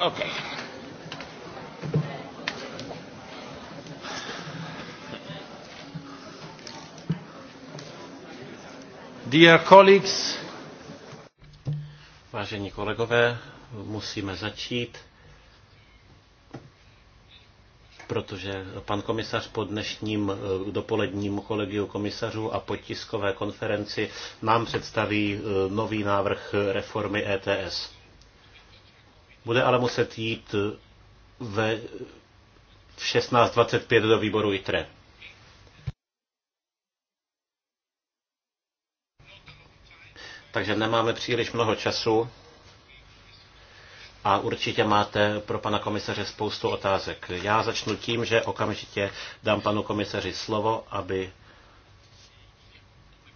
Okay. Dear colleagues, Vážení kolegové, musíme začít, protože pan komisař po dnešním eh, dopoledním kolegiu komisařů a po tiskové konferenci nám představí eh, nový návrh reformy ETS. Bude ale muset jít eh, ve 16.25 do výboru ITRE. Takže nemáme příliš mnoho času a určitě máte pro pana komisaře spoustu otázek. Já začnu tím, že okamžitě dám panu komisaři slovo, aby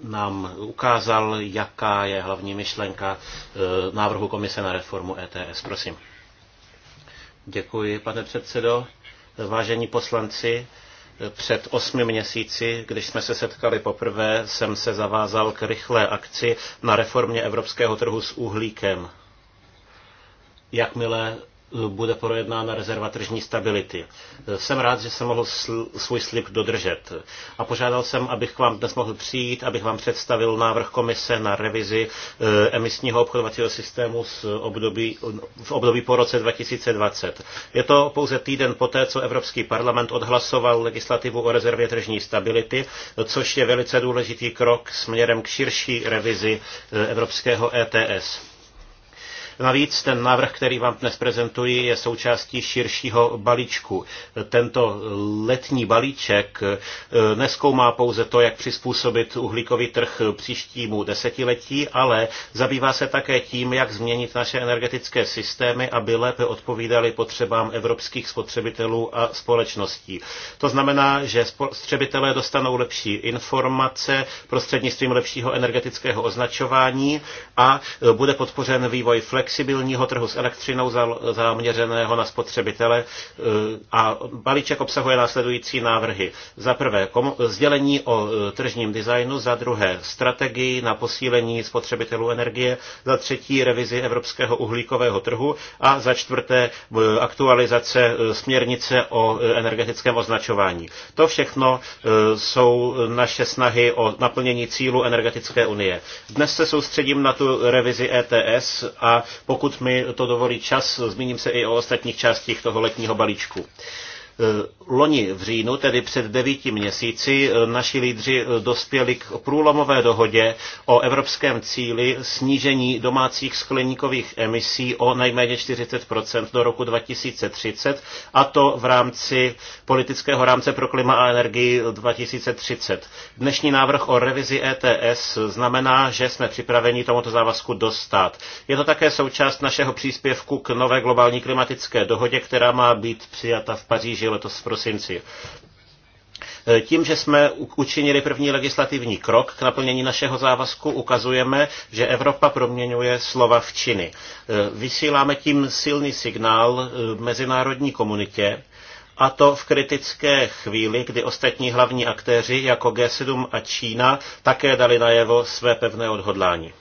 nám ukázal, jaká je hlavní myšlenka eh, návrhu komise na reformu ETS. Prosím. Děkuji, pane předsedo. Vážení poslanci, před osmi měsíci, když jsme se setkali poprvé, jsem se zavázal k rychlé akci na reformě evropského trhu s uhlíkem. Jakmile bude projednána rezerva tržní stability. Jsem rád, že jsem mohl svůj slib dodržet. A požádal jsem, abych k vám dnes mohl přijít, abych vám představil návrh komise na revizi e, emisního obchodovacího systému z období, v období po roce 2020. Je to pouze týden poté, co Evropský parlament odhlasoval legislativu o rezervě tržní stability, což je velice důležitý krok směrem k širší revizi e, evropského ETS. Navíc ten návrh, který vám dnes prezentuji, je součástí širšího balíčku. Tento letní balíček eh, neskoumá pouze to, jak přizpůsobit uhlíkový trh příštímu desetiletí, ale zabývá se také tím, jak změnit naše energetické systémy, aby lépe odpovídaly potřebám evropských spotřebitelů a společností. To znamená, že spotřebitelé dostanou lepší informace prostřednictvím lepšího energetického označování a eh, bude podpořen vývoj flex flexibilního trhu s elektřinou zaměřeného na spotřebitele eh, a balíček obsahuje následující návrhy. Za prvé sdělení o eh, tržním designu, za druhé strategii na posílení spotřebitelů energie, za třetí revizi evropského uhlíkového trhu a za čtvrté eh, aktualizace směrnice o energetickém označování. To všechno jsou naše snahy o naplnění cílu energetické unie. Dnes se soustředím na tu revizi ETS a pokud mi to dovolí čas, zmíním se i o ostatních částích toho letního balíčku. Eh, loni v říjnu, tedy před devíti měsíci, eh, naši lídři eh, dospěli k průlomové dohodě o evropském cíli snížení domácích skleníkových emisí o nejméně 40 do roku 2030, a to v rámci politického rámce pro klima a energii 2030. Dnešní návrh o revizi ETS znamená, že jsme připraveni tomuto závazku dostat. Je to také součást našeho příspěvku k nové globální klimatické dohodě, která má být přijata v Paříži letos v prosinci. E, tím, že jsme učinili první legislativní krok k naplnění našeho závazku, ukazujeme, že Evropa proměňuje slova v činy. E, vysíláme tím silný signál e, mezinárodní komunitě, a to v kritické chvíli, kdy ostatní hlavní aktéři jako G7 a Čína také dali najevo své pevné odhodlání.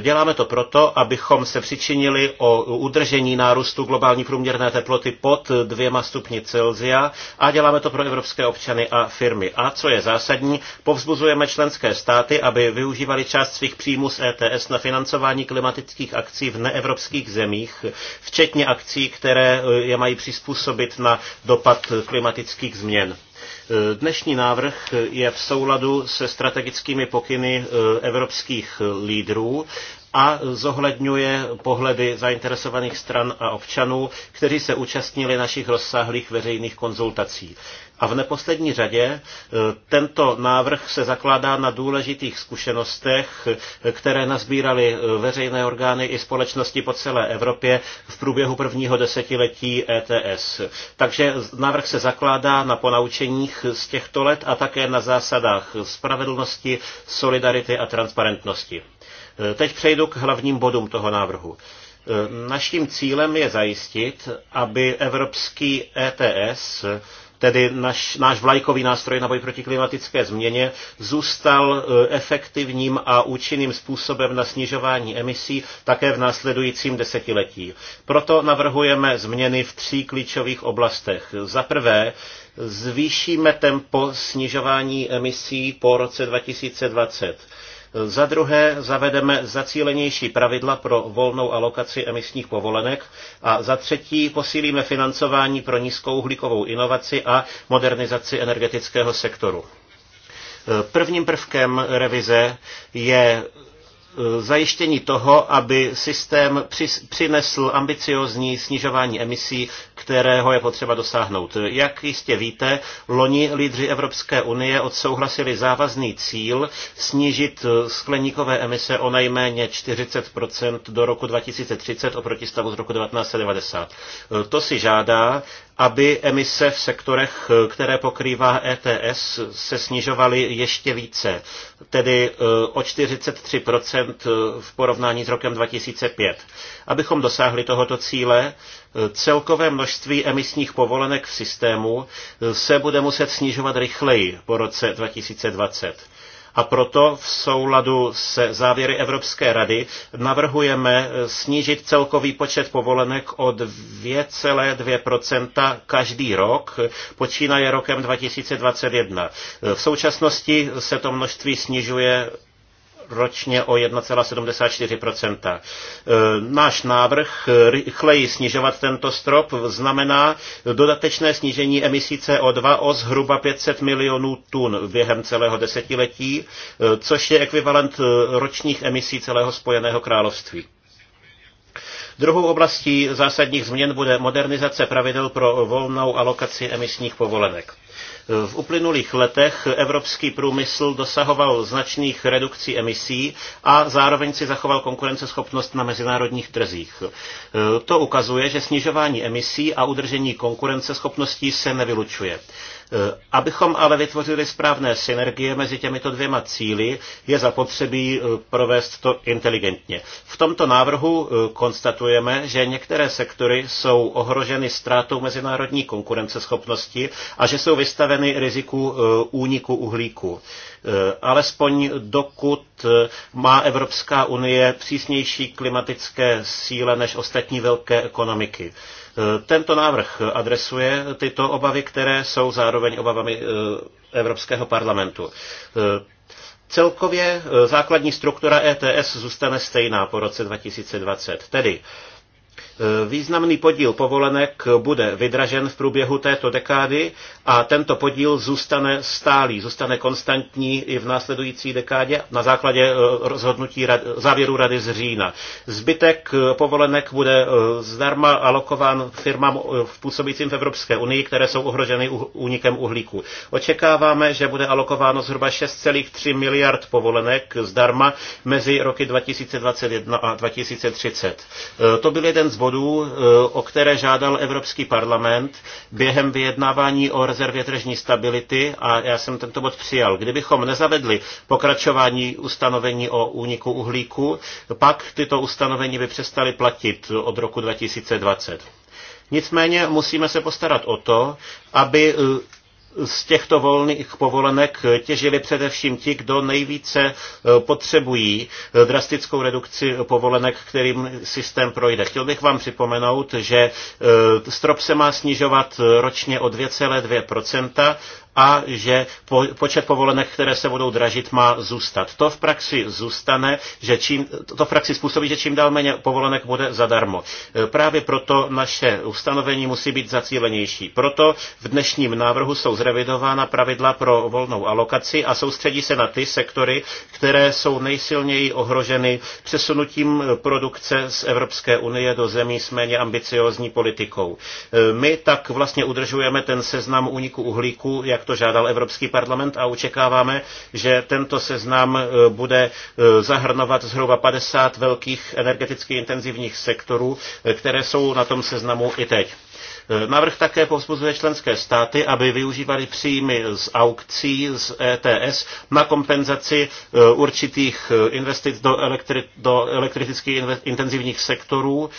Děláme to proto, abychom se přičinili o udržení nárůstu globální průměrné teploty pod dvěma stupni Celsia a děláme to pro evropské občany a firmy. A co je zásadní, povzbuzujeme členské státy, aby využívali část svých příjmů z ETS na financování klimatických akcí v neevropských zemích, včetně akcí, které je mají přizpůsobit na dopad klimatických změn. Dnešní návrh je v souladu se strategickými pokyny eh, evropských lídrů a zohledňuje pohledy zainteresovaných stran a občanů, kteří se účastnili našich rozsáhlých veřejných konzultací. A v neposlední řadě e, tento návrh se zakládá na důležitých zkušenostech, e, které nazbíraly e, veřejné orgány i společnosti po celé Evropě v průběhu prvního desetiletí ETS. Takže návrh se zakládá na ponaučeních z těchto let a také na zásadách spravedlnosti, solidarity a transparentnosti. Eh, teď přejdu k hlavním bodům toho návrhu. Eh, naším cílem je zajistit, aby evropský ETS, tedy naš, náš vlajkový nástroj na boj proti klimatické změně, zůstal eh, efektivním a účinným způsobem na snižování emisí také v následujícím desetiletí. Proto navrhujeme změny v tří klíčových oblastech. Za prvé, zvýšíme tempo snižování emisí po roce 2020 za druhé zavedeme zacílenější pravidla pro volnou alokaci emisních povolenek a za třetí posílíme financování pro nízkouhlíkovou inovaci a modernizaci energetického sektoru. Prvním prvkem revize je e, zajištění toho, aby systém přinesl ambiciozní snižování emisí kterého je potřeba dosáhnout. Jak jistě víte, loni lídři Evropské unie odsouhlasili závazný cíl snížit skleníkové emise o nejméně 40 do roku 2030 oproti stavu z roku 1990. To si žádá aby emise v sektorech, které pokrývá ETS, se snižovaly ještě více, tedy eh, o 43% eh, v porovnání s rokem 2005. Abychom dosáhli tohoto cíle, eh, celkové množství emisních povolenek v systému se bude muset snižovat rychleji po roce 2020 a proto v souladu se závěry Evropské rady navrhujeme snížit celkový počet povolenek o 2,2 každý rok, počínaje rokem 2021. V současnosti se to množství snižuje ročně o 1,74 e, Náš návrh e, rychleji snižovat tento strop znamená dodatečné snížení emisí CO2 o zhruba 500 milionů tun během celého desetiletí, e, což je ekvivalent ročních emisí celého Spojeného království. Druhou oblastí zásadních změn bude modernizace pravidel pro volnou alokaci emisních povolenek. V uplynulých letech evropský průmysl dosahoval značných redukcí emisí a zároveň si zachoval konkurenceschopnost na mezinárodních trzích. E, to ukazuje, že snižování emisí a udržení konkurenceschopností se nevylučuje. E, abychom ale vytvořili správné synergie mezi těmito dvěma cíly, je zapotřebí e, provést to inteligentně. V tomto návrhu konstatujeme, že některé sektory jsou ohroženy ztrátou mezinárodní konkurenceschopnosti a že jsou vystaveny riziku eh, úniku uhlíku. Eh, alespoň dokud eh, má Evropská unie přísnější klimatické síle než ostatní velké ekonomiky. Tento návrh adresuje tyto obavy, které jsou zároveň obavami Evropského parlamentu. Celkově základní struktura ETS zůstane stejná po roce 2020. Tedy Významný podíl povolenek bude vydražen v průběhu této dekády a tento podíl zůstane stálý, zůstane konstantní i v následující dekádě na základě eh, rozhodnutí závěru Rady z října. Zbytek eh, povolenek bude eh, zdarma alokován firmám působícím v Evropské unii, které jsou ohroženy únikem uhlíku. Očekáváme, že bude alokováno zhruba 6,3 miliard povolenek zdarma mezi roky 2021 a 2030. To byl jeden z bodů, bodů, eh, o které žádal Evropský parlament během vyjednávání o rezervě tržní stability a já jsem tento bod přijal. Kdybychom nezavedli pokračování ustanovení o úniku uhlíku, pak tyto ustanovení by přestaly platit od roku 2020. Nicméně musíme se postarat o to, aby eh, z těchto volných povolenek těžili především ti, kdo nejvíce eh, potřebují eh, drastickou redukci povolenek, kterým systém projde. Chtěl bych vám připomenout, že eh, strop se má snižovat ročně o 2,2%, a že počet povolenek, které se budou dražit, má zůstat. To v praxi zůstane, že čím, to v praxi způsobí, že čím dál méně povolenek bude zadarmo. E, právě proto naše ustanovení musí být zacílenější. Proto v dnešním návrhu jsou zrevidována pravidla pro volnou alokaci a soustředí se na ty sektory, které jsou nejsilněji ohroženy přesunutím produkce z Evropské unie do zemí s méně ambiciózní politikou. E, my tak vlastně udržujeme ten seznam úniku uhlíku, jak jak to žádal Evropský parlament a očekáváme, že tento seznam eh, bude eh, zahrnovat zhruba 50 velkých energeticky intenzivních sektorů, eh, které jsou na tom seznamu i teď. Návrh také povzbuzuje členské státy, aby využívali příjmy z aukcí, z ETS, na kompenzaci určitých investic do, elektri- do elektricky intenzivních sektorů,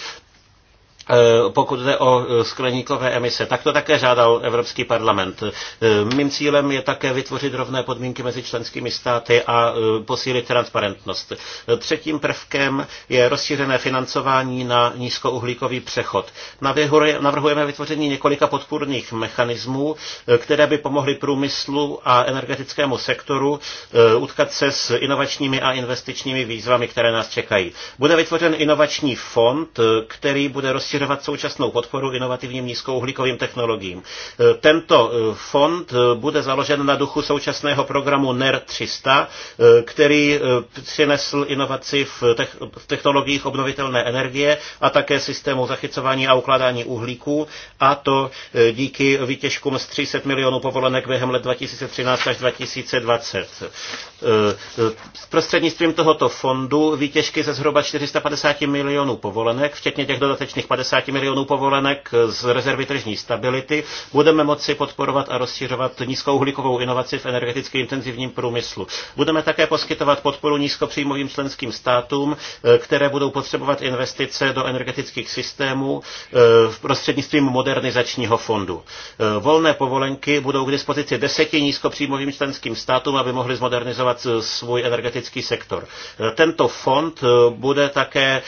Eh, pokud jde o eh, skleníkové emise, tak to také žádal Evropský parlament. Eh, mým cílem je také vytvořit rovné podmínky mezi členskými státy a posílit transparentnost. Třetím prvkem je rozšířené financování na nízkouhlíkový přechod. Navrhujeme vytvoření několika podpůrných mechanismů, které by pomohly průmyslu a energetickému sektoru utkat se s inovačními a investičními výzvami, které nás čekají. Bude vytvořen inovační fond, který bude rozšířen rozšiřovat současnou podporu inovativním nízkouhlíkovým technologiím. E, tento e, fond e, bude založen na duchu současného programu NER 300, který přinesl inovaci v, technologiích obnovitelné energie a také systému zachycování a ukládání uhlíků, a to díky výtěžkům z 300 milionů povolenek během let 2013 až 2020. Prostřednictvím tohoto fondu výtěžky ze zhruba 450 milionů povolenek, včetně těch dodatečných 50 50 milionů povolenek z rezervy tržní stability, budeme moci podporovat a rozšiřovat nízkouhlíkovou inovaci v energeticky intenzivním průmyslu. Budeme také poskytovat podporu nízkopříjmovým členským státům, eh, které budou potřebovat investice do energetických systémů v eh, prostřednictvím modernizačního fondu. Eh, volné povolenky budou k dispozici deseti nízkopříjmovým členským státům, aby mohli zmodernizovat svůj energetický sektor. Tento fond bude také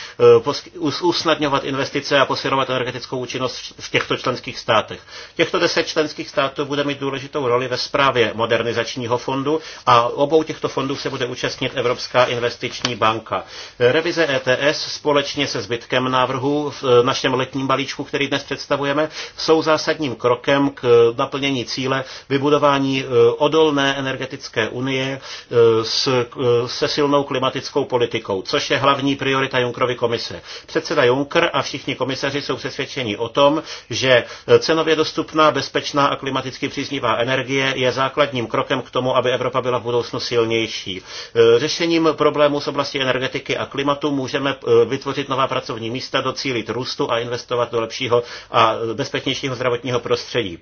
usnadňovat investice a posilovat energetickou účinnost v těchto členských státech. Těchto deset členských států bude mít důležitou roli ve správě modernizačního fondu a obou těchto fondů se bude účastnit Evropská investiční banka. Revize ETS společně se zbytkem návrhu v našem letním balíčku, který dnes představujeme, jsou zásadním krokem k naplnění cíle vybudování e, odolné energetické unie e, s, e, se silnou klimatickou politikou, což je hlavní priorita Junkrovy komise. Předseda Juncker a všichni komise komisaři jsou přesvědčeni o tom, že cenově dostupná, bezpečná a klimaticky příznivá energie je základním krokem k tomu, aby Evropa byla v budoucnu silnější. E, řešením problémů z oblasti energetiky a klimatu můžeme e, vytvořit nová pracovní místa, docílit růstu a investovat do lepšího a bezpečnějšího zdravotního prostředí.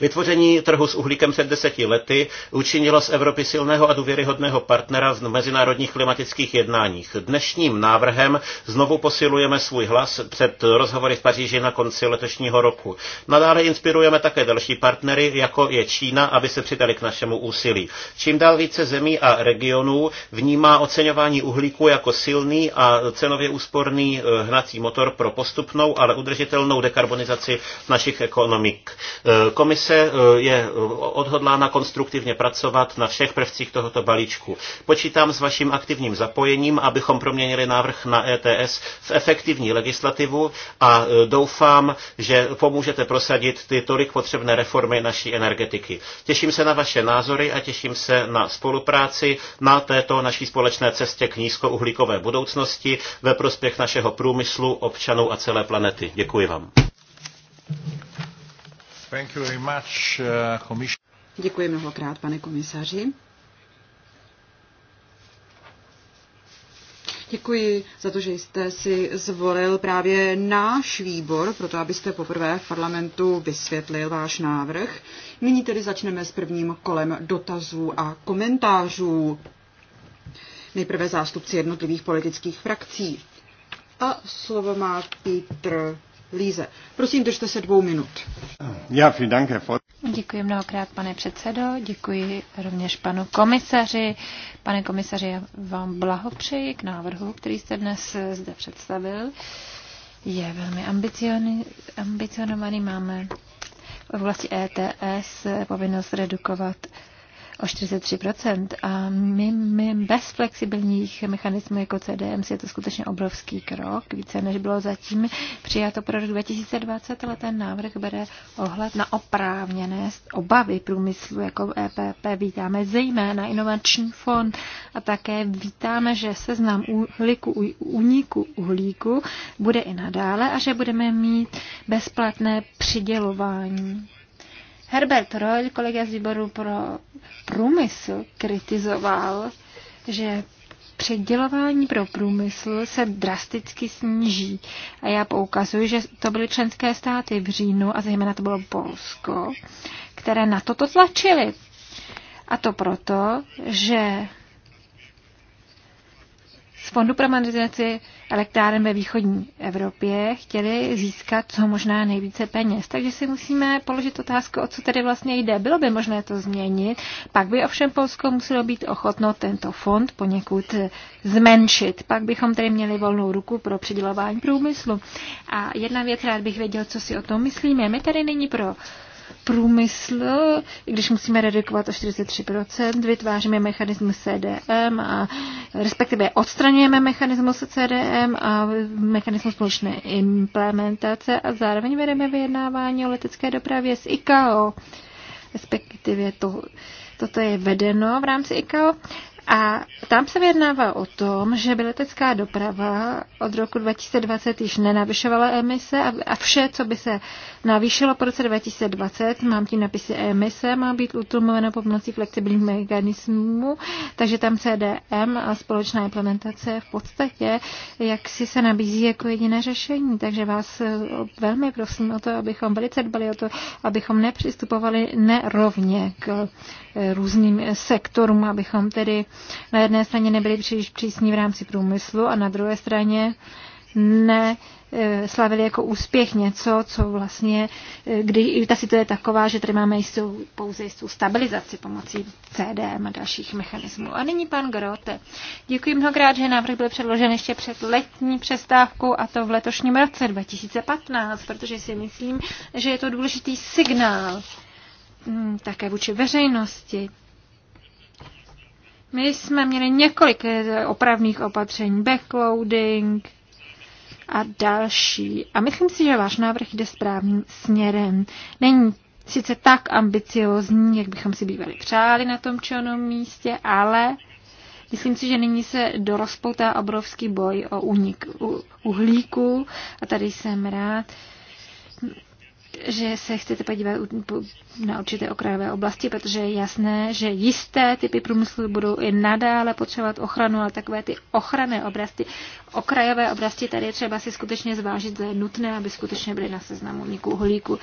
Vytvoření trhu s uhlíkem před deseti lety učinilo z Evropy silného a důvěryhodného partnera v mezinárodních klimatických jednáních. Dnešním návrhem znovu posilujeme svůj hlas před rozhovory v Paříži na konci letošního roku. Nadále inspirujeme také další partnery, jako je Čína, aby se přidali k našemu úsilí. Čím dál více zemí a regionů vnímá oceňování uhlíku jako silný a cenově úsporný eh, hnací motor pro postupnou, ale udržitelnou dekarbonizaci našich ekonomik eh, Komise eh, je eh, odhodlána konstruktivně pracovat na všech prvcích tohoto balíčku. Počítám s vaším aktivním zapojením, abychom proměnili návrh na ETS v efektivní legislativu a eh, doufám, že pomůžete prosadit ty tolik potřebné reformy naší energetiky. Těším se na vaše názory a těším se na spolupráci na této naší společné cestě k nízkouhlíkové budoucnosti ve prospěch našeho průmyslu, občanů a celé planety. Děkuji vám. Thank you very much, uh, Děkuji mnohokrát, pane komisaři. Děkuji za to, že jste si zvolil právě náš výbor, proto abyste poprvé v parlamentu vysvětlil váš návrh. Nyní tedy začneme s prvním kolem dotazů a komentářů. Nejprve zástupci jednotlivých politických frakcí. A slovo má Petr Líze. Prosím, držte se dvou minut. Já Děkuji mnohokrát, pane předsedo. Děkuji rovněž panu komisaři. Pane komisaři, já vám blahopřeji k návrhu, který jste dnes zde představil. Je velmi ambicionovaný. Máme v oblasti ETS povinnost redukovat o 43%. A my, my bez flexibilních mechanismů jako CDM je to skutečně obrovský krok, více než bylo zatím přijato pro rok 2020, ale ten návrh bere ohled na oprávněné obavy průmyslu jako EPP. Vítáme zejména inovační fond a také vítáme, že seznam uhlíku, uniku uhlíku bude i nadále a že budeme mít bezplatné přidělování Herbert Royal, kolega z výboru pro průmysl, kritizoval, že předělování pro průmysl se drasticky sníží. A já poukazuji, že to byly členské státy v říjnu, a zejména to bylo Polsko, které na toto tlačily. A to proto, že Fondu pro modernizaci elektráren ve východní Evropě chtěli získat co možná nejvíce peněz. Takže si musíme položit otázku, o co tedy vlastně jde. Bylo by možné to změnit, pak by ovšem Polsko muselo být ochotno tento fond poněkud zmenšit. Pak bychom tedy měli volnou ruku pro přidělování průmyslu. A jedna věc, rád bych věděl, co si o tom myslíme. My tady nyní pro průmysl, když musíme redukovat o 43%, vytváříme mechanismus CDM a respektive odstraňujeme mechanismus CDM a mechanismus společné implementace a zároveň vedeme vyjednávání o letecké dopravě s ICAO, respektive to, toto je vedeno v rámci ICAO. A tam se vyjednává o tom, že by letecká doprava od roku 2020 již nenavyšovala emise a, a vše, co by se navýšila po roce 2020, mám tím napisy emise, má být utlumovena pomocí flexibilních mechanismů, takže tam CDM a společná implementace v podstatě, jak si se nabízí jako jediné řešení. Takže vás eh, velmi prosím o to, abychom velice dbali o to, abychom nepřistupovali nerovně k eh, různým sektorům, abychom tedy na jedné straně nebyli příliš přísní v rámci průmyslu a na druhé straně ne Eh, slavili jako úspěch něco, co vlastně, eh, kdy ta situace je taková, že tady máme jistou, pouze jistou stabilizaci pomocí CDM a dalších mechanismů. A nyní pan Grote. Děkuji mnohokrát, že návrh byl předložen ještě před letní přestávkou a to v letošním roce 2015, protože si myslím, že je to důležitý signál hm, také vůči veřejnosti, my jsme měli několik eh, opravných opatření, backloading, a další. A myslím si, že váš návrh jde správným směrem. Není sice tak ambiciozní, jak bychom si bývali přáli na tom či onom místě, ale myslím si, že nyní se dorozpoutá obrovský boj o únik uhlíku a tady jsem rád, že se chcete podívat na určité okrajové oblasti, protože je jasné, že jisté typy průmyslu budou i nadále potřebovat ochranu, ale takové ty ochranné oblasti, okrajové oblasti, tady je třeba si skutečně zvážit, zda je nutné, aby skutečně byly na seznamu uniku uhlíku.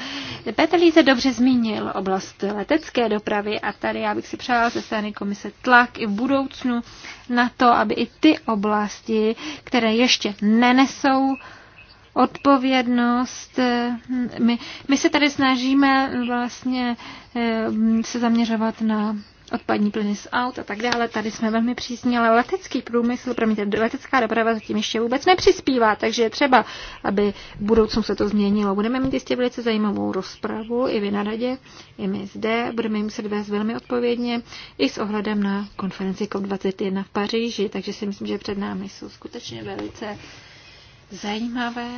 Petr Líze dobře zmínil oblast letecké dopravy a tady já bych si přála ze strany komise tlak i v budoucnu na to, aby i ty oblasti, které ještě nenesou odpovědnost. My, my se tady snažíme vlastně eh, se zaměřovat na odpadní plyny z aut a tak dále. Tady jsme velmi přísní, ale letecký průmysl, promiňte, letecká doprava zatím ještě vůbec nepřispívá, takže je třeba, aby v budoucnu se to změnilo. Budeme mít jistě velice zajímavou rozpravu i vy na radě, i my zde. Budeme jim se vést velmi odpovědně i s ohledem na konferenci COP21 v Paříži, takže si myslím, že před námi jsou skutečně velice zajímavé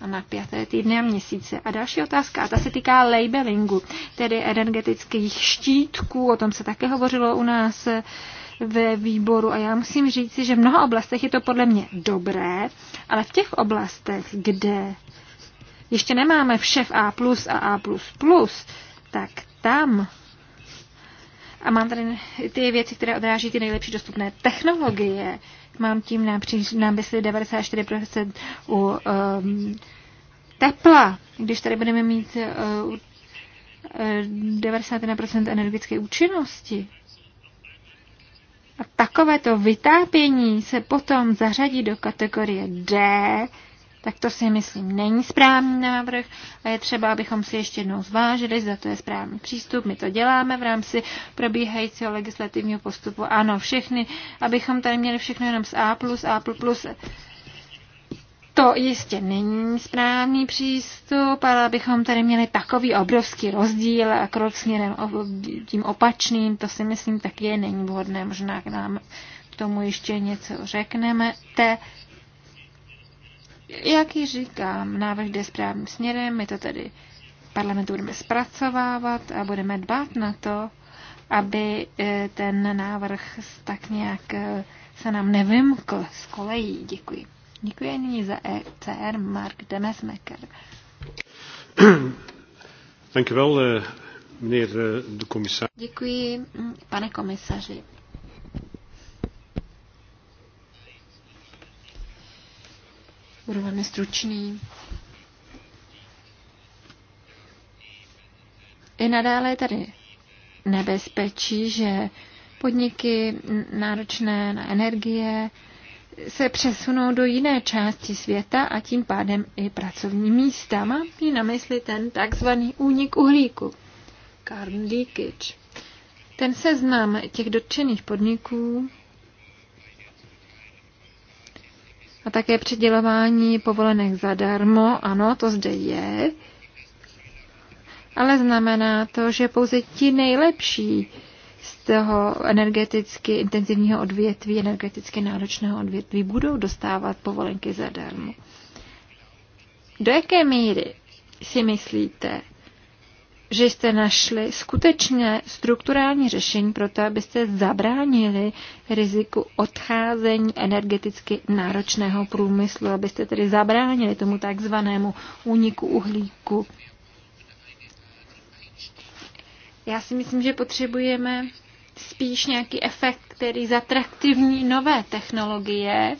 a napjaté týdny a měsíce. A další otázka, a ta se týká labelingu, tedy energetických štítků, o tom se také hovořilo u nás ve výboru a já musím říci, že v mnoha oblastech je to podle mě dobré, ale v těch oblastech, kde ještě nemáme vše v A+, a A++, tak tam a mám tady ty věci, které odráží ty nejlepší dostupné technologie, Mám tím na, příž, na mysli 94% u um, tepla. Když tady budeme mít uh, 91% uh, energetické účinnosti, a takovéto vytápění se potom zařadí do kategorie D, tak to si myslím není správný návrh a je třeba, abychom si ještě jednou zvážili, zda to je správný přístup. My to děláme v rámci probíhajícího legislativního postupu. Ano, všechny, abychom tady měli všechno jenom z A+, A++, to jistě není správný přístup, ale abychom tady měli takový obrovský rozdíl a krok směrem tím opačným, to si myslím je není vhodné. Možná k nám k tomu ještě něco řekneme. Te, jak ji říkám, návrh jde správným směrem, my to tedy parlamentu budeme zpracovávat a budeme dbát na to, aby eh, ten návrh tak nějak eh, se nám nevymkl z kolejí. Děkuji. Děkuji nyní za ECR Mark Demesmecker. Eh, Děkuji, mm, pane komisaři. Budu velmi stručný. I nadále je tady nebezpečí, že podniky náročné na energie se přesunou do jiné části světa a tím pádem i pracovní místa. Mám tím na mysli ten takzvaný únik uhlíku, carbon leakage. Ten seznam těch dotčených podniků A také předělování povolenek zadarmo, ano, to zde je. Ale znamená to, že pouze ti nejlepší z toho energeticky intenzivního odvětví, energeticky náročného odvětví budou dostávat povolenky zadarmo. Do jaké míry si myslíte, že jste našli skutečně strukturální řešení pro to, abyste zabránili riziku odcházení energeticky náročného průmyslu, abyste tedy zabránili tomu takzvanému úniku uhlíku. Já si myslím, že potřebujeme spíš nějaký efekt, který zatraktivní nové technologie,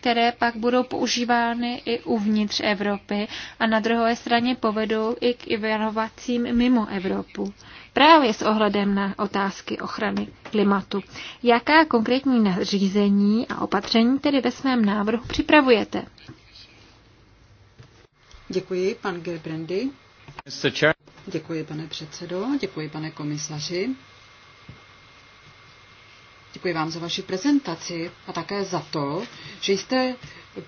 které pak budou používány i uvnitř Evropy a na druhé straně povedou i k inovacím mimo Evropu. Právě s ohledem na otázky ochrany klimatu. Jaká konkrétní nařízení a opatření tedy ve svém návrhu připravujete? Děkuji, pan Gerbrandy. Děkuji, pane předsedo, děkuji, pane komisaři. Děkuji vám za vaši prezentaci a také za to, že jste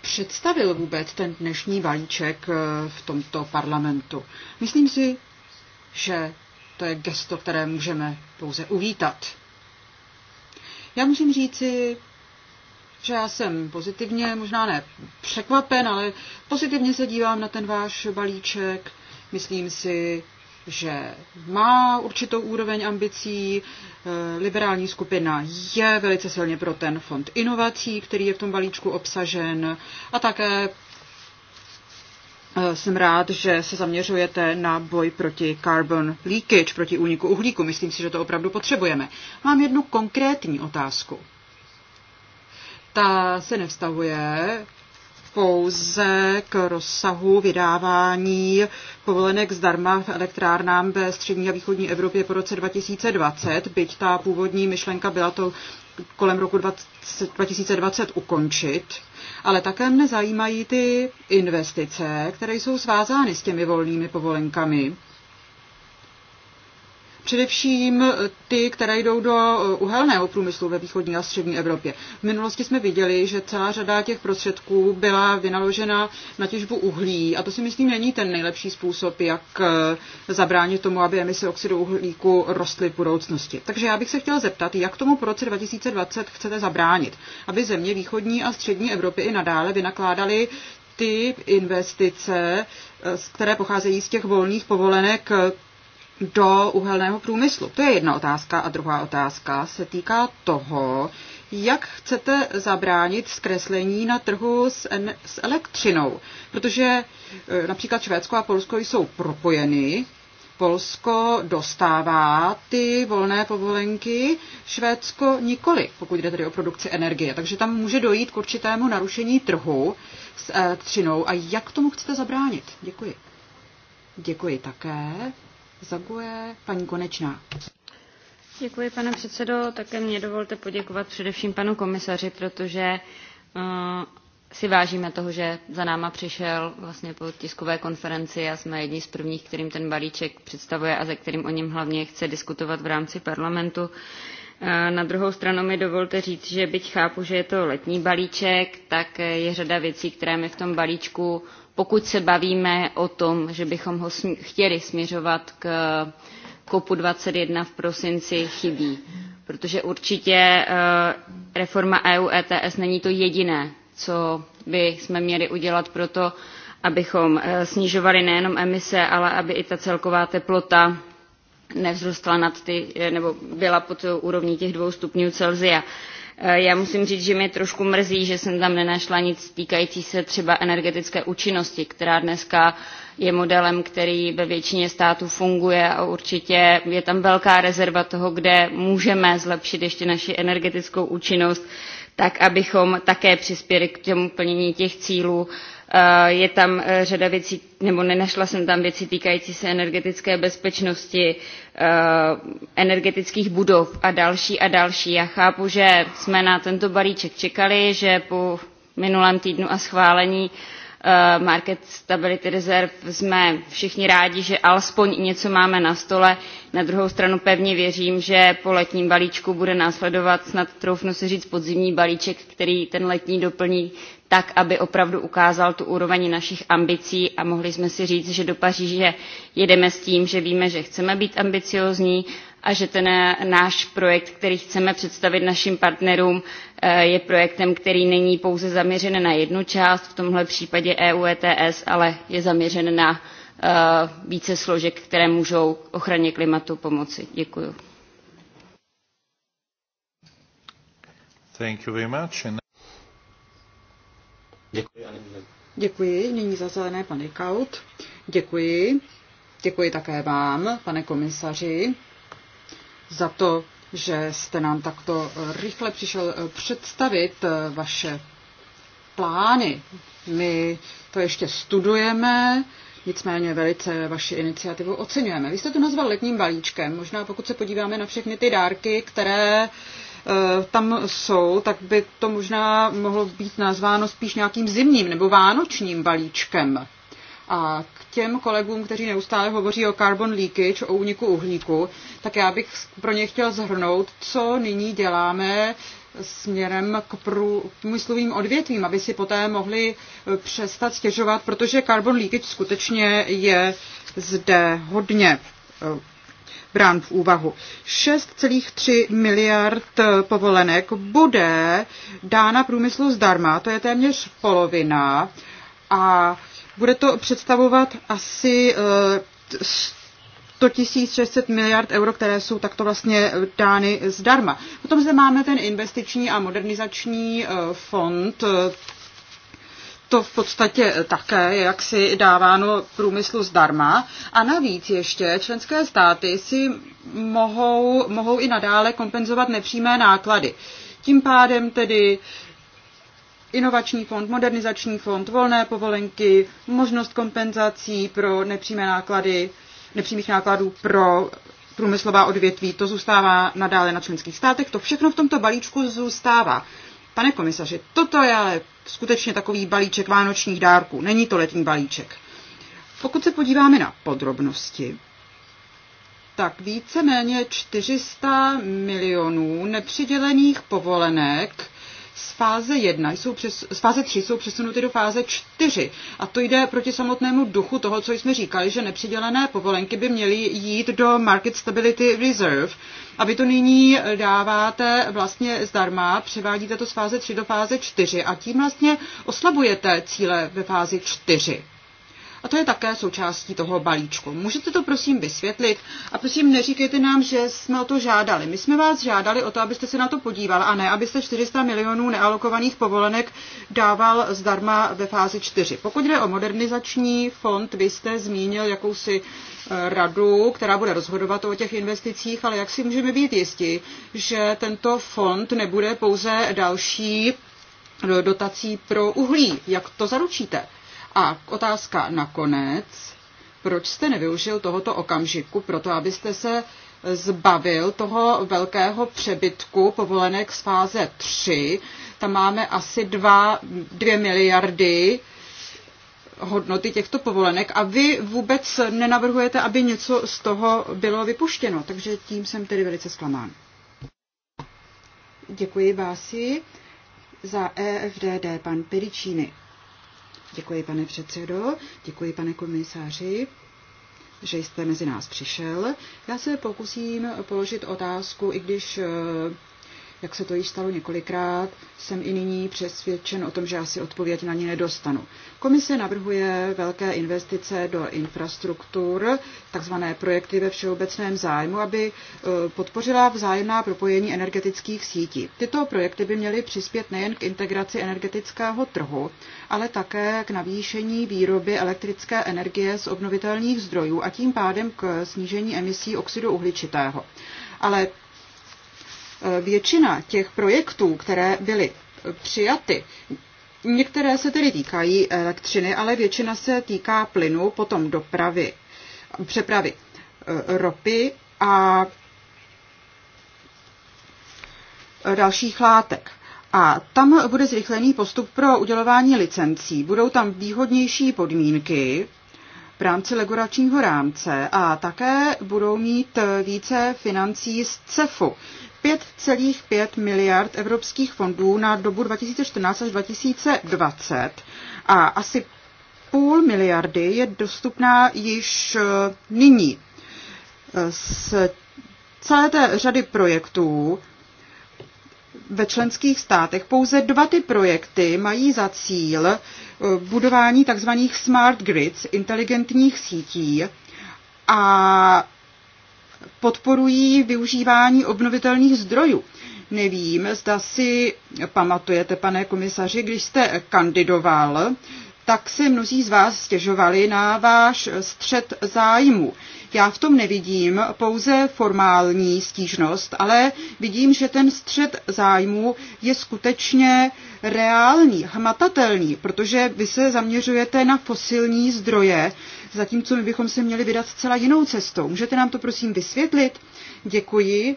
představil vůbec ten dnešní balíček eh, v tomto parlamentu. Myslím si, že to je gesto, které můžeme pouze uvítat. Já musím říci, že já jsem pozitivně, možná ne překvapen, ale pozitivně se dívám na ten váš balíček. Myslím si, že má určitou úroveň ambicí. Eh, liberální skupina je velice silně pro ten fond inovací, který je v tom balíčku obsažen a také eh, jsem rád, že se zaměřujete na boj proti carbon leakage, proti úniku uhlíku. Myslím si, že to opravdu potřebujeme. Mám jednu konkrétní otázku. Ta se nevstavuje pouze k rozsahu vydávání povolenek zdarma v elektrárnám ve střední a východní Evropě po roce 2020, byť ta původní myšlenka byla to kolem roku 20, 2020 ukončit, ale také mne zajímají ty investice, které jsou svázány s těmi volnými povolenkami Především eh, ty, které jdou do eh, uhelného průmyslu ve východní a střední Evropě. V minulosti jsme viděli, že celá řada těch prostředků byla vynaložena na těžbu uhlí a to si myslím není ten nejlepší způsob, jak eh, zabránit tomu, aby emise oxidu uhlíku rostly v budoucnosti. Takže já bych se chtěla zeptat, jak tomu po roce 2020 chcete zabránit, aby země východní a střední Evropy i nadále vynakládaly ty investice, které pocházejí z těch volných povolenek, do uhelného průmyslu? To je jedna otázka. A druhá otázka se týká toho, jak chcete zabránit zkreslení na trhu s, en- s elektřinou. Protože eh, například Švédsko a Polsko jsou propojeny. Polsko dostává ty volné povolenky, Švédsko nikoli, pokud jde tedy o produkci energie. Takže tam může dojít k určitému narušení trhu s elektřinou. A jak tomu chcete zabránit? Děkuji. Děkuji také. Zaguje, paní Konečná. Děkuji, pane předsedo. Také mě dovolte poděkovat především panu komisaři, protože uh, si vážíme toho, že za náma přišel vlastně po tiskové konferenci a jsme jedni z prvních, kterým ten balíček představuje a ze kterým o něm hlavně chce diskutovat v rámci parlamentu. Uh, na druhou stranu mi dovolte říct, že byť chápu, že je to letní balíček, tak je řada věcí, které mi v tom balíčku, pokud se bavíme o tom, že bychom ho chtěli směřovat k kopu 21 v prosinci, chybí. Protože určitě eh, reforma EU ETS není to jediné, co by jsme měli udělat pro to, abychom eh, snižovali nejenom emise, ale aby i ta celková teplota nevzrostla nad ty, eh, nebo byla pod úrovní těch dvou stupňů Celzia. Eh, já musím říct, že mě trošku mrzí, že jsem tam nenašla nic týkající se třeba energetické účinnosti, která dneska je modelem, který ve většině států funguje a určitě je tam velká rezerva toho, kde můžeme zlepšit ještě naši energetickou účinnost, tak abychom také přispěli k těmu plnění těch cílů Eh, je tam eh, řada věcí nebo nenašla jsem tam věci týkající se energetické bezpečnosti eh, energetických budov a další a další. já chápu že jsme na tento balíček čekali že po minulém týdnu a schválení market stability reserve jsme všichni rádi že alespoň něco máme na stole na druhou stranu pevně věřím že po letním balíčku bude následovat snad troufnu si říct podzimní balíček který ten letní doplní tak aby opravdu ukázal tu úroveň našich ambicí a mohli jsme si říct že do paříže jedeme s tím že víme že chceme být ambiciózní a že ten náš projekt který chceme představit našim partnerům eh, je projektem který není pouze zaměřen na jednu část v tomhle případě eu ets ale je zaměřen na eh, více složek které můžou ochraně klimatu pomoci. děkuji. Thank you very much. And Děkuji. Děkuji. Nyní za zelené pane Kaut. Děkuji. Děkuji také vám, pane komisaři, za to, že jste nám takto rychle přišel eh, představit eh, vaše plány. My to ještě studujeme, nicméně velice vaši iniciativu oceňujeme. Vy jste to nazval letním balíčkem. Možná pokud se podíváme na všechny ty dárky, které uh, Eh, tam jsou, tak by to možná mohlo být nazváno spíš nějakým zimním nebo vánočním balíčkem. A k těm kolegům, kteří neustále hovoří o carbon leakage, o úniku uhlíku, tak já bych pro ně chtěl zhrnout, co nyní děláme směrem k průmyslovým odvětvím, aby si poté mohli eh, přestat stěžovat, protože carbon leakage skutečně je zde hodně eh, brán v úvahu. 6,3 miliard eh, povolenek bude dána průmyslu zdarma, to je téměř polovina a bude to představovat asi 100 eh, 600 miliard euro, které jsou takto vlastně dány zdarma. Potom zde máme ten investiční a modernizační eh, fond, to v podstatě také jak si dáváno průmyslu zdarma. A navíc ještě členské státy si mohou, mohou i nadále kompenzovat nepřímé náklady. Tím pádem tedy inovační fond, modernizační fond, volné povolenky, možnost kompenzací pro nepřímé náklady, nepřímých nákladů pro průmyslová odvětví, to zůstává nadále na členských státech, to všechno v tomto balíčku zůstává. Pane komisaři, toto je ale skutečně takový balíček vánočních dárků, není to letní balíček. Pokud se podíváme na podrobnosti, tak víceméně 400 milionů nepřidělených povolenek z fáze 1 jsou přes, z fáze 3 jsou přesunuty do fáze 4. A to jde proti samotnému duchu toho, co jsme říkali, že nepřidělené povolenky by měly jít do Market Stability Reserve. A vy to nyní dáváte vlastně zdarma, převádíte to z fáze 3 do fáze 4 a tím vlastně oslabujete cíle ve fázi 4. A to je také součástí toho balíčku. Můžete to prosím vysvětlit a prosím neříkejte nám, že jsme o to žádali. My jsme vás žádali o to, abyste se na to podíval a ne, abyste 400 milionů nealokovaných povolenek dával zdarma ve fázi 4. Pokud jde o modernizační fond, vy jste zmínil jakousi eh, radu, která bude rozhodovat o těch investicích, ale jak si můžeme být jisti, že tento fond nebude pouze další eh, dotací pro uhlí. Jak to zaručíte? A otázka nakonec, proč jste nevyužil tohoto okamžiku proto, abyste se zbavil toho velkého přebytku povolenek z fáze 3. Tam máme asi 2, 2 miliardy hodnoty těchto povolenek a vy vůbec nenavrhujete, aby něco z toho bylo vypuštěno. Takže tím jsem tedy velice zklamán. Děkuji Bási za EFDD, pan Pericíny. Děkuji, pane předsedo, děkuji, pane komisáři že jste mezi nás přišel. Já se pokusím položit otázku, i když jak se to již stalo několikrát, jsem i nyní přesvědčen o tom, že asi odpověď na ně nedostanu. Komise navrhuje velké investice do infrastruktur, takzvané projekty ve všeobecném zájmu, aby e, podpořila vzájemná propojení energetických sítí. Tyto projekty by měly přispět nejen k integraci energetického trhu, ale také k navýšení výroby elektrické energie z obnovitelných zdrojů a tím pádem k snížení emisí oxidu uhličitého. Ale většina těch projektů, které byly přijaty, některé se tedy týkají elektřiny, ale většina se týká plynu, potom dopravy, přepravy eh, ropy a dalších látek. A tam bude zrychlený postup pro udělování licencí. Budou tam výhodnější podmínky v rámci legoračního rámce a také budou mít více financí z CEFu, 5,5 miliard evropských fondů na dobu 2014 až 2020 a asi půl miliardy je dostupná již eh, nyní. Eh, z celé té řady projektů ve členských státech pouze dva ty projekty mají za cíl eh, budování tzv. smart grids, inteligentních sítí, a podporují využívání obnovitelných zdrojů. Nevím, zda si pamatujete, pane komisaři, když jste kandidoval, tak si mnozí z vás stěžovali na váš střed zájmu. Já v tom nevidím pouze formální stížnost, ale vidím, že ten střed zájmu je skutečně reálný, hmatatelný, protože vy se zaměřujete na fosilní zdroje, zatímco my bychom se měli vydat celá jinou cestou. Můžete nám to prosím vysvětlit? Děkuji.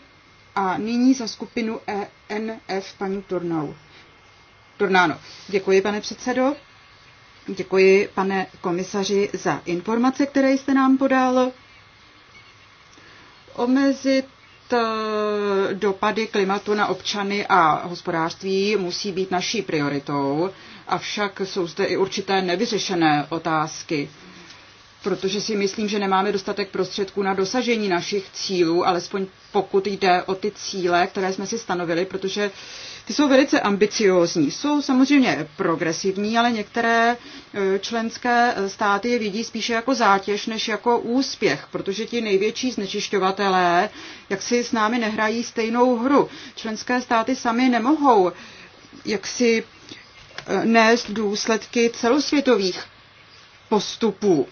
A nyní za skupinu ENF paní Tornau. Tornáno. Děkuji, pane předsedo. Děkuji, pane komisaři, za informace, které jste nám podal. Omezit eh, dopady klimatu na občany a hospodářství musí být naší prioritou, avšak jsou zde i určité nevyřešené otázky protože si myslím, že nemáme dostatek prostředků na dosažení našich cílů, alespoň pokud jde o ty cíle, které jsme si stanovili, protože ty jsou velice ambiciózní. Jsou samozřejmě progresivní, ale některé e, členské státy je vidí spíše jako zátěž než jako úspěch, protože ti největší znečišťovatelé jak si s námi nehrají stejnou hru. Členské státy sami nemohou jak si e, nést důsledky celosvětových postupů.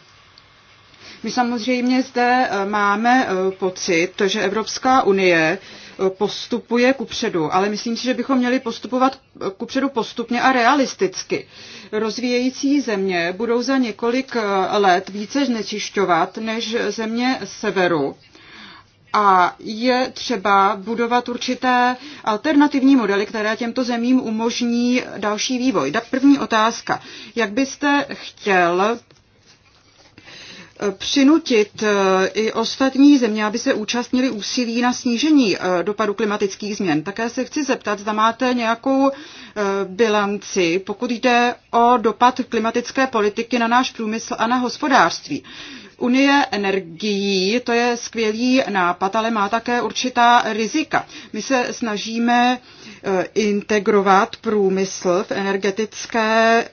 My samozřejmě zde e, máme e, pocit, že Evropská unie e, postupuje kupředu, ale myslím si, že bychom měli postupovat kupředu postupně a realisticky. Rozvíjející země budou za několik let více znečišťovat než země severu a je třeba budovat určité alternativní modely, které těmto zemím umožní další vývoj. První otázka. Jak byste chtěl přinutit eh, i ostatní země, aby se účastnili úsilí na snížení eh, dopadu klimatických změn. Také se chci zeptat, zda máte nějakou eh, bilanci, pokud jde o dopad klimatické politiky na náš průmysl a na hospodářství. Unie energií, to je skvělý nápad, ale má také určitá rizika. My se snažíme integrovat průmysl v energetické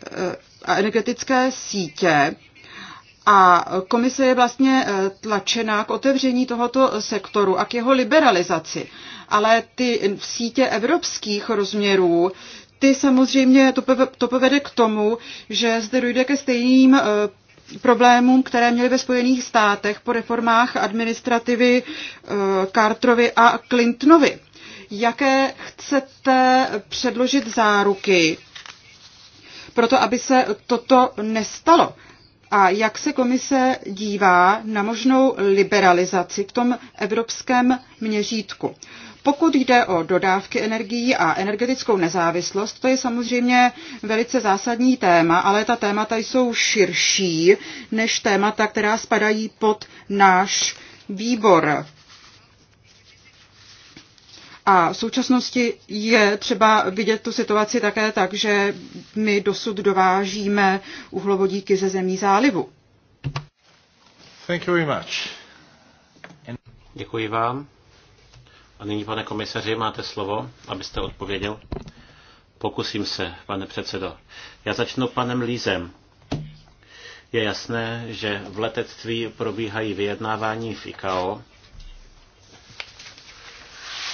a energetické sítě a komise je vlastně eh, tlačena k otevření tohoto sektoru a k jeho liberalizaci. Ale ty sítě evropských rozměrů, ty samozřejmě to povede k tomu, že zde dojde ke stejným eh, problémům, které měly ve Spojených státech po reformách administrativy eh, Carterovi a Clintonovi. Jaké chcete předložit záruky proto aby se toto nestalo a jak se komise dívá na možnou liberalizaci v tom evropském měřítku. Pokud jde o dodávky energií a energetickou nezávislost, to je samozřejmě velice zásadní téma, ale ta témata jsou širší než témata, která spadají pod náš výbor. A v současnosti je třeba vidět tu situaci také tak, že my dosud dovážíme uhlovodíky ze zemí zálivu. Thank you very much. And... Děkuji vám. A nyní, pane komisaři, máte slovo, abyste odpověděl. Pokusím se, pane předsedo. Já začnu panem Lízem. Je jasné, že v letectví probíhají vyjednávání v ICAO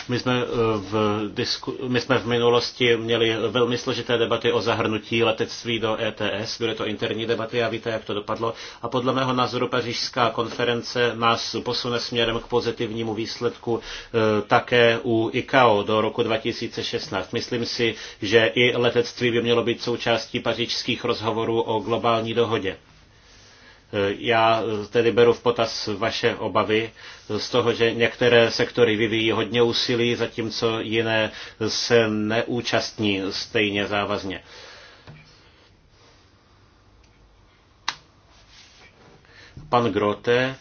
my jsme, eh, v disku, my jsme v minulosti měli velmi složité debaty o zahrnutí letectví do ETS. Byly to interní debaty a víte, jak to dopadlo. A podle mého názoru pařížská konference nás posune směrem k pozitivnímu výsledku eh, také u ICAO do roku 2016. Myslím si, že i letectví by mělo být součástí pařížských rozhovorů o globální dohodě. Já tedy beru v potaz vaše obavy z toho, že některé sektory vyvíjí hodně úsilí, zatímco jiné se neúčastní stejně závazně. Pan Grote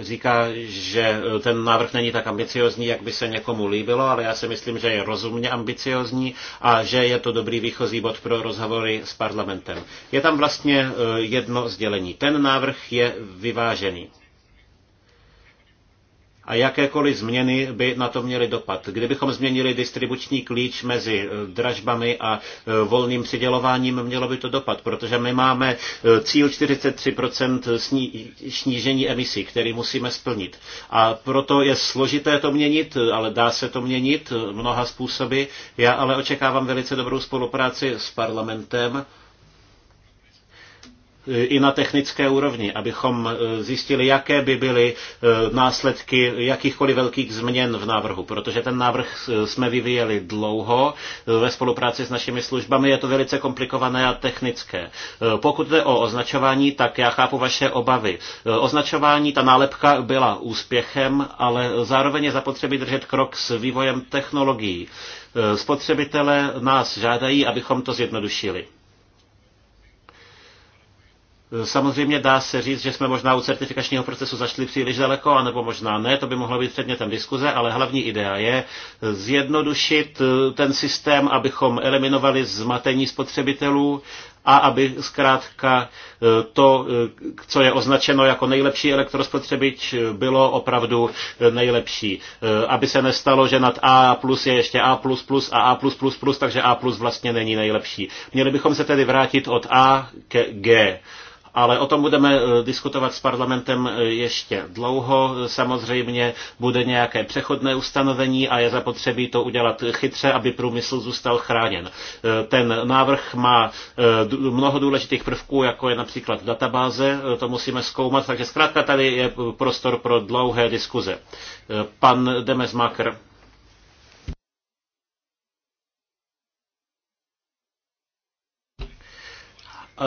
říká, že e, ten návrh není tak ambiciozní, jak by se někomu líbilo, ale já si myslím, že je rozumně ambiciozní a že je to dobrý výchozí bod pro rozhovory s parlamentem. Je tam vlastně e, jedno sdělení. Ten návrh je vyvážený a jakékoliv změny by na to měly dopad. Kdybychom změnili distribuční klíč mezi eh, dražbami a eh, volným přidělováním, mělo by to dopad, protože my máme eh, cíl 43% snížení emisí, který musíme splnit. A proto je složité to měnit, ale dá se to měnit mnoha způsoby. Já ale očekávám velice dobrou spolupráci s parlamentem i na technické úrovni, abychom e, zjistili, jaké by byly e, následky jakýchkoliv velkých změn v návrhu, protože ten návrh e, jsme vyvíjeli dlouho ve spolupráci s našimi službami, je to velice komplikované a technické. Pokud jde o označování, tak já chápu vaše obavy. Označování, ta nálepka byla úspěchem, ale zároveň je zapotřebí držet krok s vývojem technologií. Spotřebitelé nás žádají, abychom to zjednodušili. Samozřejmě dá se říct, že jsme možná u certifikačního procesu zašli příliš daleko, anebo možná ne, to by mohlo být předmětem diskuze, ale hlavní idea je zjednodušit eh, ten systém, abychom eliminovali zmatení spotřebitelů a aby zkrátka eh, to, eh, co je označeno jako nejlepší elektrospotřebič, bylo opravdu nejlepší. Aby se nestalo, že nad A plus je ještě A plus plus a A plus plus plus, takže A plus vlastně není nejlepší. Měli bychom se tedy vrátit od A ke G ale o tom budeme eh, diskutovat s parlamentem eh, ještě dlouho. Samozřejmě bude nějaké přechodné ustanovení a je zapotřebí to udělat chytře, aby průmysl zůstal chráněn. Eh, ten návrh má mnoho důležitých prvků, jako je například databáze, to musíme zkoumat, takže zkrátka tady je prostor pro dlouhé diskuze. Pan Demesmaker.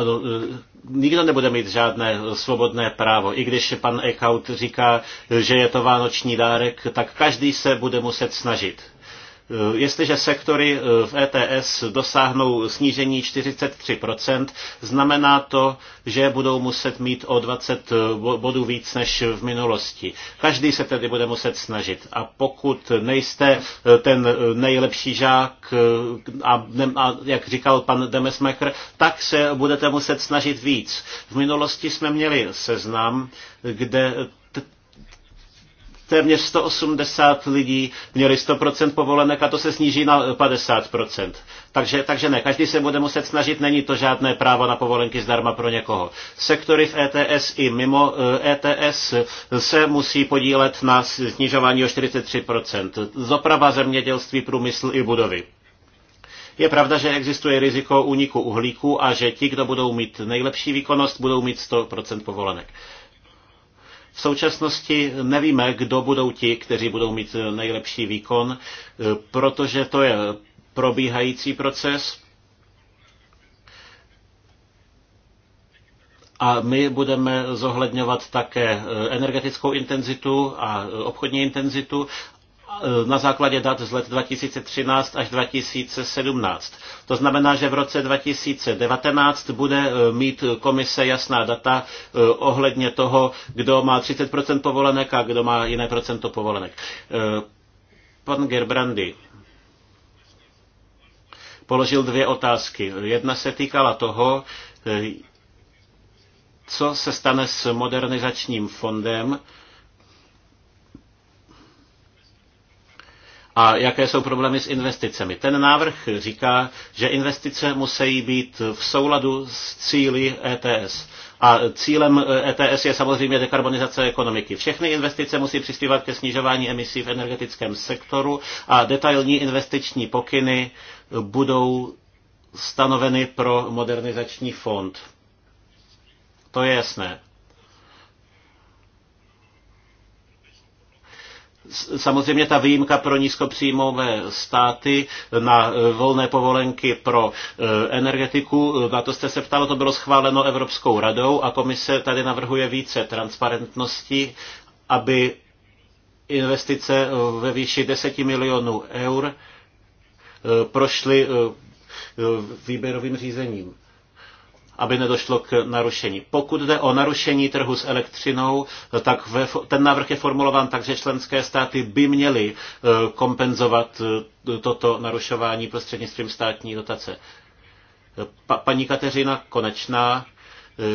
E, nikdo nebude mít žádné svobodné právo. I když pan Eckhout říká, že je to vánoční dárek, tak každý se bude muset snažit. Eh, jestliže sektory eh, v ETS dosáhnou snížení 43%, znamená to, že budou muset mít o 20 eh, bodů víc než v minulosti. Každý se tedy bude muset snažit. A pokud nejste ten nejlepší žák, a, a jak říkal pan Demesmaker, tak se budete muset snažit víc. V minulosti jsme měli seznam, kde téměř 180 lidí měli 100% povolenek a to se sníží na 50%. Takže, takže ne, každý se bude muset snažit, není to žádné právo na povolenky zdarma pro někoho. Sektory v ETS i mimo ETS eh, e se musí podílet na snižování o 43%. Zoprava zemědělství, průmysl i budovy. Je pravda, že existuje riziko úniku uhlíku a že ti, kdo budou mít nejlepší výkonnost, budou mít 100% povolenek. V současnosti nevíme, kdo budou ti, kteří budou mít nejlepší výkon, eh, protože to je probíhající proces. A my budeme zohledňovat také eh, energetickou intenzitu a eh, obchodní intenzitu Eh, na základě dat z let 2013 až 2017. To znamená, že v roce 2019 bude eh, mít komise jasná data eh, ohledně toho, kdo má 30% povolenek a kdo má jiné procento povolenek. Pan Gerbrandy položil dvě otázky. Jedna se týkala toho, co se stane s modernizačním fondem, a jaké jsou problémy s investicemi. Ten návrh říká, že investice musí být v souladu s cíly ETS. A cílem ETS e je samozřejmě dekarbonizace ekonomiky. Všechny investice musí přispívat ke snižování emisí v energetickém sektoru a detailní investiční pokyny budou stanoveny pro modernizační fond. To je jasné. Samozřejmě ta výjimka pro nízkopříjmové státy na e, volné povolenky pro e, energetiku, e, na to jste se ptala, to bylo schváleno Evropskou radou a komise tady navrhuje více transparentnosti, aby investice ve výši 10 milionů eur prošly výběrovým řízením aby nedošlo k narušení. Pokud jde o narušení trhu s elektřinou, tak ten návrh je formulován tak, že členské státy by měly eh, kompenzovat eh, toto narušování prostřednictvím státní dotace. Eh, pa, paní Kateřina Konečná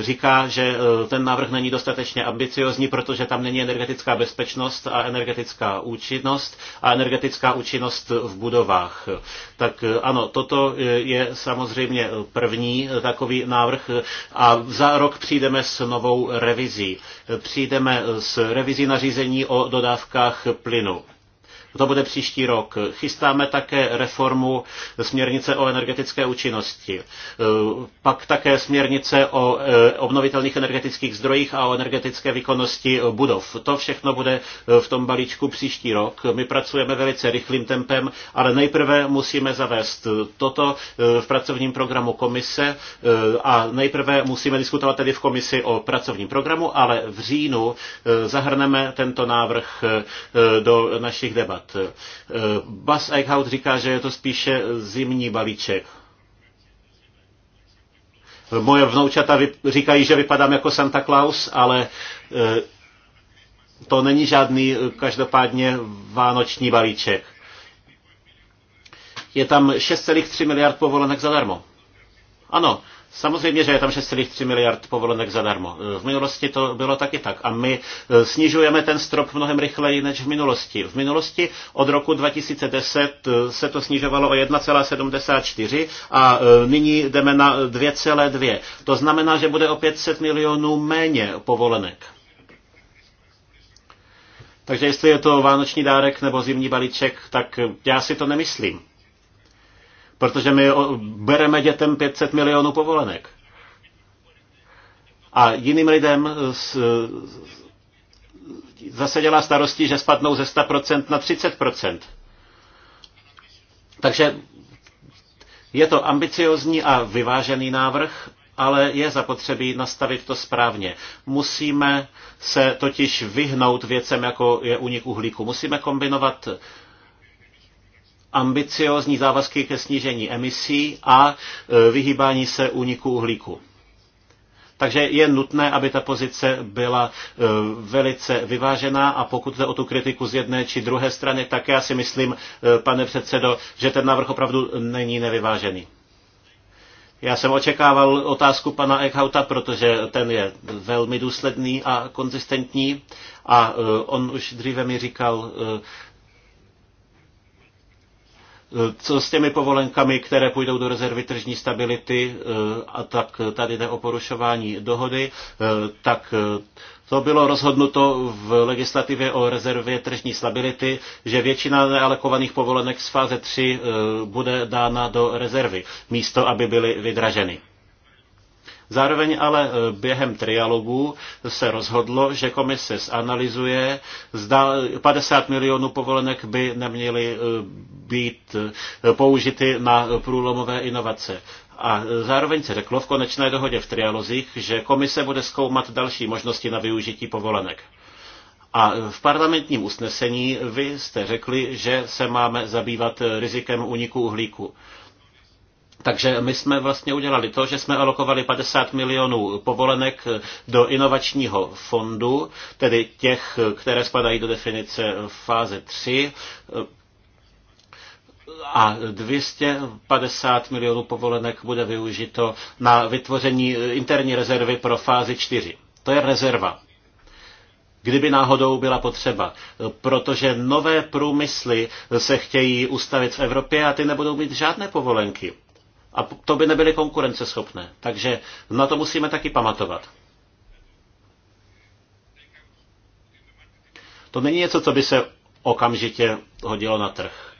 říká, že e, ten návrh není dostatečně ambiciozní, protože tam není energetická bezpečnost a energetická účinnost a energetická účinnost v budovách. Tak e, ano, toto e, je samozřejmě první takový návrh a za rok přijdeme s novou revizí. Přijdeme s revizí nařízení o dodávkách plynu. To bude příští rok. Chystáme také reformu směrnice o energetické účinnosti. E, pak také směrnice o e, obnovitelných energetických zdrojích a o energetické výkonnosti budov. To všechno bude v tom balíčku příští rok. My pracujeme velice rychlým tempem, ale nejprve musíme zavést toto e, v pracovním programu komise a nejprve musíme diskutovat tedy v komisi o pracovním programu, ale v říjnu zahrneme tento návrh do našich debat dělat. Eh, Bas Eichhout říká, že je to spíše zimní balíček. Moje vnoučata říkají, že vypadám jako Santa Claus, ale eh, to není žádný eh, každopádně vánoční balíček. Je tam 6,3 miliard povolenek zadarmo. Ano, Samozřejmě, že je tam 6,3 miliard povolenek zadarmo. E, v minulosti to bylo taky tak. A my e, snižujeme ten strop mnohem rychleji než v minulosti. V minulosti od roku 2010 e, se to snižovalo o 1,74 a nyní jdeme na 2,2. To znamená, že bude o 500 milionů méně povolenek. Takže jestli je to vánoční dárek nebo zimní balíček, tak já si to nemyslím. Protože my bereme dětem 500 milionů povolenek. A jiným lidem z, zase dělá starosti, že spadnou ze 100% na 30%. Takže je to ambiciozní a vyvážený návrh, ale je zapotřebí nastavit to správně. Musíme se totiž vyhnout věcem, jako je unik uhlíku. Musíme kombinovat ambiciozní závazky ke snížení emisí a e, vyhýbání se úniku uhlíku. Takže je nutné, aby ta pozice byla e, velice vyvážená a pokud jde o tu kritiku z jedné či druhé strany, tak já si myslím, e, pane předsedo, že ten návrh opravdu není nevyvážený. Já jsem očekával otázku pana Eckhouta, protože ten je velmi důsledný a konzistentní a on už dříve mi říkal, co s těmi povolenkami, které půjdou do rezervy tržní stability, eh, a tak tady jde o porušování dohody, eh, tak eh, to bylo rozhodnuto v legislativě o rezervě tržní stability, že většina nealokovaných povolenek z fáze 3 bude dána do rezervy, místo aby byly vydraženy. Zároveň ale e, během trialogu se rozhodlo, že komise zanalizuje, zda 50 milionů povolenek by neměly e, být e, použity na průlomové inovace. A zároveň se řeklo v konečné dohodě v trialozích, že komise bude zkoumat další možnosti na využití povolenek. A v parlamentním usnesení vy jste řekli, že se máme zabývat rizikem uniku uhlíku. Takže my jsme vlastně udělali to, že jsme alokovali 50 milionů povolenek do inovačního fondu, tedy těch, které spadají do definice fáze 3, a 250 milionů povolenek bude využito na vytvoření interní rezervy pro fázi 4. To je rezerva kdyby náhodou byla potřeba. Protože nové průmysly se chtějí ustavit v Evropě a ty nebudou mít žádné povolenky a to by nebyly konkurenceschopné. Takže na to musíme taky pamatovat. To není něco, co by se okamžitě hodilo na trh.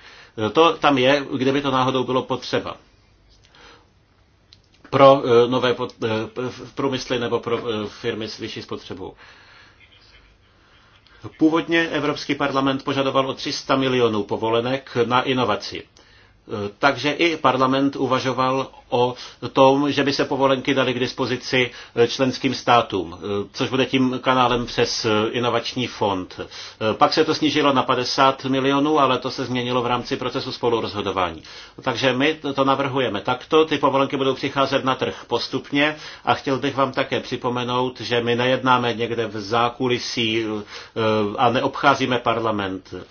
To tam je, kde by to náhodou bylo potřeba. Pro eh, nové v eh, průmysly nebo pro eh, firmy s vyšší spotřebou. Původně Evropský parlament požadoval o 300 milionů povolenek na inovaci. Takže i parlament uvažoval o tom, že by se povolenky daly k dispozici členským státům, což bude tím kanálem přes inovační fond. Pak se to snížilo na 50 milionů, ale to se změnilo v rámci procesu spolurozhodování. Takže my to navrhujeme takto, ty povolenky budou přicházet na trh postupně a chtěl bych vám také připomenout, že my nejednáme někde v zákulisí eh, a neobcházíme parlament. Eh,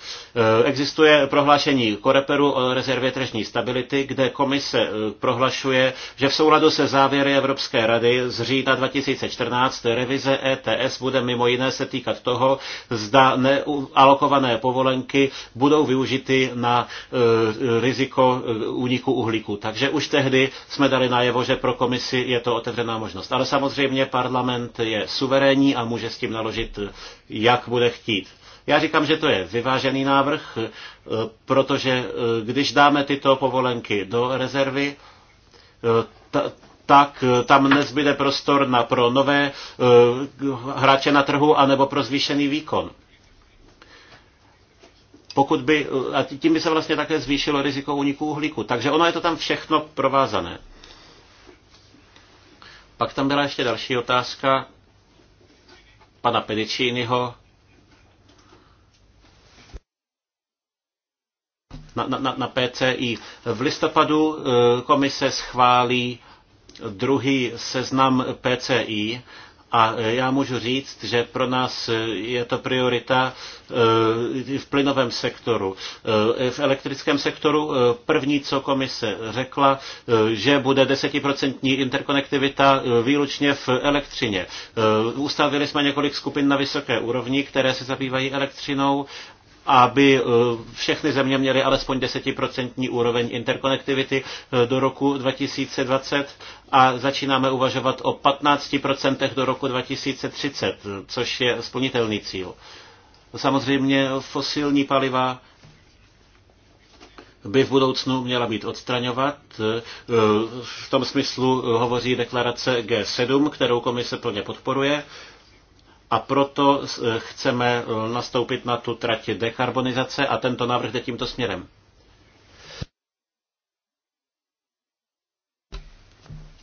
existuje prohlášení Koreperu o rezervě tržní stability, kde komise eh, prohlašuje, že v souladu se závěry Evropské rady z října 2014 revize ETS bude mimo jiné se týkat toho, zda nealokované povolenky budou využity na eh, riziko eh, úniku uhlíku. Takže už tehdy jsme dali najevo, že pro komisi je to otevřená možnost. Ale samozřejmě parlament je suverénní a může s tím naložit, jak bude chtít. Já říkám, že to je vyvážený návrh, eh, protože eh, když dáme tyto povolenky do rezervy, eh, tak tam nezbyde prostor na, pro nové hráče na trhu anebo pro zvýšený výkon. Pokud by, a tím by se vlastně také zvýšilo riziko úniku uhlíku. Takže ono je to tam všechno provázané. Pak tam byla ještě další otázka pana Pedicínyho. na, na, na PCI. V listopadu eh, komise schválí druhý seznam PCI a eh, já můžu říct, že pro nás eh, je to priorita v plynovém sektoru. V elektrickém sektoru první, co komise řekla, že bude desetiprocentní interkonektivita výlučně v elektřině. Ustavili jsme několik skupin na vysoké úrovni, které se zabývají elektřinou aby eh, všechny země měly alespoň 10% úroveň interkonektivity eh, do roku 2020 a začínáme uvažovat o 15% do roku 2030, eh, což je splnitelný cíl. Samozřejmě fosilní paliva by v budoucnu měla být odstraňovat. V tom smyslu hovoří deklarace G7, kterou komise plně podporuje a proto eh, chceme eh, nastoupit na tu trať dekarbonizace a tento návrh jde tímto směrem.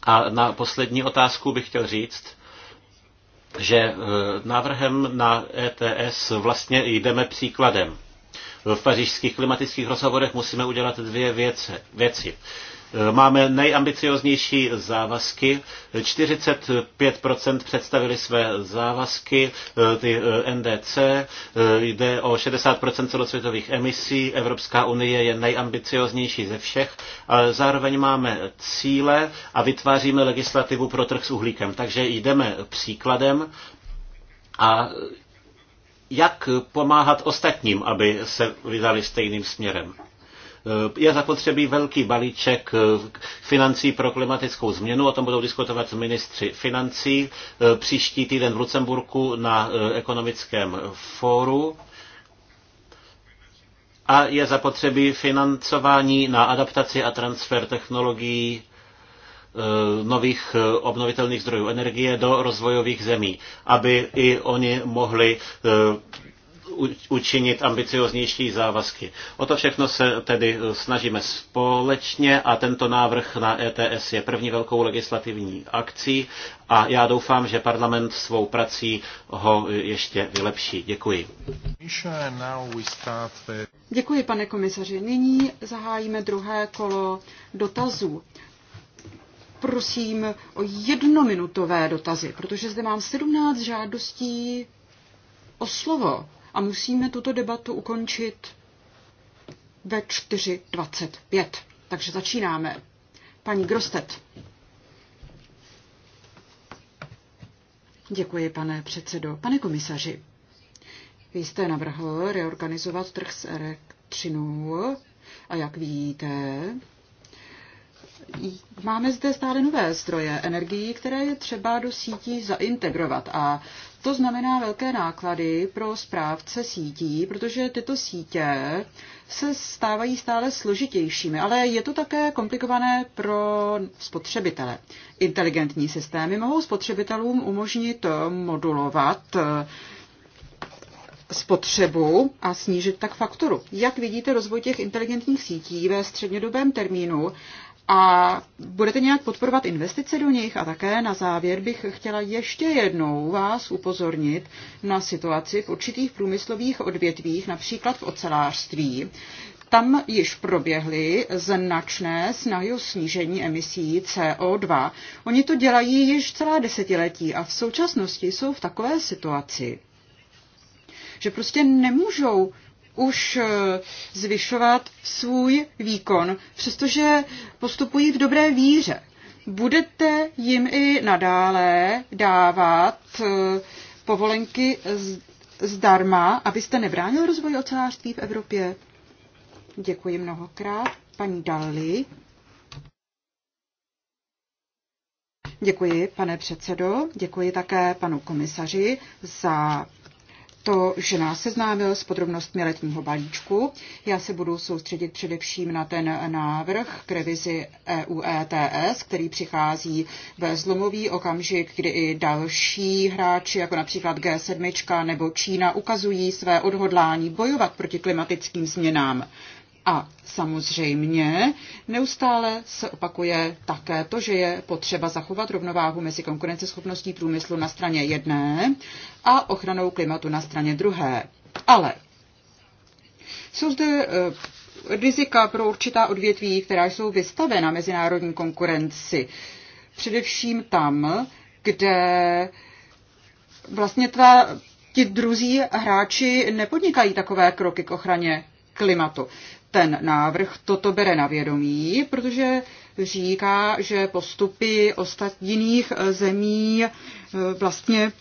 A na poslední otázku bych chtěl říct, že eh, návrhem na ETS vlastně jdeme příkladem. V pařížských klimatických rozhovorech musíme udělat dvě věce, věci. Máme nejambicioznější závazky. 45% představili své závazky, eh, ty eh, NDC. Eh, jde o 60% celosvětových emisí. Evropská unie je nejambicioznější ze všech. Zároveň máme cíle a vytváříme legislativu pro trh s uhlíkem. Takže jdeme příkladem. A jak pomáhat ostatním, aby se vydali stejným směrem. Eh, je zapotřebí velký balíček eh, financí pro klimatickou změnu, o tom budou diskutovat ministři financí eh, příští týden v Lucemburku na ekonomickém fóru a je zapotřebí financování na adaptaci a transfer technologií nových obnovitelných zdrojů energie do rozvojových zemí, aby i oni mohli učinit ambicioznější závazky. O to všechno se tedy eh, snažíme společně a tento návrh na ETS je první velkou legislativní akcí a já doufám, že parlament svou prací ho eh, ještě vylepší. Děkuji. Děkuji, pane komisaři. Nyní zahájíme druhé kolo dotazů. Prosím o jednominutové dotazy, protože zde mám 17 žádostí o slovo a musíme tuto debatu ukončit ve 4.25. Takže začínáme. Paní Grostet. Děkuji, pane předsedo. Pane komisaři, vy jste navrhl reorganizovat trh s elektřinou a jak víte, máme zde stále nové zdroje energií, které je třeba do sítí zaintegrovat a to znamená velké náklady pro správce sítí, protože tyto sítě se stávají stále složitějšími, ale je to také komplikované pro spotřebitele. Inteligentní systémy mohou spotřebitelům umožnit modulovat eh, spotřebu a snížit tak fakturu. Jak vidíte rozvoj těch inteligentních sítí ve střednědobém termínu a budete nějak podporovat investice do nich? A také na závěr bych chtěla ještě jednou vás upozornit na situaci v určitých průmyslových odvětvích, například v ocelářství. Tam již proběhly značné snahy o snížení emisí CO2. Oni to dělají již celá desetiletí a v současnosti jsou v takové situaci, že prostě nemůžou už eh, zvyšovat svůj výkon, přestože postupují v dobré víře. Budete jim i nadále dávat eh, povolenky zdarma, abyste nebránil rozvoj ocelářství v Evropě? Děkuji mnohokrát. Paní Dali. Děkuji, pane předsedo. Děkuji také panu komisaři za to, že nás seznámil s podrobnostmi letního balíčku. Já se budu soustředit především na ten návrh k revizi EU ETS, který přichází ve zlomový okamžik, kdy i další hráči, jako například G7 nebo Čína, ukazují své odhodlání bojovat proti klimatickým změnám. A samozřejmě neustále se opakuje také to, že je potřeba zachovat rovnováhu mezi konkurenceschopností průmyslu na straně jedné a ochranou klimatu na straně druhé. Ale jsou zde e, rizika pro určitá odvětví, která jsou vystavena mezinárodní konkurenci. Především tam, kde vlastně ta, ti druzí hráči nepodnikají takové kroky k ochraně klimatu ten návrh toto bere na vědomí, protože říká, že postupy ostatních zemí eh, vlastně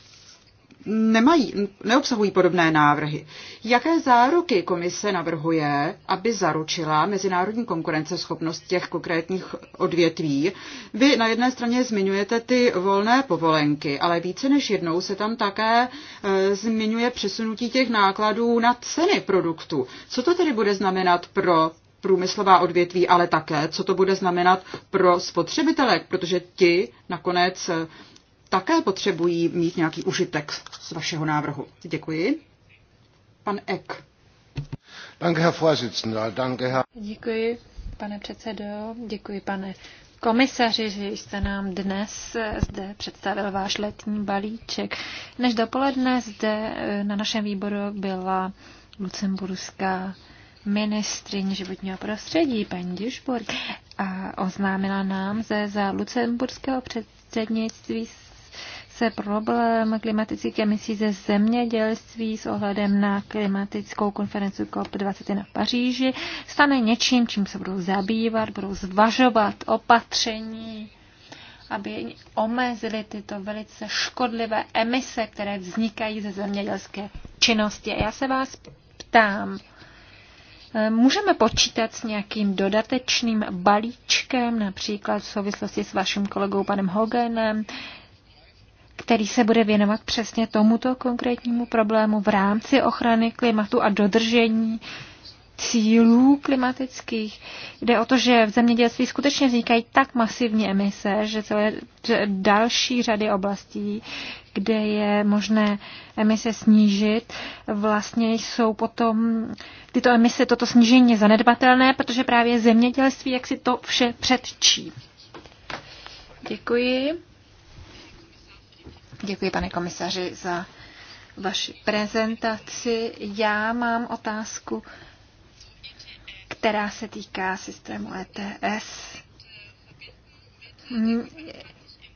nemají, neobsahují podobné návrhy. Jaké záruky komise navrhuje, aby zaručila mezinárodní konkurenceschopnost těch konkrétních odvětví? Vy na jedné straně zmiňujete ty volné povolenky, ale více než jednou se tam také e, zmiňuje přesunutí těch nákladů na ceny produktu. Co to tedy bude znamenat pro průmyslová odvětví, ale také, co to bude znamenat pro spotřebitele, protože ti nakonec také potřebují mít nějaký užitek z vašeho návrhu. Děkuji. Pan Eck. Děkuji, pane předsedo, děkuji, pane komisaři, že jste nám dnes zde představil váš letní balíček. Než dopoledne zde eh, na našem výboru byla lucemburská ministrině životního prostředí, paní Dišburg, a oznámila nám, že za lucemburského předsednictví se problém klimatických emisí ze zemědělství s ohledem na klimatickou konferenci COP21 v Paříži stane něčím, čím se budou zabývat, budou zvažovat opatření, aby omezili tyto velice škodlivé emise, které vznikají ze zemědělské činnosti. A já se vás ptám, Můžeme počítat s nějakým dodatečným balíčkem, například v souvislosti s vaším kolegou panem Hogenem, který se bude věnovat přesně tomuto konkrétnímu problému v rámci ochrany klimatu a dodržení cílů klimatických. Jde o to, že v zemědělství skutečně vznikají tak masivní emise, že celé že další řady oblastí, kde je možné emise snížit, vlastně jsou potom tyto emise, toto snížení je zanedbatelné, protože právě zemědělství jak si to vše předčí. Děkuji. Děkuji, pane komisaři, za vaši prezentaci. Já mám otázku, která se týká systému ETS.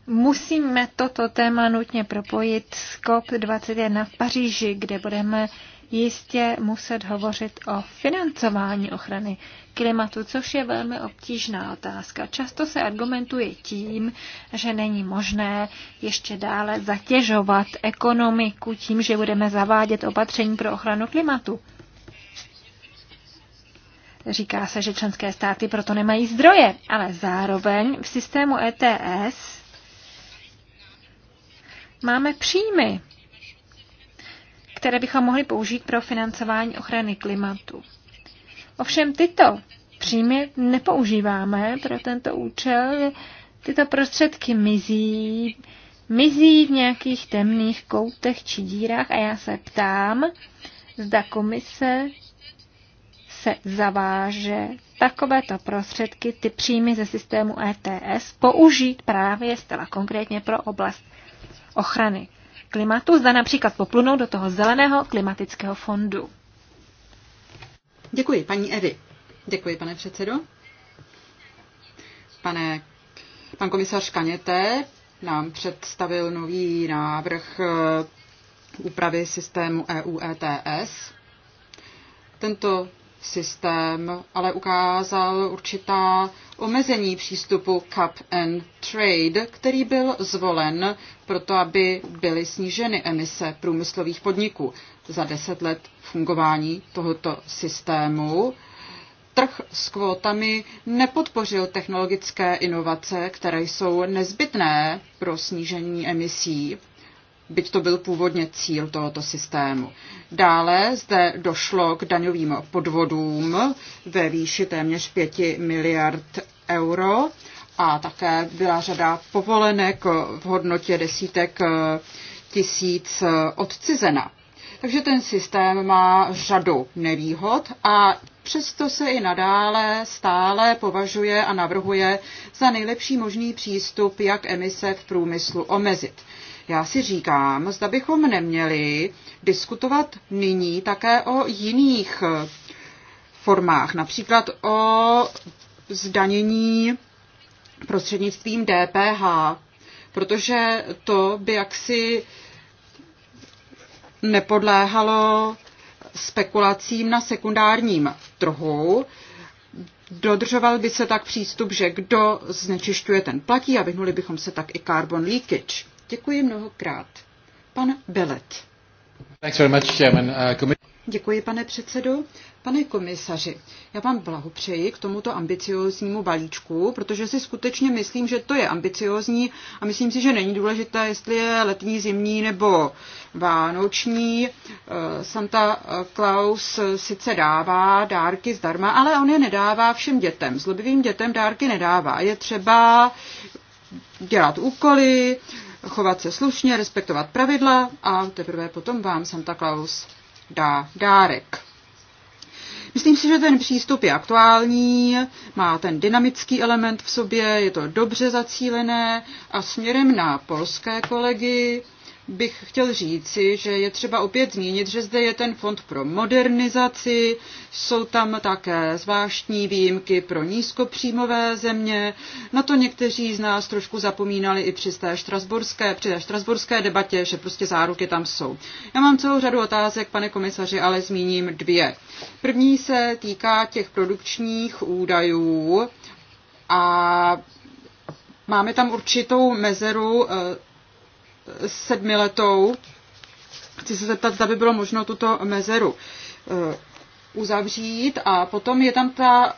Musíme toto téma nutně propojit s COP21 v Paříži, kde budeme jistě muset hovořit o financování ochrany klimatu, což je velmi obtížná otázka. Často se argumentuje tím, že není možné ještě dále zatěžovat ekonomiku tím, že budeme zavádět opatření pro ochranu klimatu. Říká se, že členské státy proto nemají zdroje, ale zároveň v systému ETS máme příjmy které bychom mohli použít pro financování ochrany klimatu. Ovšem tyto příjmy nepoužíváme pro tento účel, tyto prostředky mizí, mizí v nějakých temných koutech či dírách a já se ptám, zda komise se zaváže takovéto prostředky, ty příjmy ze systému ETS, použít právě zcela konkrétně pro oblast ochrany klimatu, zda například poplunou do toho zeleného klimatického fondu. Děkuji, paní Evi. Děkuji, pane předsedo. Pane, pan komisař Kaněte nám představil nový návrh eh, úpravy systému EU ETS. Tento systém, ale ukázal určitá omezení přístupu cap and trade, který byl zvolen proto, aby byly sníženy emise průmyslových podniků. Za deset let fungování tohoto systému trh s kvótami nepodpořil technologické inovace, které jsou nezbytné pro snížení emisí byť to byl původně cíl tohoto systému. Dále zde došlo k daňovým podvodům ve výši téměř 5 miliard euro a také byla řada povolenek v hodnotě desítek eh, tisíc eh, odcizena. Takže ten systém má řadu nevýhod a přesto se i nadále stále považuje a navrhuje za nejlepší možný přístup, jak emise v průmyslu omezit. Já si říkám, zda bychom neměli diskutovat nyní také o jiných eh, formách, například o zdanění prostřednictvím DPH, protože to by jaksi nepodléhalo spekulacím na sekundárním trhu. Dodržoval by se tak přístup, že kdo znečišťuje, ten platí a vyhnuli bychom se tak i carbon leakage. Děkuji mnohokrát. Pan Belet. Uh, Děkuji, pane předsedo. Pane komisaři, já vám blahopřeji k tomuto ambicióznímu balíčku, protože si skutečně myslím, že to je ambiciózní a myslím si, že není důležité, jestli je letní, zimní nebo vánoční. Eh, Santa Claus sice dává dárky zdarma, ale on je nedává všem dětem. Zlobivým dětem dárky nedává. Je třeba dělat úkoly, chovat se slušně, respektovat pravidla a teprve potom vám Santa Claus dá dárek. Myslím si, že ten přístup je aktuální, má ten dynamický element v sobě, je to dobře zacílené a směrem na polské kolegy bych chtěl říci, že je třeba opět zmínit, že zde je ten fond pro modernizaci, jsou tam také zvláštní výjimky pro nízkopříjmové země. Na to někteří z nás trošku zapomínali i při té štrasburské, při té štrasburské debatě, že prostě záruky tam jsou. Já mám celou řadu otázek, pane komisaři, ale zmíním dvě. První se týká těch produkčních údajů a máme tam určitou mezeru eh, sedmiletou. Chci se zeptat, zda by bylo možno tuto mezeru eh, uzavřít a potom je tam ta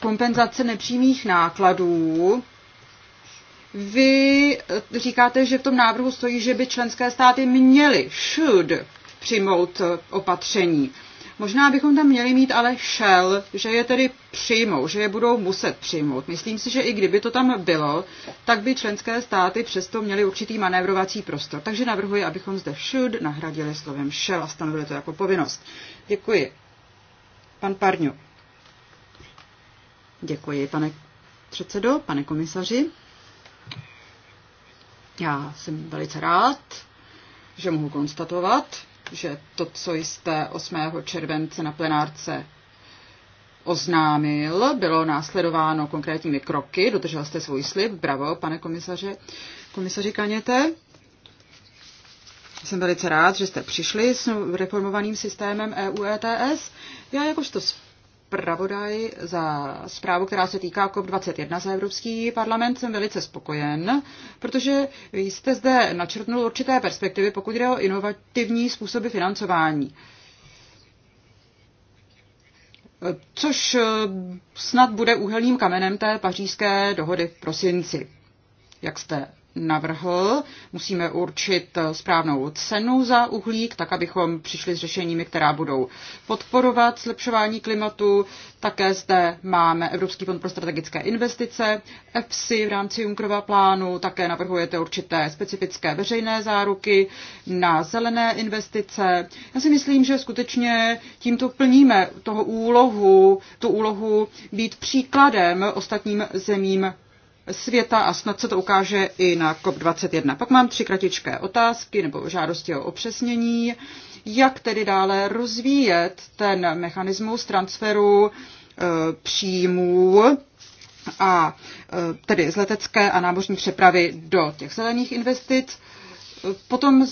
kompenzace nepřímých nákladů. Vy eh, říkáte, že v tom návrhu stojí, že by členské státy měly, should, přijmout eh, opatření. Možná bychom tam měli mít ale šel, že je tedy přijmou, že je budou muset přijmout. Myslím si, že i kdyby to tam bylo, tak by členské státy přesto měly určitý manévrovací prostor. Takže navrhuji, abychom zde should nahradili slovem šel a stanovili to jako povinnost. Děkuji. Pan Parňu. Děkuji, pane předsedo, pane komisaři. Já jsem velice rád, že mohu konstatovat, že to, co jste 8. července na plenárce oznámil, bylo následováno konkrétními kroky, dodržel jste svůj slib, bravo, pane komisaře, komisaři Kaněte. Jsem velice rád, že jste přišli s reformovaným systémem EU ETS. Já jakožto zpravodaj za zprávu, která se týká COP21 za Evropský parlament. Jsem velice spokojen, protože jste zde načrtnul určité perspektivy, pokud jde o inovativní způsoby financování což eh, snad bude úhelným kamenem té pařížské dohody v prosinci, jak jste navrhl. Musíme určit správnou cenu za uhlík, tak abychom přišli s řešeními, která budou podporovat zlepšování klimatu. Také zde máme Evropský fond pro strategické investice, EFSI v rámci Junkrova plánu, také navrhujete určité specifické veřejné záruky na zelené investice. Já si myslím, že skutečně tímto plníme toho úlohu, tu úlohu být příkladem ostatním zemím světa a snad se to ukáže i na COP21. Pak mám tři kratičké otázky nebo žádosti o opřesnění. Jak tedy dále rozvíjet ten mechanismus transferu eh, příjmů a eh, tedy z letecké a námořní přepravy do těch zelených investic. Potom,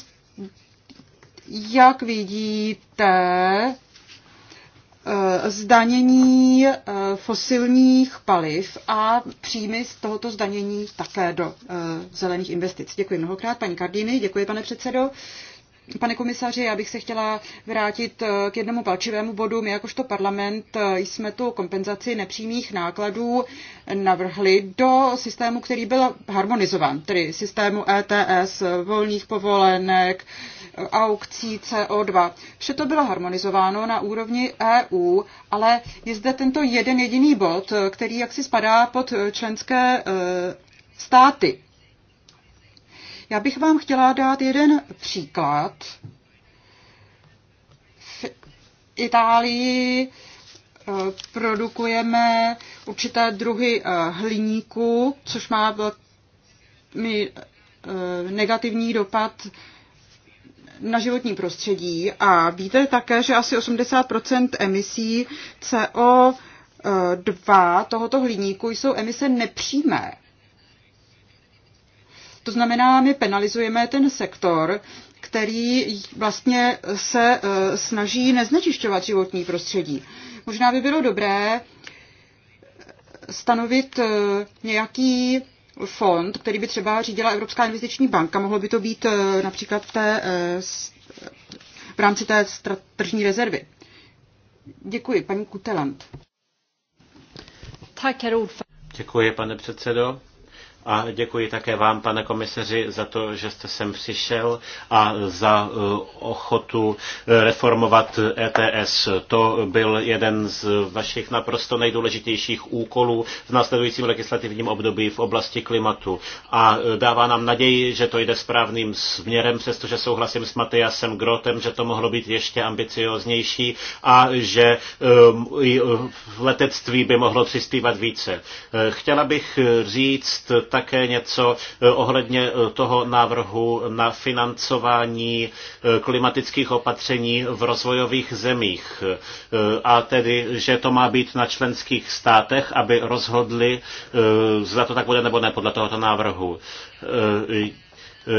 jak vidíte Eh, zdanění eh, fosilních paliv a příjmy z tohoto zdanění také do eh, zelených investic. Děkuji mnohokrát, paní Kardiny, děkuji, pane předsedo. Pane komisaři, já bych se chtěla vrátit eh, k jednomu palčivému bodu. My jakožto parlament eh, jsme tu kompenzaci nepřímých nákladů navrhli do systému, který byl harmonizován, tedy systému ETS, volných povolenek, aukcí CO2. Vše to bylo harmonizováno na úrovni EU, ale je zde tento jeden jediný bod, eh, který jaksi spadá pod členské státy. Já bych vám chtěla dát jeden příklad. V Itálii eh, produkujeme určité druhy eh, hliníku, což má velmi eh, negativní dopad na životní prostředí. A víte také, že asi 80 emisí CO2 tohoto hliníku jsou emise nepřímé. To znamená, my penalizujeme ten sektor, který vlastně se eh, snaží neznečišťovat životní prostředí. Možná by bylo dobré eh, stanovit eh, nějaký fond, který by třeba řídila Evropská investiční banka. Mohlo by to být například v, té, v rámci té tržní rezervy. Děkuji, paní Kutelant. Děkuji, pane předsedo. A děkuji také vám, pane komisaři, za to, že jste sem přišel a za eh, ochotu eh, reformovat ETS. To byl jeden z vašich naprosto nejdůležitějších úkolů v následujícím legislativním období v oblasti klimatu. A eh, dává nám naději, že to jde správným směrem, přestože souhlasím s Matyasem Grotem, že to mohlo být ještě ambicioznější a že letectví by mohlo přispívat více. Chtěla bych říct, tak také něco eh, ohledně eh, toho návrhu na financování eh, klimatických opatření v rozvojových zemích. A tedy, že to má být na členských státech, aby rozhodli, zda to tak bude nebo ne podle tohoto návrhu.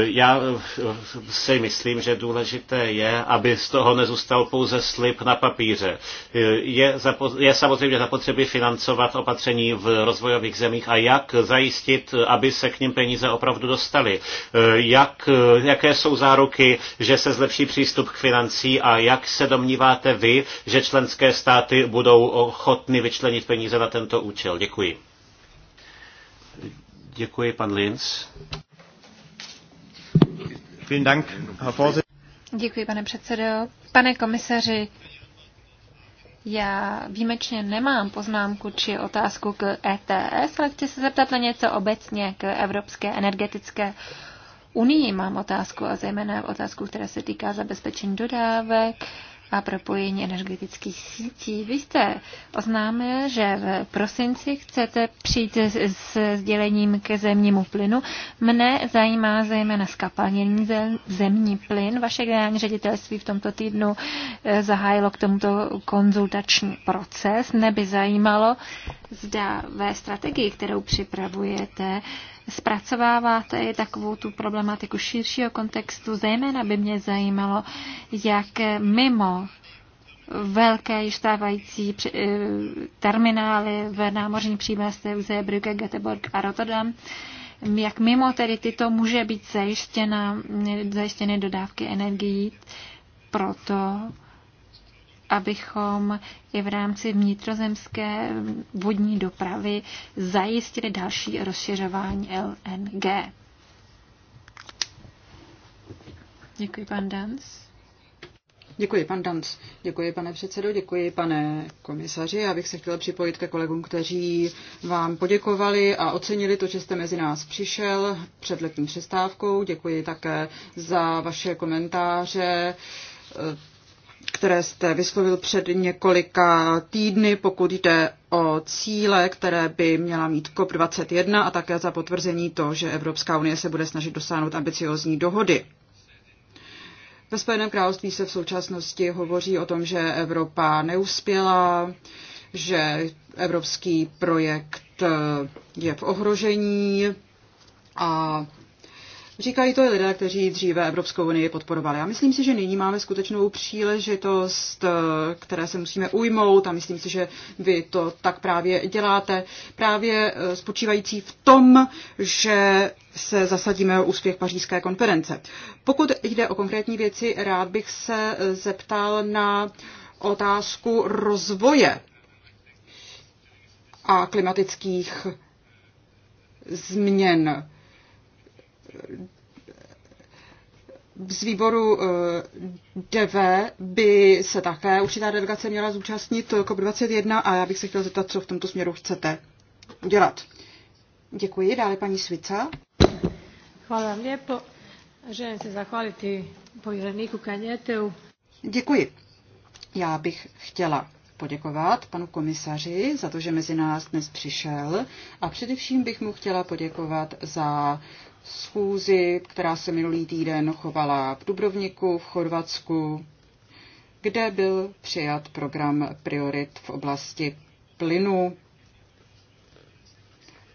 Já eh, si myslím, že důležité je, aby z toho nezůstal pouze slib na papíře. Eh, je, zapo- je samozřejmě zapotřebí financovat opatření v rozvojových zemích a jak zajistit, aby se k ním peníze opravdu dostaly. Eh, jak, jaké jsou záruky, že se zlepší přístup k financí a jak se domníváte vy, že členské státy budou ochotny vyčlenit peníze na tento účel? Děkuji. Děkuji, pan Linz. Vielen Dank, Herr Děkuji, pane předsedo. Pane komisaři, já výjimečně nemám poznámku či otázku k ETS, ale chci se zeptat na něco obecně k Evropské energetické unii. Mám otázku a zejména otázku, která se týká zabezpečení dodávek, a propojení energetických sítí. Vy jste oznámil, že v prosinci chcete přijít s sdělením ke zemnímu plynu. Mne zajímá zejména skapalnění zemní plyn. Vaše generální ředitelství v tomto týdnu eh, zahájilo k tomuto konzultační proces. Neby zajímalo, zda ve strategii, kterou připravujete, zpracováváte i takovou tu problematiku širšího kontextu. Zejména by mě zajímalo, jak mimo velké již stávající eh, terminály v námořní příblasti v Zébrugge, Göteborg a Rotterdam, jak mimo tedy tyto může být zajištěna, zajištěny dodávky energií proto, abychom i v rámci vnitrozemské vodní dopravy zajistili další rozšiřování LNG. Děkuji, pan Dans. Děkuji, pan Danc. Děkuji, pane předsedo, děkuji, pane komisaři. Já bych se chtěla připojit ke kolegům, kteří vám poděkovali a ocenili to, že jste mezi nás přišel před letní přestávkou. Děkuji také za vaše komentáře které jste vyslovil před několika týdny, pokud jde o cíle, které by měla mít COP21 a také za potvrzení to, že Evropská unie se bude snažit dosáhnout ambiciozní dohody. Ve Spojeném království se v současnosti hovoří o tom, že Evropa neuspěla, že evropský projekt je v ohrožení a Říkají to i lidé, kteří dříve Evropskou unii podporovali. A myslím si, že nyní máme skutečnou příležitost, eh, které se musíme ujmout a myslím si, že vy to tak právě děláte, právě eh, spočívající v tom, že se zasadíme o úspěch pařížské konference. Pokud jde o konkrétní věci, rád bych se eh, zeptal na otázku rozvoje a klimatických změn z výboru eh, DV by se také určitá delegace měla zúčastnit COP21 a já bych se chtěla zeptat, co v tomto směru chcete udělat. Děkuji. Dále paní Svica. Hvala vám lijepo. Želim se zahvaliti povjereniku Kanětu. Děkuji. Já bych chtěla poděkovat panu komisaři za to, že mezi nás dnes přišel a především bych mu chtěla poděkovat za schůzi, která se minulý týden chovala v Dubrovniku, v Chorvatsku, kde byl přijat program priorit v oblasti plynu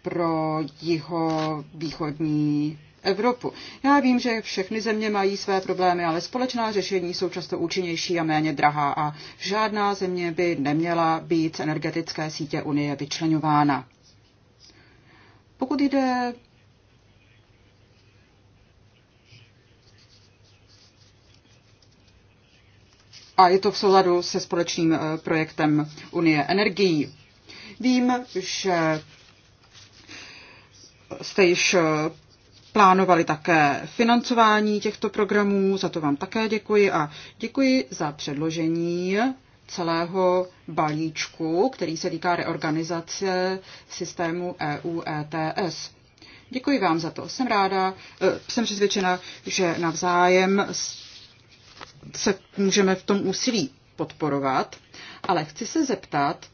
pro jeho východní Evropu. Já vím, že všechny země mají své problémy, ale společná řešení jsou často účinnější a méně drahá a žádná země by neměla být z energetické sítě Unie vyčlenována. Pokud jde a je to v souladu se společným eh, projektem Unie energií. Vím, že jste již eh, plánovali také financování těchto programů, za to vám také děkuji a děkuji za předložení celého balíčku, který se týká reorganizace systému EU ETS. Děkuji vám za to. Jsem ráda, eh, jsem přesvědčena, že navzájem se můžeme v tom úsilí podporovat, ale chci se zeptat,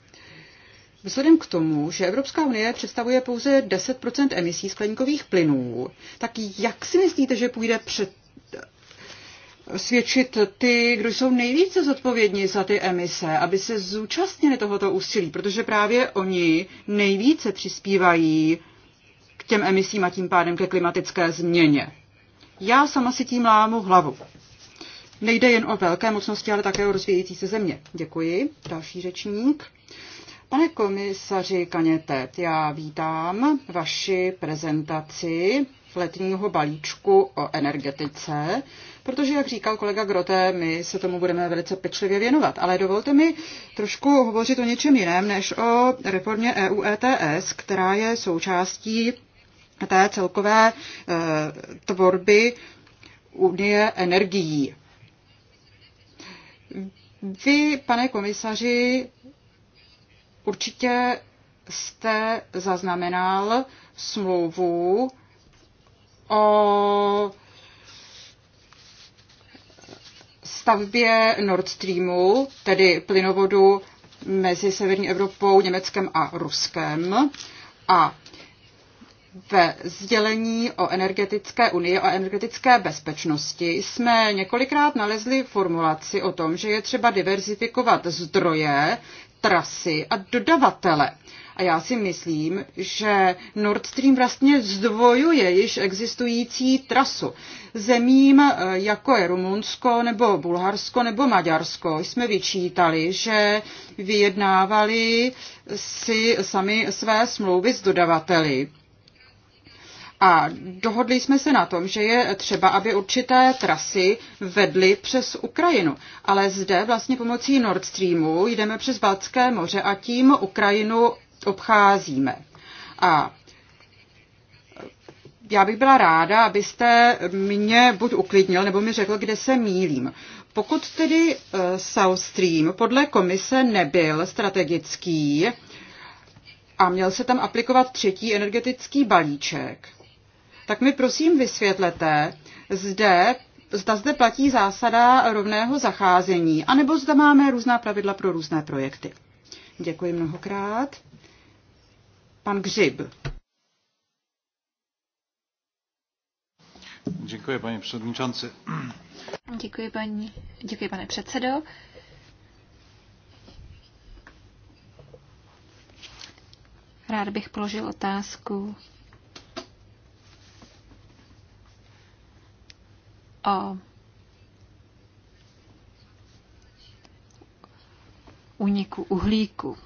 Vzhledem k tomu, že Evropská unie představuje pouze 10 emisí skleníkových plynů, tak jak si myslíte, že půjde před svědčit ty, kdo jsou nejvíce zodpovědní za ty emise, aby se zúčastnili tohoto úsilí, protože právě oni nejvíce přispívají k těm emisím a tím pádem ke klimatické změně. Já sama si tím lámu hlavu nejde jen o velké mocnosti, ale také o rozvíjející se země. Děkuji. Další řečník. Pane komisaři Kaněte, já vítám vaši prezentaci letního balíčku o energetice, protože, jak říkal kolega Grote, my se tomu budeme velice pečlivě věnovat. Ale dovolte mi trošku hovořit o něčem jiném, než o reformě EU ETS, která je součástí té celkové e, tvorby Unie energií. Vy, pane komisaři, určitě jste zaznamenal smlouvu o stavbě Nord Streamu, tedy plynovodu mezi Severní Evropou, Německem a Ruskem. A ve sdělení o energetické unii a energetické bezpečnosti jsme několikrát nalezli formulaci o tom, že je třeba diverzifikovat zdroje, trasy a dodavatele. A já si myslím, že Nord Stream vlastně zdvojuje již existující trasu. Zemím, eh, jako je Rumunsko nebo Bulharsko nebo Maďarsko, jsme vyčítali, že vyjednávali si sami své smlouvy s dodavateli a dohodli jsme se na tom, že je třeba, aby určité trasy vedly přes Ukrajinu. Ale zde vlastně pomocí Nord Streamu jdeme přes Balcké moře a tím Ukrajinu obcházíme. A já bych byla ráda, abyste mě buď uklidnil, nebo mi řekl, kde se mílím. Pokud tedy eh, South Stream podle komise nebyl strategický a měl se tam aplikovat třetí energetický balíček, tak mi prosím vysvětlete, zde, zda zde platí zásada rovného zacházení, anebo zda máme různá pravidla pro různé projekty. Děkuji mnohokrát. Pan Gřib. Děkuji, paní předsedající. Děkuji, paní, děkuji, pane předsedo. Rád bych položil otázku a uniku uhlíku.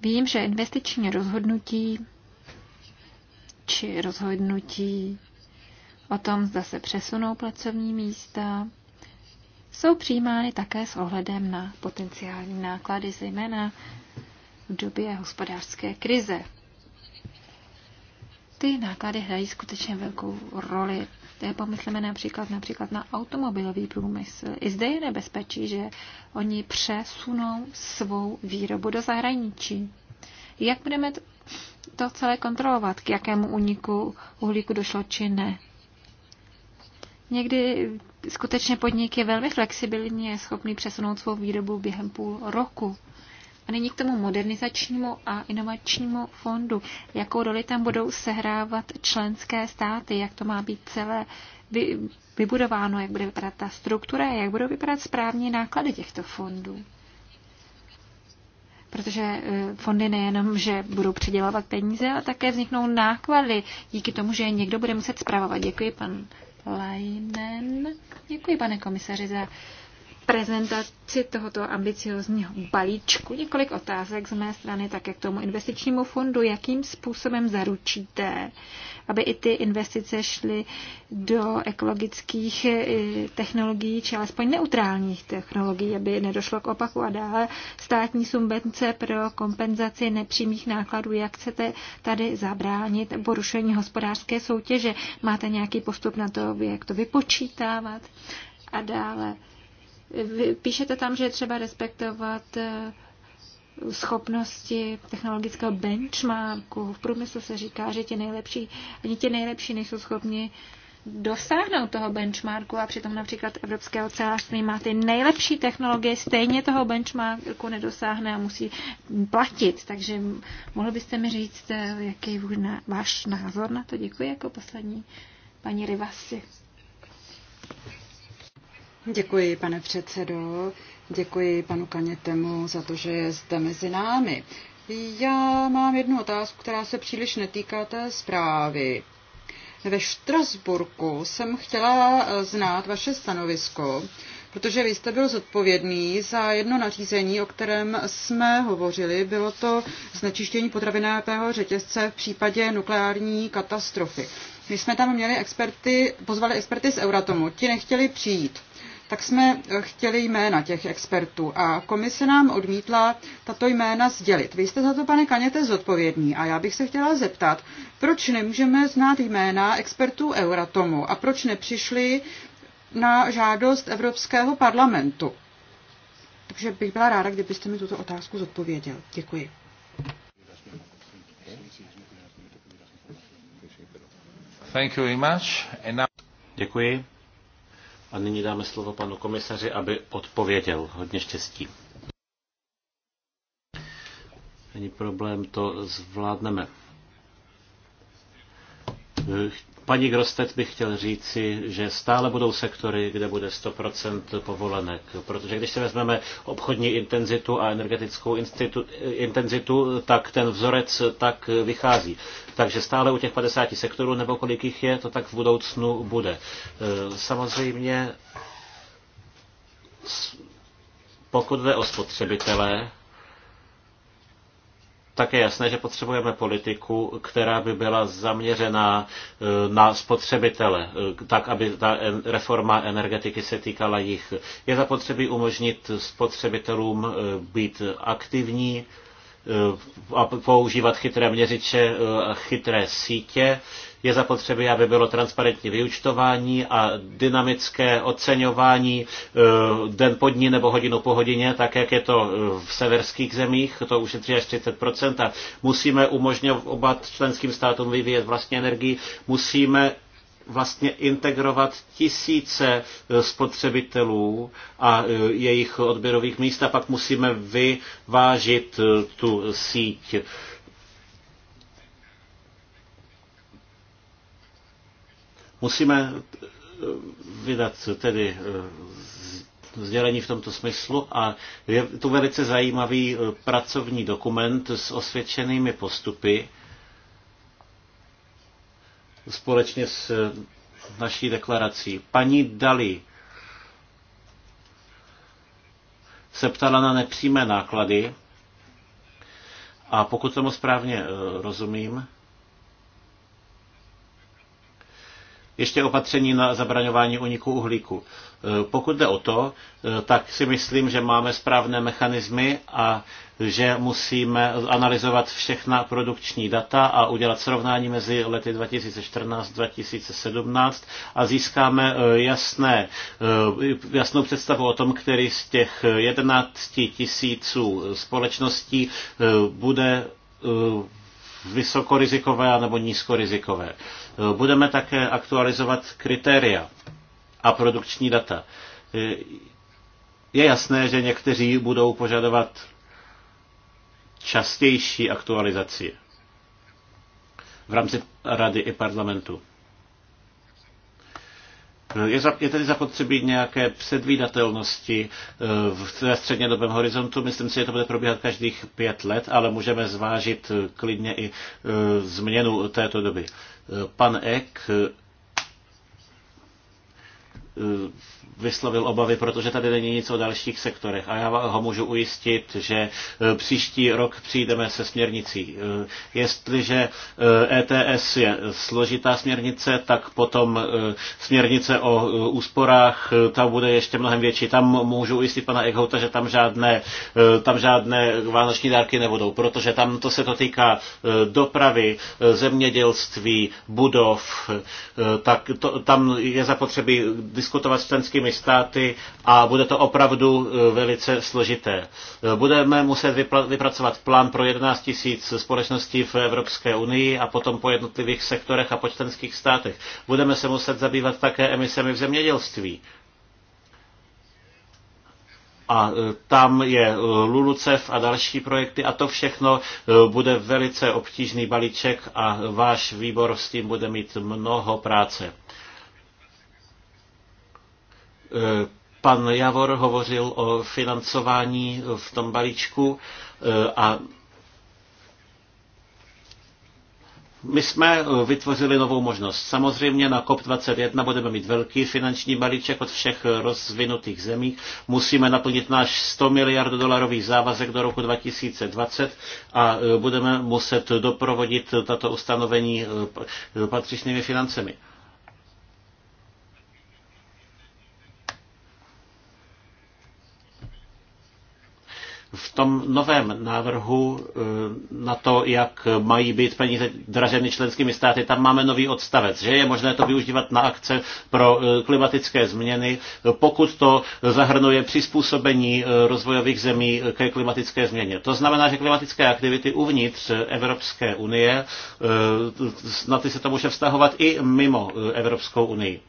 Vím, že investiční rozhodnutí či rozhodnutí o tom, zda se přesunou pracovní místa, jsou přijímány také s ohledem na potenciální náklady, zejména v době hospodářské krize. Ty náklady hrají skutečně velkou roli Pomysleme například, například na automobilový průmysl. I zde je nebezpečí, že oni přesunou svou výrobu do zahraničí. Jak budeme to celé kontrolovat, k jakému úniku uhlíku došlo či ne? Někdy skutečně podnik je velmi flexibilní, je schopný přesunout svou výrobu během půl roku. A nyní k tomu modernizačnímu a inovačnímu fondu. Jakou roli tam budou sehrávat členské státy, jak to má být celé vy, vybudováno, jak bude vypadat ta struktura, jak budou vypadat správně náklady těchto fondů. Protože eh, fondy nejenom, že budou předělávat peníze, ale také vzniknou náklady díky tomu, že někdo bude muset zpravovat. Děkuji, pan Leinen. Děkuji, pane komisaři, za prezentaci tohoto ambiciozního balíčku. Několik otázek z mé strany také k tomu investičnímu fondu. Jakým způsobem zaručíte, aby i ty investice šly do ekologických eh, technologií, či alespoň neutrálních technologií, aby nedošlo k opaku a dále státní subvence pro kompenzaci nepřímých nákladů. Jak chcete tady zabránit porušení hospodářské soutěže? Máte nějaký postup na to, jak to vypočítávat? A dále Píšete tam, že je třeba respektovat eh, schopnosti technologického benchmarku. V průmyslu se říká, že ti nejlepší, ani ti nejlepší nejsou schopni dosáhnout toho benchmarku a přitom například Evropské ocelářství má ty nejlepší technologie, stejně toho benchmarku nedosáhne a musí platit. Takže mohl byste mi říct, eh, jaký je váš názor na to? Děkuji jako poslední paní Rivasi. Děkuji, pane předsedo. Děkuji panu Kanětemu za to, že je zde mezi námi. Já mám jednu otázku, která se příliš netýká té zprávy. Ve Štrasburku jsem chtěla eh, znát vaše stanovisko, protože vy jste byl zodpovědný za jedno nařízení, o kterém jsme hovořili. Bylo to znečištění potravinového řetězce v případě nukleární katastrofy. My jsme tam měli experty, pozvali experty z Euratomu, ti nechtěli přijít tak jsme eh, chtěli jména těch expertů a komise nám odmítla tato jména sdělit. Vy jste za to, pane Kaněte, zodpovědný a já bych se chtěla zeptat, proč nemůžeme znát jména expertů Euratomu a proč nepřišli na žádost Evropského parlamentu? Takže bych byla ráda, kdybyste mi tuto otázku zodpověděl. Děkuji. Thank you very much. And now... Děkuji. A nyní dáme slovo panu komisaři, aby odpověděl. Hodně štěstí. Není problém, to zvládneme. Paní Grostet bych chtěl říci, že stále budou sektory, kde bude 100% povolenek, protože když si vezmeme obchodní intenzitu a energetickou institu, intenzitu, tak ten vzorec tak vychází. Takže stále u těch 50 sektorů, nebo kolik jich je, to tak v budoucnu bude. E, samozřejmě, pokud jde o spotřebitele, tak je jasné, že potřebujeme politiku, která by byla zaměřená eh, na spotřebitele, eh, tak aby ta reforma energetiky se týkala jich. Je zapotřebí umožnit spotřebitelům eh, být aktivní a používat chytré měřiče a chytré sítě je zapotřebí, aby bylo transparentní vyučtování a dynamické oceňování e, den po dní nebo hodinu po hodině, tak jak je to e, v severských zemích, to ušetří až 30%. A musíme umožňovat členským státům vyvíjet vlastní energii, musíme vlastně integrovat tisíce e, spotřebitelů a jejich odběrových míst a pak musíme vyvážit tu síť Musíme eh, vydat tedy eh, sdělení v tomto smyslu a je tu velice zajímavý eh, pracovní dokument s osvědčenými postupy společně s naší deklarací. Paní Dali se ptala na nepřímé náklady a pokud tomu správně rozumím, ještě opatření na zabraňování uniku uhlíku. E, pokud jde o to, e, tak si myslím, že máme správné mechanismy a že musíme analyzovat všechna produkční data a udělat srovnání mezi lety 2014-2017 a získáme e, jasné, jasnou představu o tom, který z těch 11 tisíců společností bude vysokorizikové nebo nízkorizikové. Budeme také aktualizovat kritéria a produkční data. Je jasné, že někteří budou požadovat častější aktualizaci v rámci rady i parlamentu. Je, za, je tedy zapotřebí nějaké předvídatelnosti eh, v střednědobém horizontu. Myslím si, že to bude probíhat každých pět let, ale můžeme zvážit eh, klidně i eh, změnu této doby. Pan Ek Eh, vyslovil obavy, protože tady není nic o dalších sektorech. A já ho můžu ujistit, že eh, příští rok přijdeme se směrnicí. Eh, jestliže ETS e je složitá směrnice, tak potom směrnice o úsporách, ta bude ještě mnohem větší. Tam můžu ujistit pana Eghouta, že tam žádné, tam žádné vánoční dárky nebudou, protože tam to se to týká dopravy, zemědělství, budov, tak to, tam je zapotřebí diskutovat s členskými státy a bude to opravdu eh, velice složité. Eh, budeme muset vypracovat plán pro 11 tisíc společností v Evropské unii a potom po jednotlivých sektorech a po členských státech. Budeme se muset zabývat také emisemi v zemědělství. A eh, tam je LULUCEF a další projekty a to všechno bude velice obtížný balíček a váš výbor s tím bude mít mnoho práce. Eh, pan Javor hovořil o financování v tom balíčku eh, a My jsme vytvořili novou možnost. Samozřejmě na COP21 budeme mít velký finanční balíček od všech rozvinutých zemí. Musíme naplnit náš 100 miliard dolarový závazek do roku 2020 a eh, budeme muset doprovodit tato ustanovení patřičnými financemi. v tom novém návrhu eh, na to, jak mají být peníze draženy členskými státy, tam máme nový odstavec, že je možné to využívat na akce pro eh, klimatické změny, pokud to zahrnuje přizpůsobení eh, rozvojových zemí ke klimatické změně. To znamená, že klimatické aktivity uvnitř Evropské unie, na ty se to může vztahovat i mimo Evropskou unii.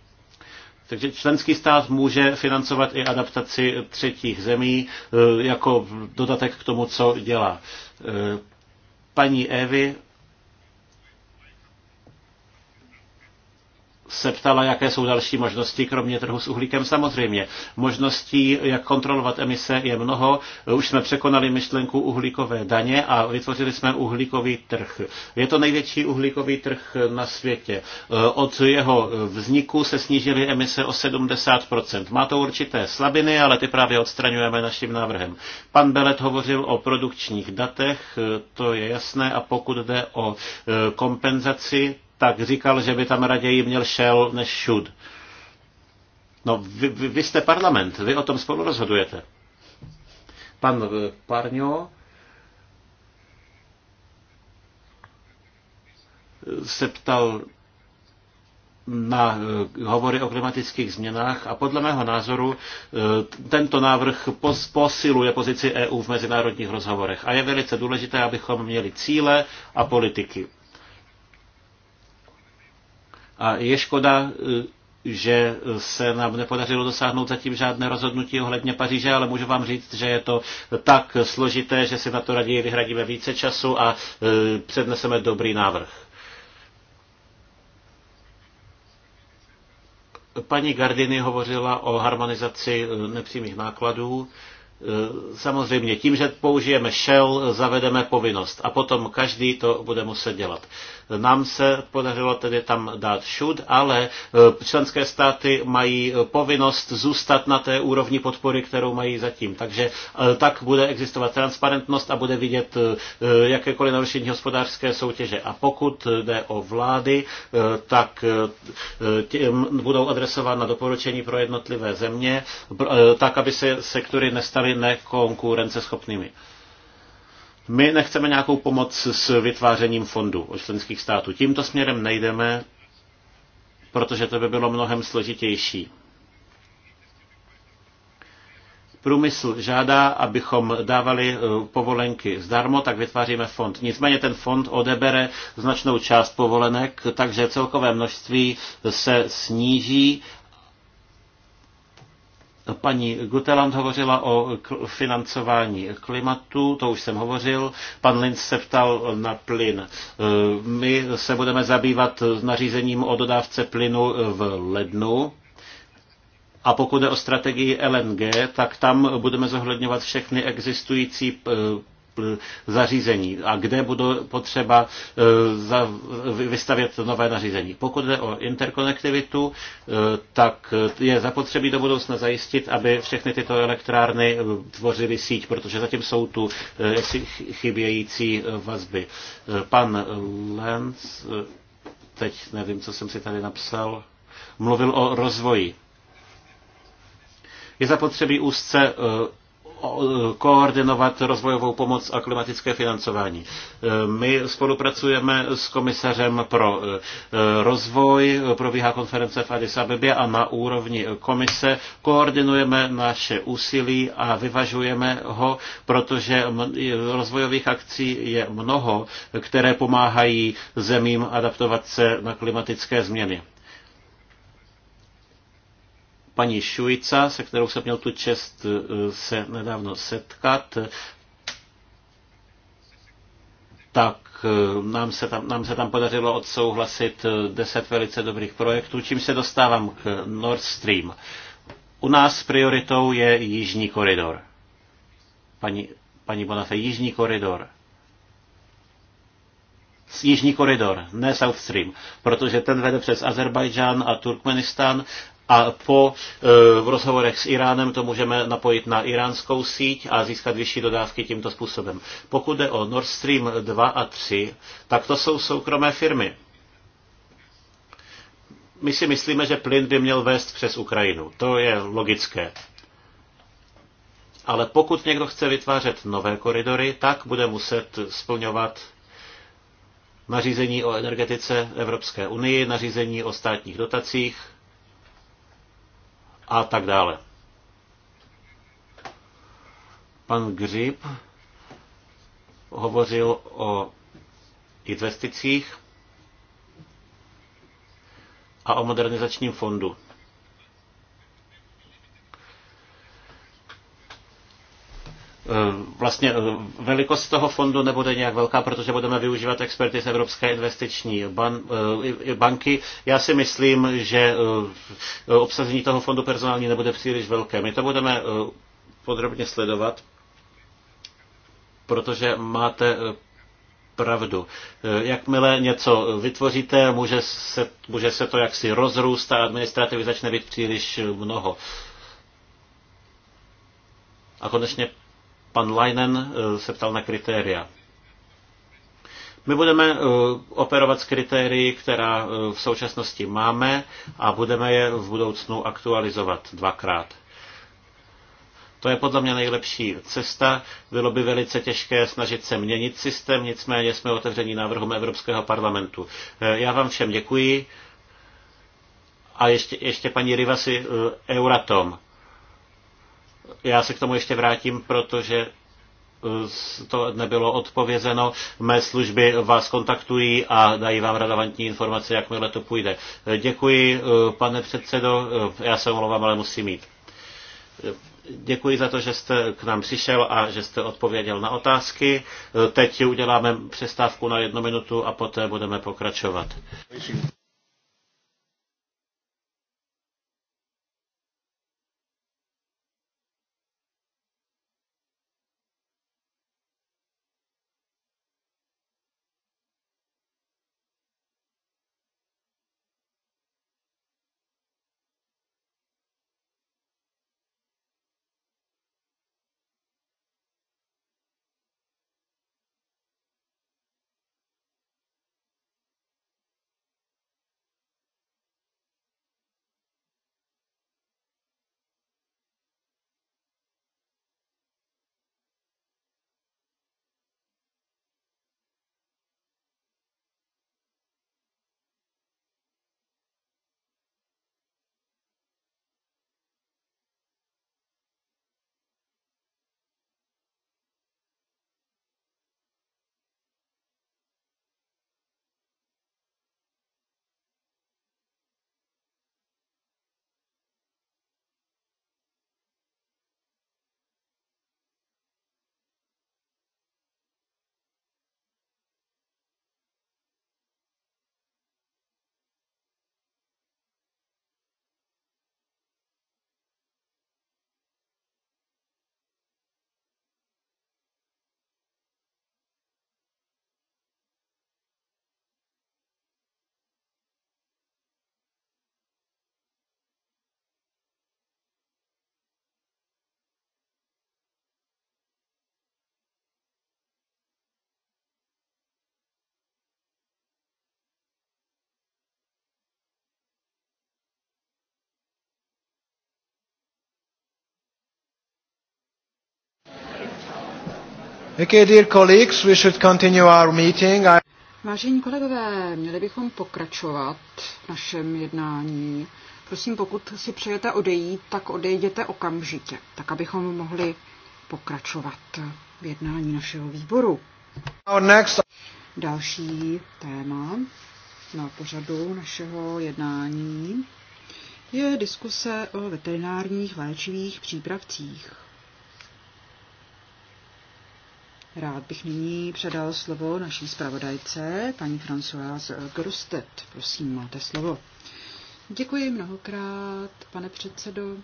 Takže členský stát může financovat i adaptaci třetích zemí e, jako dodatek k tomu, co dělá. E, paní Evy se ptala, jaké jsou další možnosti, kromě trhu s uhlíkem samozřejmě. Možností, jak kontrolovat emise, je mnoho. Už jsme překonali myšlenku uhlíkové daně a vytvořili jsme uhlíkový trh. Je to největší uhlíkový trh na světě. Od jeho vzniku se snížily emise o 70%. Má to určité slabiny, ale ty právě odstraňujeme naším návrhem. Pan Belet hovořil o produkčních datech, to je jasné, a pokud jde o kompenzaci, tak říkal, že by tam raději měl šel než should. No, vy, vy, vy jste parlament, vy o tom spolu rozhodujete. Pan eh, Parňo eh, se ptal na eh, hovory o klimatických změnách a podle mého názoru tento návrh posiluje pozici EU v mezinárodních rozhovorech a je velice důležité, abychom měli cíle a politiky. A je škoda, eh, že se nám nepodařilo dosáhnout zatím žádné rozhodnutí ohledně Paříže, ale můžu vám říct, že je to tak složité, že si na to raději vyhradíme více času a eh, předneseme dobrý návrh. Paní Gardiny hovořila o harmonizaci eh, nepřímých nákladů. Samozřejmě tím, že použijeme shell, zavedeme povinnost a potom každý to bude muset dělat. Nám se podařilo tedy tam dát šud, ale e, členské státy mají povinnost zůstat na té úrovni podpory, kterou mají zatím. Takže e, tak bude existovat transparentnost a bude vidět e, jakékoliv narušení hospodářské soutěže. A pokud jde o vlády, tak těm budou adresována doporučení pro jednotlivé země, tak aby se sektory nestaly nekonkurenceschopnými. My nechceme nějakou pomoc s vytvářením fondů od členských států. Tímto směrem nejdeme, protože to by bylo mnohem složitější. Průmysl žádá, abychom dávali eh, povolenky zdarmo, tak vytváříme fond. Nicméně ten fond odebere značnou část povolenek, takže celkové množství se sníží Paní Guteland hovořila o financování klimatu, to už jsem hovořil. Pan Linz se ptal na plyn. E, my se budeme zabývat nařízením o dodávce plynu v lednu. A pokud je o strategii LNG, tak tam budeme zohledňovat všechny existující e, Eh, zařízení a kde budou potřeba eh, vystavět nové nařízení. Pokud jde o interkonektivitu, eh, tak je zapotřebí do budoucna zajistit, aby všechny tyto elektrárny tvořily síť, protože zatím jsou tu chybějící vazby. Pan Lenz, teď nevím, co jsem si tady napsal, mluvil o rozvoji je zapotřebí úzce koordinovat rozvojovou pomoc a klimatické financování. E, my spolupracujeme s komisařem pro e, rozvoj, probíhá konference v Addis Abebě a na úrovni komise koordinujeme naše úsilí a vyvažujeme ho, protože rozvojových akcí je mnoho, které pomáhají zemím adaptovat se na klimatické změny paní Šujica, se kterou jsem měl tu čest eh, se nedávno setkat, tak eh, nám se, tam, nám se tam podařilo odsouhlasit 10 eh, velice dobrých projektů, čím se dostávám k Nord Stream. U nás prioritou je Jižní koridor. Paní, paní Bonafé, Jižní koridor. Jižní koridor, ne South Stream, protože ten vede přes Azerbajdžán a Turkmenistán a po eh, v rozhovorech s Iránem to můžeme napojit na iránskou síť a získat vyšší dodávky tímto způsobem. Pokud jde o Nord Stream 2 a 3, tak to jsou soukromé firmy. My si myslíme, že plyn by měl vést přes Ukrajinu. To je logické. Ale pokud někdo chce vytvářet nové koridory, tak bude muset splňovat nařízení o energetice Evropské unii, nařízení o státních dotacích a tak dále. Pan Grip hovořil o investicích a o modernizačním fondu. Eh, vlastně eh, velikost toho fondu nebude nějak velká, protože budeme využívat experty z Evropské investiční ban, eh, banky. Já si myslím, že obsazení toho fondu personální nebude příliš velké. My to budeme podrobně sledovat, protože máte pravdu. Jakmile něco vytvoříte, může se, může se to jaksi rozrůst a administrativy začne být příliš mnoho. A konečně Pan Leinen eh, se ptal na kritéria. My budeme eh, operovat s kritérii, která eh, v současnosti máme a budeme je v budoucnu aktualizovat dvakrát. To je podle mě nejlepší cesta. Bylo by velice těžké snažit se měnit systém, nicméně jsme otevření návrhům Evropského parlamentu. Já vám všem děkuji. A ještě, ještě paní Rivasi Euratom. Já se k tomu ještě vrátím, protože e, to nebylo odpovězeno. Mé služby vás kontaktují a dají vám relevantní informace, jakmile to půjde. E, děkuji, e, pane předsedo. Já se omlouvám, ale musím mít. Děkuji za to, že jste k nám přišel a že jste odpověděl na otázky. Teď uděláme přestávku na jednu minutu a poté budeme pokračovat. Vážení kolegové, měli bychom pokračovat v našem jednání. Prosím, pokud si přejete odejít, tak odejděte okamžitě, tak abychom mohli pokračovat v jednání našeho výboru. Our next... Další téma na pořadu našeho jednání je diskuse o veterinárních léčivých přípravcích. Rád bych nyní předal slovo naší zpravodajce, paní Françoise Grustet. Prosím, máte slovo. Děkuji mnohokrát, pane předsedo.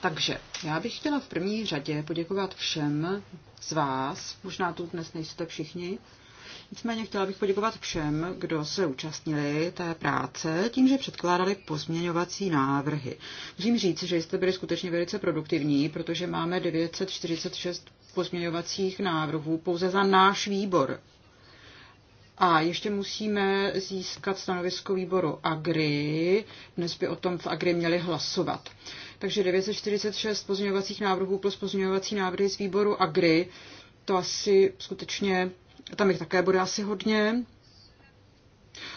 Takže já bych chtěla v první řadě poděkovat všem z vás, možná tu dnes nejste všichni, Nicméně chtěla bych poděkovat všem, kdo se účastnili té práce tím, že předkládali pozměňovací návrhy. Musím říct, že jste byli skutečně velice produktivní, protože máme 946 pozměňovacích návrhů pouze za náš výbor. A ještě musíme získat stanovisko výboru Agri. Dnes by o tom v Agri měli hlasovat. Takže 946 pozměňovacích návrhů plus pozměňovací návrhy z výboru Agri, to asi skutečně tam jich také bude asi hodně.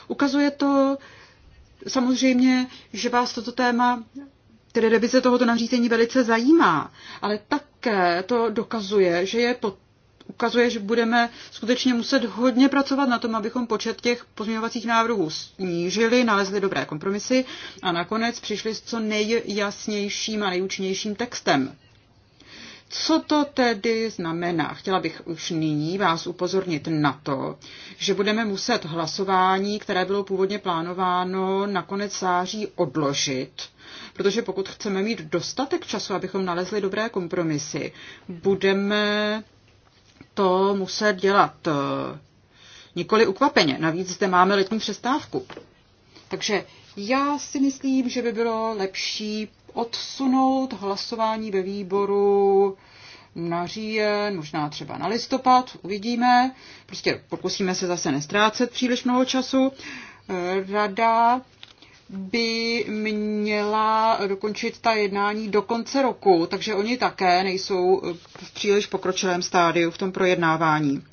Ukazuje to samozřejmě, že vás toto téma, tedy revize tohoto nařízení velice zajímá, ale také to dokazuje, že je pod ukazuje, že budeme skutečně muset hodně pracovat na tom, abychom počet těch pozměňovacích návrhů snížili, nalezli dobré kompromisy a nakonec přišli s co nejjasnějším a nejúčinnějším textem. Co to tedy znamená? Chtěla bych už nyní vás upozornit na to, že budeme muset hlasování, které bylo původně plánováno na konec září, odložit, protože pokud chceme mít dostatek času, abychom nalezli dobré kompromisy, budeme to muset dělat eh, nikoli ukvapeně. Navíc zde máme letní přestávku. Takže já si myslím, že by bylo lepší odsunout hlasování ve výboru na říjen, možná třeba na listopad, uvidíme. Prostě pokusíme se zase nestrácet příliš mnoho času. Rada by měla dokončit ta jednání do konce roku, takže oni také nejsou v příliš pokročilém stádiu v tom projednávání.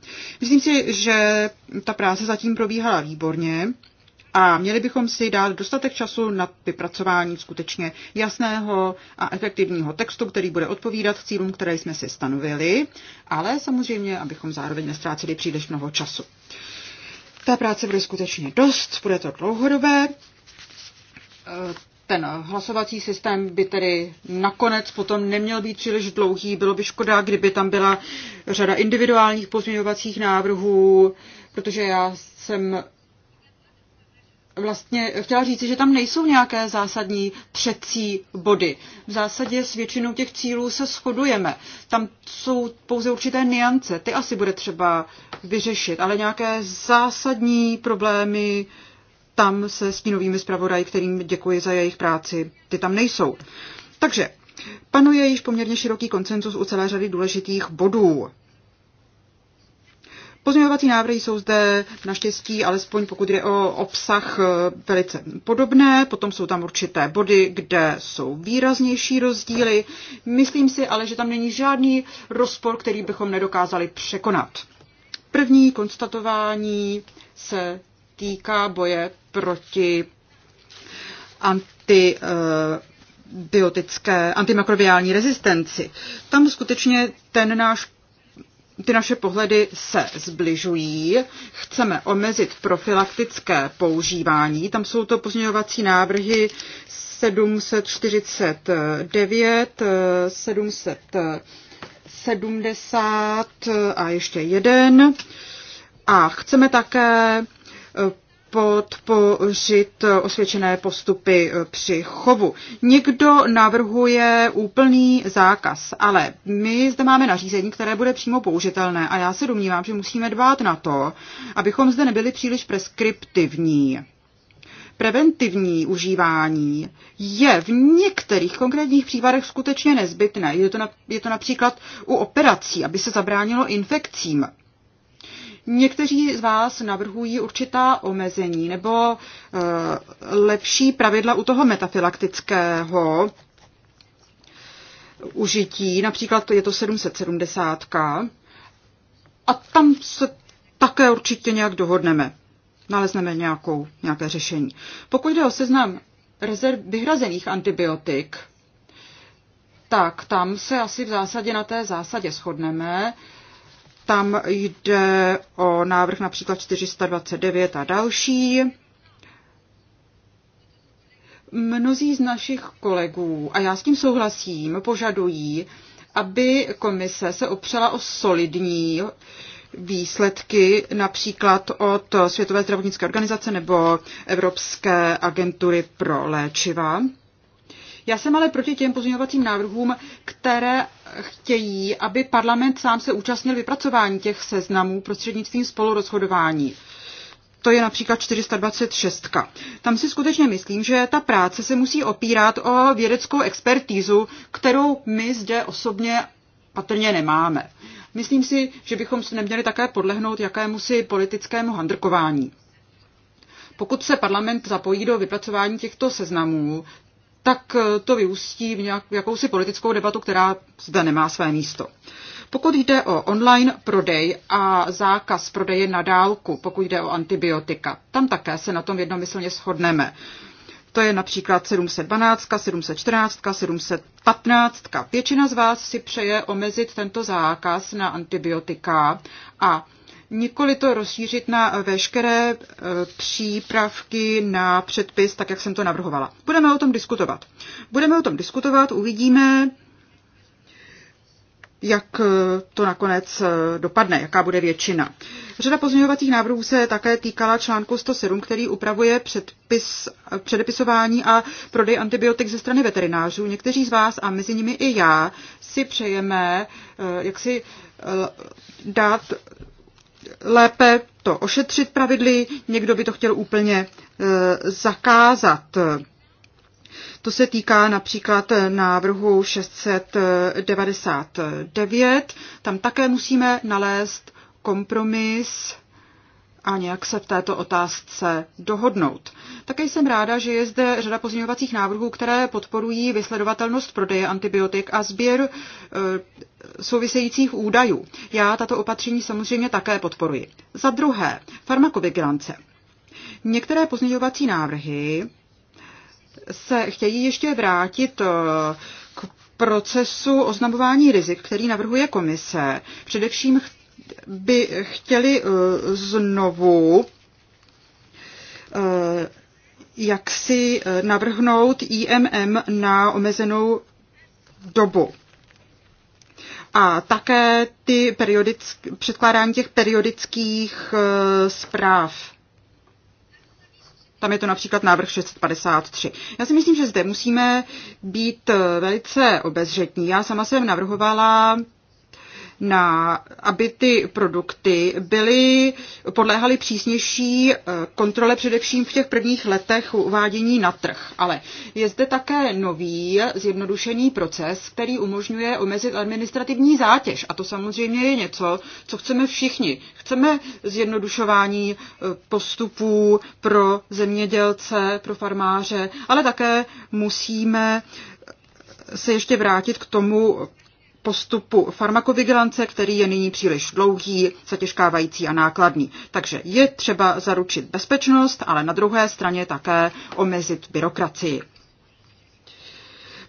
Myslím si, že ta práce zatím probíhala výborně a měli bychom si dát dostatek času na vypracování skutečně jasného a efektivního textu, který bude odpovídat cílům, které jsme si stanovili, ale samozřejmě, abychom zároveň nestráceli příliš mnoho času. Ta práce bude skutečně dost, bude to dlouhodobé. E, ten hlasovací systém by tedy nakonec potom neměl být příliš dlouhý. Bylo by škoda, kdyby tam byla řada individuálních pozměňovacích návrhů, protože já jsem vlastně chtěla říci, že tam nejsou nějaké zásadní třecí body. V zásadě s většinou těch cílů se shodujeme. Tam jsou pouze určité niance, ty asi bude třeba vyřešit, ale nějaké zásadní problémy tam se stínovými zpravodaji, kterým děkuji za jejich práci, ty tam nejsou. Takže panuje již poměrně široký koncenzus u celé řady důležitých bodů. Pozměňovací návrhy jsou zde naštěstí, alespoň pokud jde o obsah, eh, velice podobné. Potom jsou tam určité body, kde jsou výraznější rozdíly. Myslím si ale, že tam není žádný rozpor, který bychom nedokázali překonat. První konstatování se týká boje proti anti eh, biotické antimakrobiální rezistenci. Tam skutečně ten náš ty naše pohledy se zbližují. Chceme omezit profilaktické používání. Tam jsou to pozměňovací návrhy 749, 770 a ještě jeden. A chceme také podpořit osvědčené postupy eh, při chovu. Někdo navrhuje úplný zákaz, ale my zde máme nařízení, které bude přímo použitelné a já se domnívám, že musíme dbát na to, abychom zde nebyli příliš preskriptivní. Preventivní užívání je v některých konkrétních případech skutečně nezbytné. Je to, na, je to například u operací, aby se zabránilo infekcím. Někteří z vás navrhují určitá omezení nebo eh, lepší pravidla u toho metafilaktického užití, například je to 770. A tam se také určitě nějak dohodneme. Nalezneme nějakou, nějaké řešení. Pokud jde o seznam rezerv vyhrazených antibiotik, tak tam se asi v zásadě na té zásadě shodneme. Tam jde o návrh například 429 a další. Mnozí z našich kolegů, a já s tím souhlasím, požadují, aby komise se opřela o solidní výsledky například od Světové zdravotnické organizace nebo Evropské agentury pro léčiva. Já jsem ale proti těm pozměňovacím návrhům, které chtějí, aby parlament sám se účastnil vypracování těch seznamů prostřednictvím spolurozhodování. To je například 426. Tam si skutečně myslím, že ta práce se musí opírat o vědeckou expertízu, kterou my zde osobně patrně nemáme. Myslím si, že bychom se neměli také podlehnout jakému si politickému handrkování. Pokud se parlament zapojí do vypracování těchto seznamů, tak eh, to vyústí v nějak, jakousi politickou debatu, která zde nemá své místo. Pokud jde o online prodej a zákaz prodeje na dálku, pokud jde o antibiotika, tam také se na tom jednomyslně shodneme. To je například 712, 714, 715. Většina z vás si přeje omezit tento zákaz na antibiotika a nikoli to rozšířit na veškeré e, přípravky na předpis, tak jak jsem to navrhovala. Budeme o tom diskutovat. Budeme o tom diskutovat, uvidíme, jak e, to nakonec e, dopadne, jaká bude většina. Řada pozměňovacích návrhů se také týkala článku 107, který upravuje předpis, předepisování a prodej antibiotik ze strany veterinářů. Někteří z vás a mezi nimi i já si přejeme, jak si dát lépe to ošetřit pravidly, někdo by to chtěl úplně e, zakázat. To se týká například návrhu 699. Tam také musíme nalézt kompromis a nějak se v této otázce dohodnout. Také jsem ráda, že je zde řada pozměňovacích návrhů, které podporují vysledovatelnost prodeje antibiotik a sběr e, souvisejících údajů. Já tato opatření samozřejmě také podporuji. Za druhé, farmakovigilance. Některé pozměňovací návrhy se chtějí ještě vrátit eh, k procesu oznamování rizik, který navrhuje komise. Především by chtěli eh, znovu eh, jak si eh, navrhnout IMM na omezenou dobu. A také ty periodick, předkládání těch periodických zpráv. Tam je to například návrh 653. Já si myslím, že zde musíme být velice obezřetní. Já sama jsem navrhovala na, aby ty produkty byly, podléhaly přísnější eh, kontrole především v těch prvních letech uvádění na trh. Ale je zde také nový zjednodušený proces, který umožňuje omezit administrativní zátěž. A to samozřejmě je něco, co chceme všichni. Chceme zjednodušování eh, postupů pro zemědělce, pro farmáře, ale také musíme se ještě vrátit k tomu postupu farmakovigilance, který je nyní příliš dlouhý, zatěžkávající a nákladný. Takže je třeba zaručit bezpečnost, ale na druhé straně také omezit byrokracii.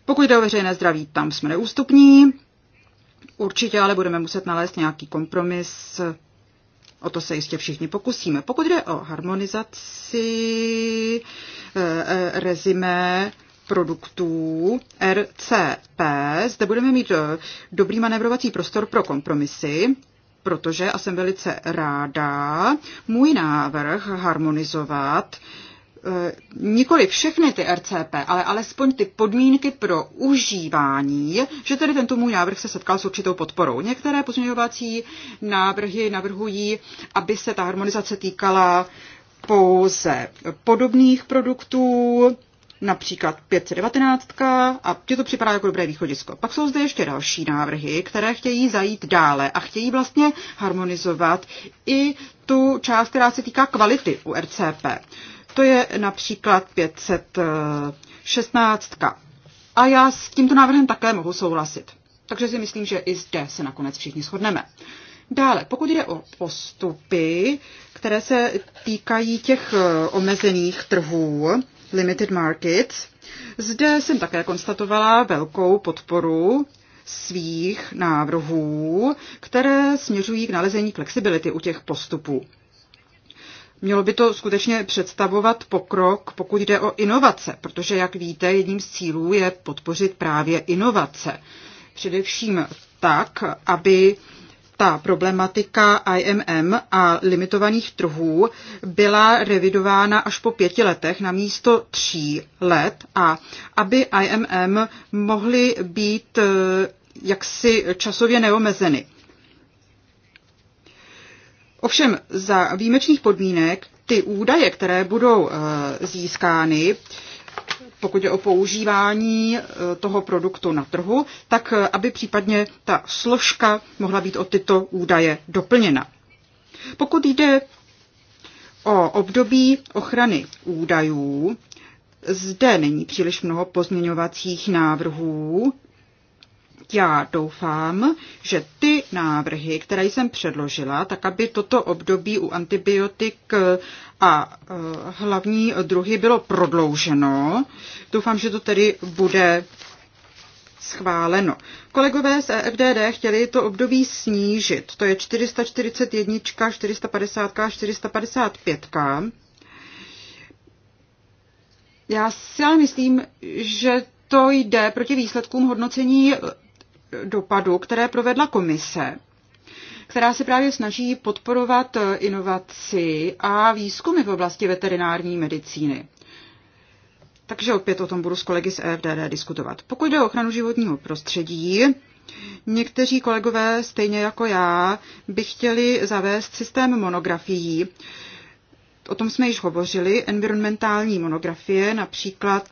Pokud jde o veřejné zdraví, tam jsme neústupní. Určitě ale budeme muset nalézt nějaký kompromis. O to se jistě všichni pokusíme. Pokud jde o harmonizaci, eh, eh, rezime, produktů RCP. Zde budeme mít eh, dobrý manevrovací prostor pro kompromisy, protože, a jsem velice ráda, můj návrh harmonizovat eh, nikoli všechny ty RCP, ale alespoň ty podmínky pro užívání, že tedy tento můj návrh se setkal s určitou podporou. Některé pozměňovací návrhy navrhují, aby se ta harmonizace týkala pouze podobných produktů, například 519 a ti to připadá jako dobré východisko. Pak jsou zde ještě další návrhy, které chtějí zajít dále a chtějí vlastně harmonizovat i tu část, která se týká kvality u RCP. To je například 516. A já s tímto návrhem také mohu souhlasit. Takže si myslím, že i zde se nakonec všichni shodneme. Dále, pokud jde o postupy, které se týkají těch omezených trhů, Limited Markets. Zde jsem také konstatovala velkou podporu svých návrhů, které směřují k nalezení flexibility u těch postupů. Mělo by to skutečně představovat pokrok, pokud jde o inovace, protože, jak víte, jedním z cílů je podpořit právě inovace. Především tak, aby ta problematika IMM a limitovaných trhů byla revidována až po pěti letech na místo tří let a aby IMM mohly být eh, jaksi časově neomezeny. Ovšem za výjimečných podmínek ty údaje, které budou eh, získány, pokud je o používání eh, toho produktu na trhu, tak eh, aby případně ta složka mohla být o tyto údaje doplněna. Pokud jde o období ochrany údajů, zde není příliš mnoho pozměňovacích návrhů já doufám, že ty návrhy, které jsem předložila, tak aby toto období u antibiotik a eh, hlavní druhy bylo prodlouženo, doufám, že to tedy bude schváleno. Kolegové z EFDD chtěli to období snížit. To je 441, 450, 455. Já si ale myslím, že to jde proti výsledkům hodnocení dopadu, které provedla komise, která se právě snaží podporovat eh, inovaci a výzkumy v oblasti veterinární medicíny. Takže opět o tom budu s kolegy z EFDD diskutovat. Pokud jde o ochranu životního prostředí, Někteří kolegové, stejně jako já, by chtěli zavést systém monografií. O tom jsme již hovořili, environmentální monografie, například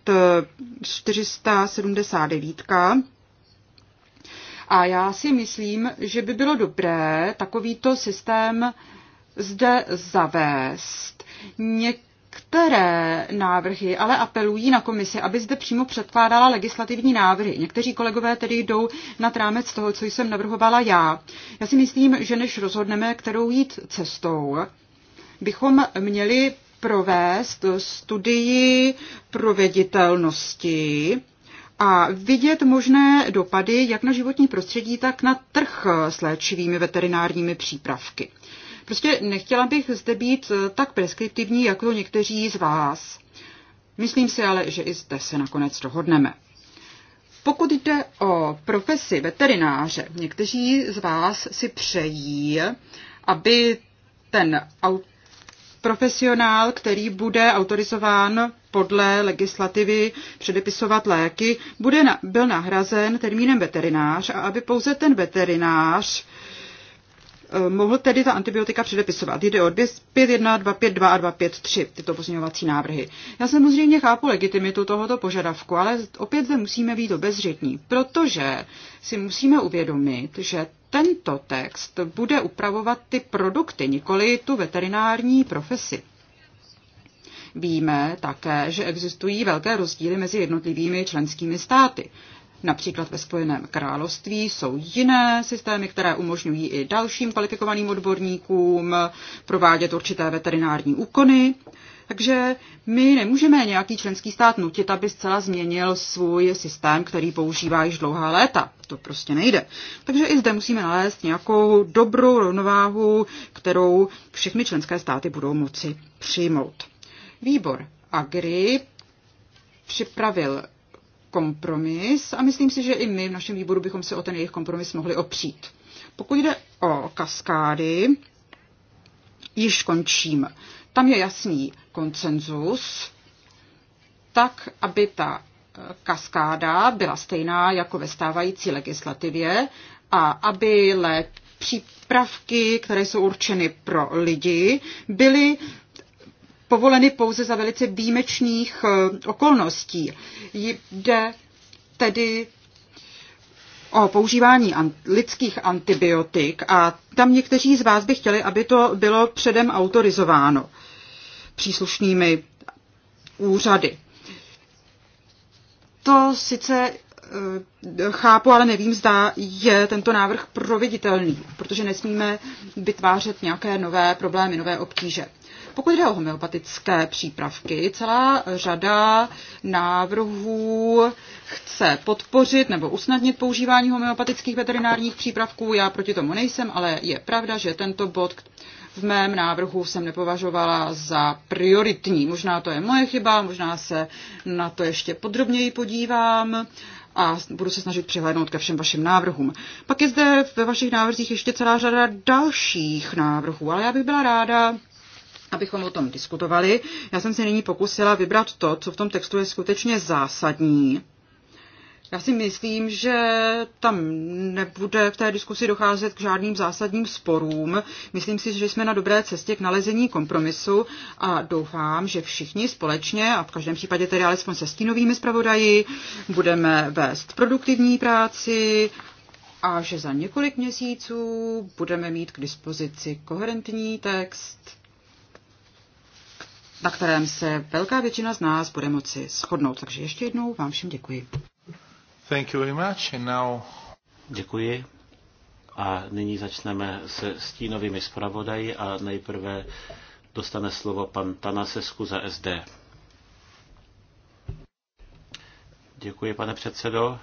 479, eh, a já si myslím, že by bylo dobré takovýto systém zde zavést. Některé návrhy ale apelují na komisi, aby zde přímo předkládala legislativní návrhy. Někteří kolegové tedy jdou na rámec toho, co jsem navrhovala já. Já si myslím, že než rozhodneme, kterou jít cestou, bychom měli provést studii proveditelnosti a vidět možné dopady jak na životní prostředí, tak na trh s léčivými veterinárními přípravky. Prostě nechtěla bych zde být eh, tak preskriptivní, jako někteří z vás. Myslím si ale, že i zde se nakonec dohodneme. Pokud jde o profesi veterináře, někteří z vás si přejí, aby ten profesionál, který bude autorizován podle legislativy předepisovat léky, bude na, byl nahrazen termínem veterinář a aby pouze ten veterinář eh, mohl tedy ta antibiotika předepisovat. Jde o 251, 252 a 253 tyto pozměňovací návrhy. Já samozřejmě chápu legitimitu tohoto požadavku, ale opět zde musíme být obezřetní, protože si musíme uvědomit, že tento text bude upravovat ty produkty, nikoli tu veterinární profesi. Víme také, že existují velké rozdíly mezi jednotlivými členskými státy. Například ve Spojeném království jsou jiné systémy, které umožňují i dalším kvalifikovaným odborníkům provádět určité veterinární úkony. Takže my nemůžeme nějaký členský stát nutit, aby zcela změnil svůj systém, který používá již dlouhá léta. To prostě nejde. Takže i zde musíme nalézt nějakou dobrou rovnováhu, kterou všechny členské státy budou moci přijmout. Výbor Agri připravil kompromis a myslím si, že i my v našem výboru bychom se o ten jejich kompromis mohli opřít. Pokud jde o kaskády, již končím. Tam je jasný koncenzus, tak, aby ta eh, kaskáda byla stejná jako ve stávající legislativě a aby lék přípravky, které jsou určeny pro lidi, byly povoleny pouze za velice výjimečných eh, okolností. Jde tedy o používání lidských antibiotik a tam někteří z vás by chtěli, aby to bylo předem autorizováno příslušnými úřady. To sice eh, chápu, ale nevím, zda je tento návrh proveditelný, protože nesmíme vytvářet nějaké nové problémy, nové obtíže. Pokud jde o homeopatické přípravky, celá řada návrhů chce podpořit nebo usnadnit používání homeopatických veterinárních přípravků. Já proti tomu nejsem, ale je pravda, že tento bod v mém návrhu jsem nepovažovala za prioritní. Možná to je moje chyba, možná se na to ještě podrobněji podívám a budu se snažit přihlédnout ke všem vašim návrhům. Pak je zde ve vašich návrzích ještě celá řada dalších návrhů, ale já bych byla ráda, abychom o tom diskutovali. Já jsem se nyní pokusila vybrat to, co v tom textu je skutečně zásadní. Já si myslím, že tam nebude v té diskusi docházet k žádným zásadním sporům. Myslím si, že jsme na dobré cestě k nalezení kompromisu a doufám, že všichni společně, a v každém případě tedy alespoň se stínovými zpravodaji, budeme vést produktivní práci a že za několik měsíců budeme mít k dispozici koherentní text na kterém se velká většina z nás bude moci shodnout. Takže ještě jednou vám všem děkuji. Thank you very much. And now... Děkuji. A nyní začneme se stínovými zpravodaji a nejprve dostane slovo pan Tanasesku za SD. Děkuji, pane předsedo.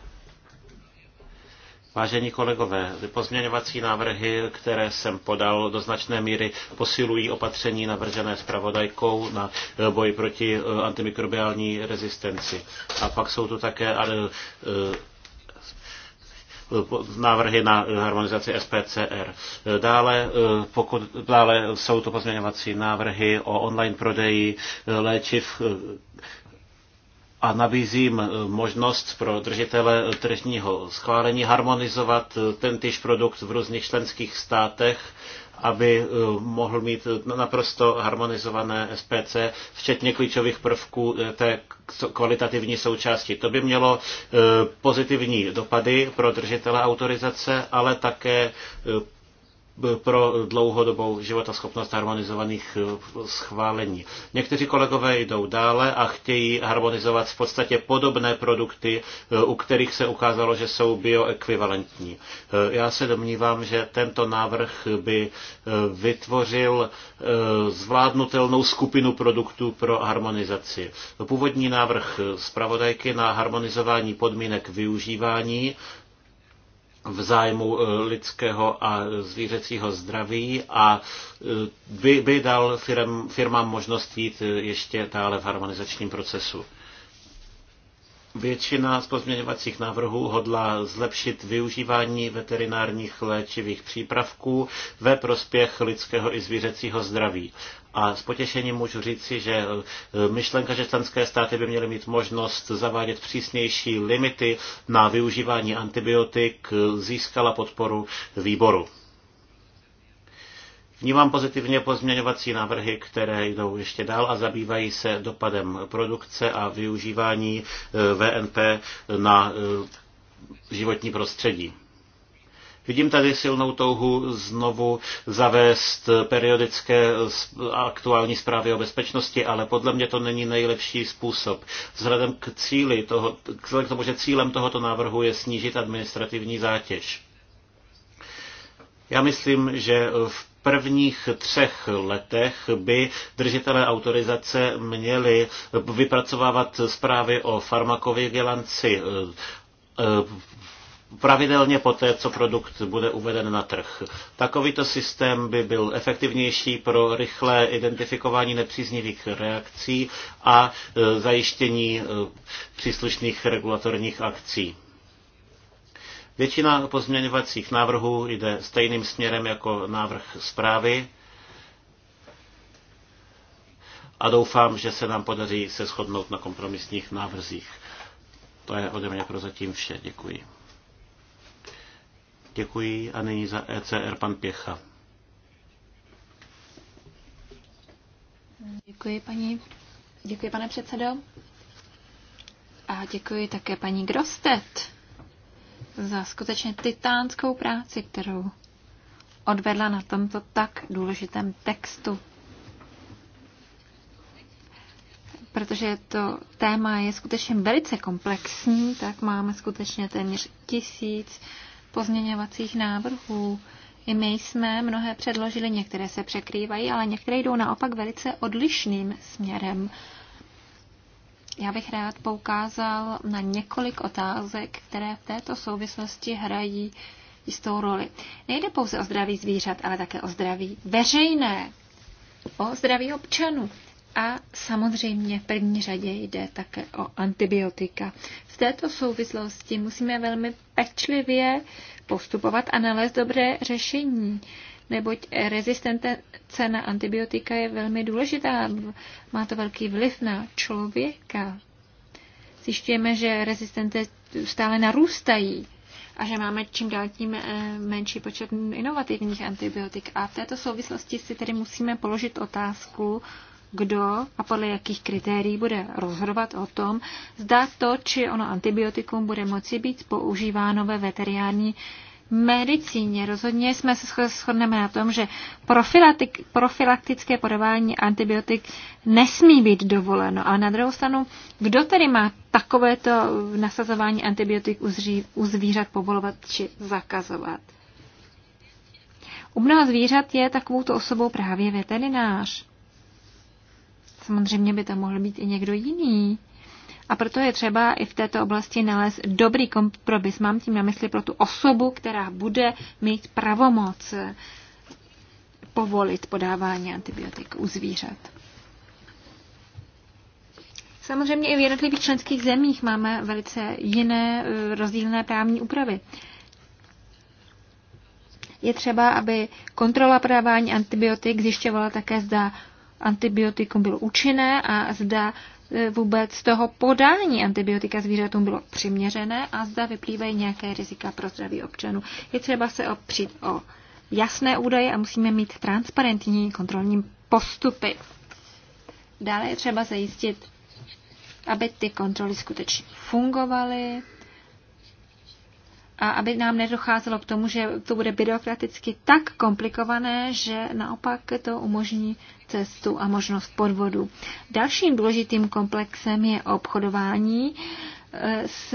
Vážení kolegové, pozměňovací návrhy, které jsem podal, do značné míry posilují opatření navržené zpravodajkou na eh, boj proti eh, antimikrobiální rezistenci. A pak jsou tu také eh, návrhy na harmonizaci SPCR. Dále, pokud, dále jsou to pozměňovací návrhy o online prodeji léčiv a nabízím eh, možnost pro držitele eh, tržního schválení harmonizovat eh, tentýž produkt v různých členských státech, aby mohl mít naprosto harmonizované SPC, včetně klíčových prvků té kvalitativní součásti. To by mělo pozitivní dopady pro držitele autorizace, ale také pro dlouhodobou životaschopnost harmonizovaných eh, schválení. Někteří kolegové jdou dále a chtějí harmonizovat v podstatě podobné produkty, eh, u kterých se ukázalo, že jsou bioekvivalentní. Eh, já se domnívám, že tento návrh by vytvořil zvládnutelnou skupinu produktů pro harmonizaci. Původní návrh zpravodajky na harmonizování podmínek využívání v zájmu eh, lidského a zvířecího zdraví a eh, by, by dal firm, firmám možnost jít eh, ještě dále v harmonizačním procesu. Většina z pozměňovacích návrhů hodla zlepšit využívání veterinárních léčivých přípravků ve prospěch lidského i zvířecího zdraví. A s potěšením můžu říci, že e, myšlenka, že členské státy by měly mít možnost zavádět přísnější limity na využívání antibiotik, e, získala podporu výboru. Vnímám pozitivně pozměňovací návrhy, které jdou ještě dál a zabývají se dopadem produkce a využívání e, VNP na životní prostředí. Vidím tady silnou touhu znovu zavést periodické aktuální zprávy o bezpečnosti, ale podle mě to není nejlepší způsob. Vzhledem k cíli toho, vzhledem k tomu, že cílem tohoto návrhu je snížit administrativní zátěž. Já myslím, že v prvních třech letech by držitelé autorizace měli vypracovávat zprávy o farmakovigilanci eh, eh, pravidelně poté, co produkt bude uveden na trh. Takovýto systém by byl efektivnější pro rychlé identifikování nepříznivých reakcí a e, zajištění e, příslušných regulatorních akcí. Většina pozměňovacích návrhů jde stejným směrem jako návrh zprávy a doufám, že se nám podaří se shodnout na kompromisních návrzích. To je ode mě prozatím vše. Děkuji. Děkuji a nyní za ECR pan Pěcha. Děkuji, paní. Děkuji, pane předsedo. A děkuji také paní Grostet za skutečně titánskou práci, kterou odvedla na tomto tak důležitém textu. Protože to téma je skutečně velice komplexní, tak máme skutečně téměř tisíc pozměňovacích návrhů. I my jsme mnohé předložili, některé se překrývají, ale některé jdou naopak velice odlišným směrem. Já bych rád poukázal na několik otázek, které v této souvislosti hrají jistou roli. Nejde pouze o zdraví zvířat, ale také o zdraví veřejné, o zdraví občanů. A samozřejmě v první řadě jde také o antibiotika. V této souvislosti musíme velmi pečlivě postupovat a nalézt dobré řešení, neboť rezistence na antibiotika je velmi důležitá. Má to velký vliv na člověka. Zjišťujeme, že rezistence stále narůstají a že máme čím dál tím eh, menší počet inovativních antibiotik. A v této souvislosti si tedy musíme položit otázku, kdo a podle jakých kritérií bude rozhodovat o tom, zda to či ono antibiotikum bude moci být používáno ve veterinární medicíně. Rozhodně jsme se shodneme na tom, že profilaktické podávání antibiotik nesmí být dovoleno. A na druhou stranu, kdo tedy má takovéto nasazování antibiotik u zvířat povolovat či zakazovat? U mnoha zvířat je takovouto osobou právě veterinář. Samozřejmě by to mohl být i někdo jiný. A proto je třeba i v této oblasti nalézt dobrý kompromis. Mám tím na mysli pro tu osobu, která bude mít pravomoc povolit podávání antibiotik u zvířat. Samozřejmě i v jednotlivých členských zemích máme velice jiné eh, rozdílné právní úpravy. Je třeba, aby kontrola podávání antibiotik zjišťovala také, zda antibiotikum bylo účinné a zda e, vůbec toho podání antibiotika zvířatům bylo přiměřené a zda vyplývají nějaké rizika pro zdraví občanů. Je třeba se opřít o jasné údaje a musíme mít transparentní kontrolní postupy. Dále je třeba zajistit, aby ty kontroly skutečně fungovaly, a aby nám nedocházelo k tomu, že to bude byrokraticky tak komplikované, že naopak to umožní cestu a možnost podvodu. Dalším důležitým komplexem je obchodování eh, s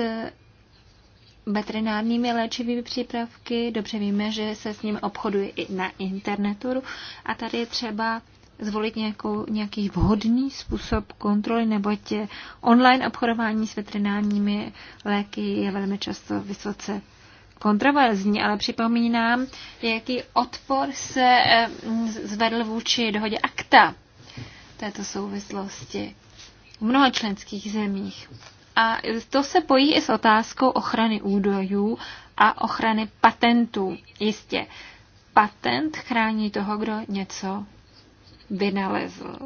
veterinárními léčivými přípravky. Dobře víme, že se s ním obchoduje i na internetu a tady je třeba zvolit nějakou, nějaký vhodný způsob kontroly, neboť online obchodování s veterinárními léky je velmi často vysoce kontroverzní, ale připomínám, jaký odpor se eh, zvedl vůči dohodě akta této souvislosti v mnoha členských zemích. A to se pojí i s otázkou ochrany údajů a ochrany patentů. Jistě, patent chrání toho, kdo něco vynalezl.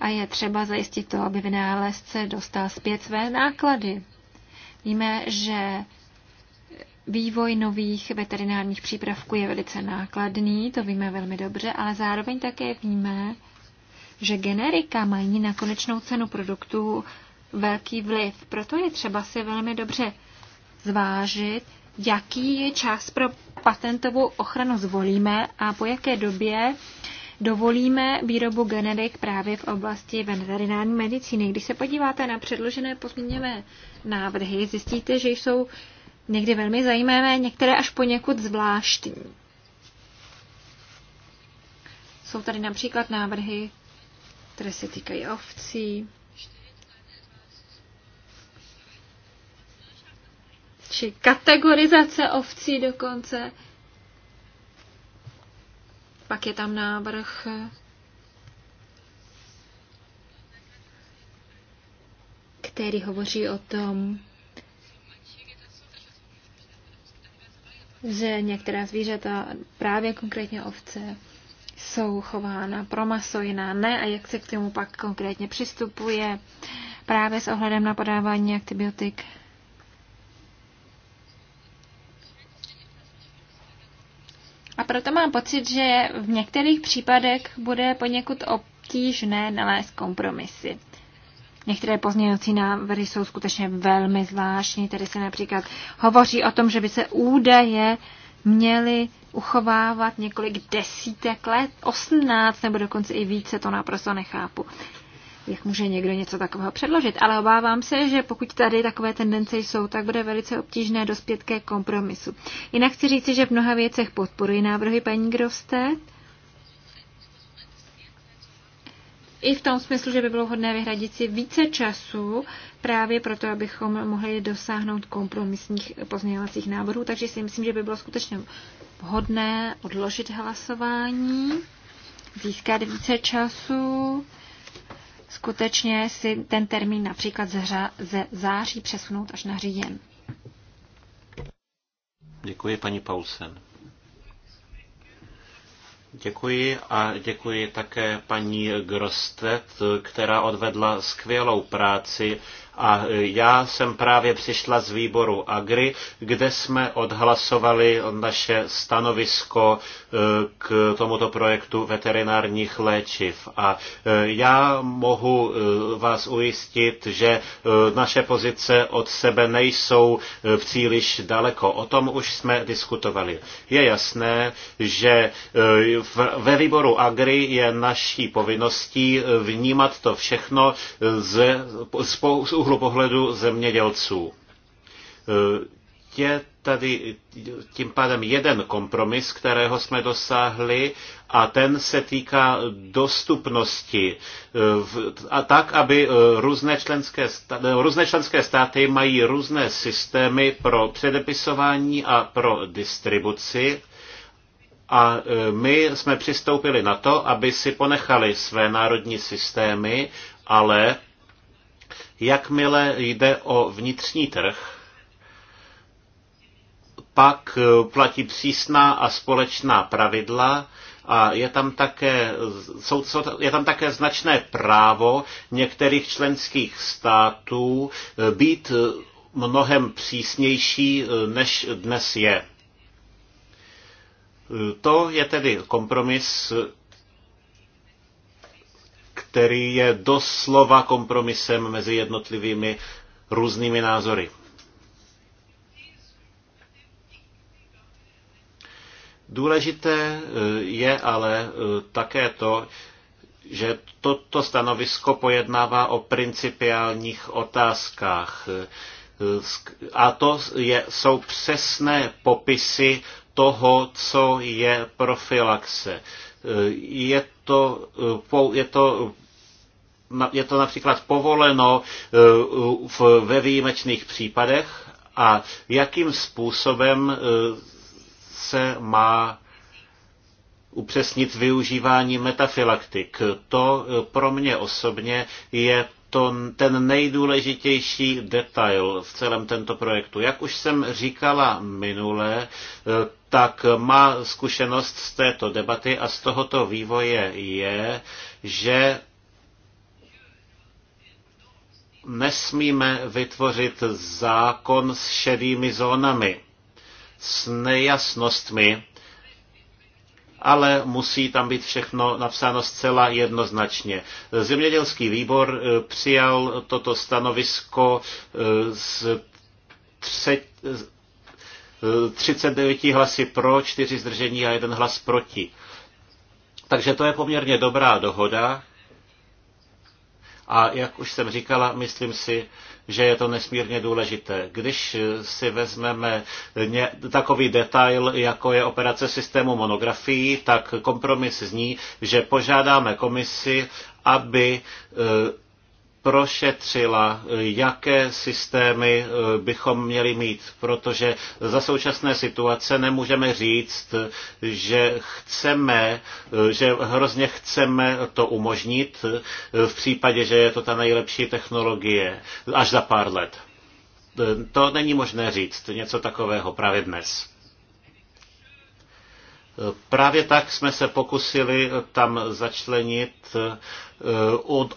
A je třeba zajistit to, aby vynálezce dostal zpět své náklady. Víme, že Vývoj nových veterinárních přípravků je velice nákladný, to víme velmi dobře, ale zároveň také víme, že generika mají na konečnou cenu produktů velký vliv. Proto je třeba si velmi dobře zvážit, jaký je čas pro patentovou ochranu zvolíme a po jaké době dovolíme výrobu generik právě v oblasti veterinární medicíny. Když se podíváte na předložené pozměněné návrhy, zjistíte, že jsou někdy velmi zajímavé, některé až poněkud zvláštní. Jsou tady například návrhy, které se týkají ovcí, či kategorizace ovcí dokonce. Pak je tam návrh který hovoří o tom, že některá zvířata, právě konkrétně ovce, jsou chována pro maso, jiná ne a jak se k tomu pak konkrétně přistupuje právě s ohledem na podávání antibiotik. A proto mám pocit, že v některých případech bude poněkud obtížné nalézt kompromisy. Některé pozměňovací návrhy jsou skutečně velmi zvláštní, tedy se například hovoří o tom, že by se údaje měly uchovávat několik desítek let, 18 nebo dokonce i více, to naprosto nechápu. Jak může někdo něco takového předložit? Ale obávám se, že pokud tady takové tendence jsou, tak bude velice obtížné dospět ke kompromisu. Jinak chci říci, že v mnoha věcech podporuji návrhy paní Grostet, i v tom smyslu, že by bylo hodné vyhradit si více času právě proto, abychom mohli dosáhnout kompromisních pozměňovacích návrhů. Takže si myslím, že by bylo skutečně vhodné odložit hlasování, získat více času, skutečně si ten termín například ze září přesunout až na říjen. Děkuji paní Paulsen. Děkuji a děkuji také paní Grostet, která odvedla skvělou práci a e, já jsem právě přišla z výboru Agri, kde jsme odhlasovali naše stanovisko e, k tomuto projektu veterinárních léčiv. A e, já mohu vás ujistit, že naše pozice od sebe nejsou příliš daleko. O tom už jsme diskutovali. Je jasné, že ve výboru Agri je naší povinností vnímat to všechno z, z, z úhlu pohledu zemědělců. Je tady tím pádem jeden kompromis, kterého jsme dosáhli a ten se týká dostupnosti. A tak, aby různé členské, státy, různé členské státy mají různé systémy pro předepisování a pro distribuci a e, my jsme přistoupili na to, aby si ponechali své národní systémy, ale Jakmile jde o vnitřní trh, pak eh, platí přísná a společná pravidla, a je tam také, jsou, jsou, je tam také značné právo některých členských států eh, být eh, mnohem přísnější, než dnes je. To je tedy kompromis, který je doslova kompromisem mezi jednotlivými různými názory. Důležité eh, je ale eh, také to, že toto stanovisko pojednává o principiálních otázkách. Eh, a to je, jsou přesné popisy toho, co je profilaxe. Je to, je to je to například povoleno eh, ve výjimečných případech a jakým způsobem eh, se má upřesnit využívání metafilaktik. To eh, pro mě osobně je to, ten nejdůležitější detail v celém tento projektu. Jak už jsem říkala minule, tak má zkušenost z této debaty a z tohoto vývoje je, že nesmíme vytvořit zákon s šedými zónami, s nejasnostmi, ale musí tam být všechno napsáno zcela jednoznačně. Zemědělský výbor eh, přijal toto stanovisko eh, z, tře- 39 hlasy pro, 4 zdržení a 1 hlas proti. Takže to je poměrně dobrá dohoda. A jak už jsem říkala, myslím si, že je to nesmírně důležité. Když si vezmeme ně, takový detail, jako je operace systému monografií, tak kompromis zní, že požádáme komisi, aby eh, prošetřila, jaké systémy eh, bychom měli mít, protože za současné situace nemůžeme říct, že chceme, eh, že hrozně chceme to umožnit eh, v případě, že je to ta nejlepší technologie až za pár let. To není možné říct, něco takového právě dnes. Právě tak jsme se pokusili tam začlenit eh,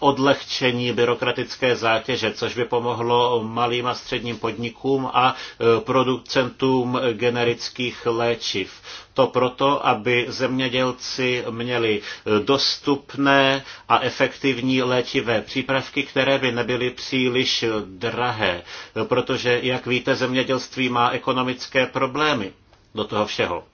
odlehčení byrokratické zátěže, což by pomohlo malým a středním podnikům a eh, producentům generických léčiv. To proto, aby zemědělci měli eh, dostupné a efektivní léčivé přípravky, které by nebyly příliš drahé, protože, jak víte, zemědělství má ekonomické problémy do toho všeho.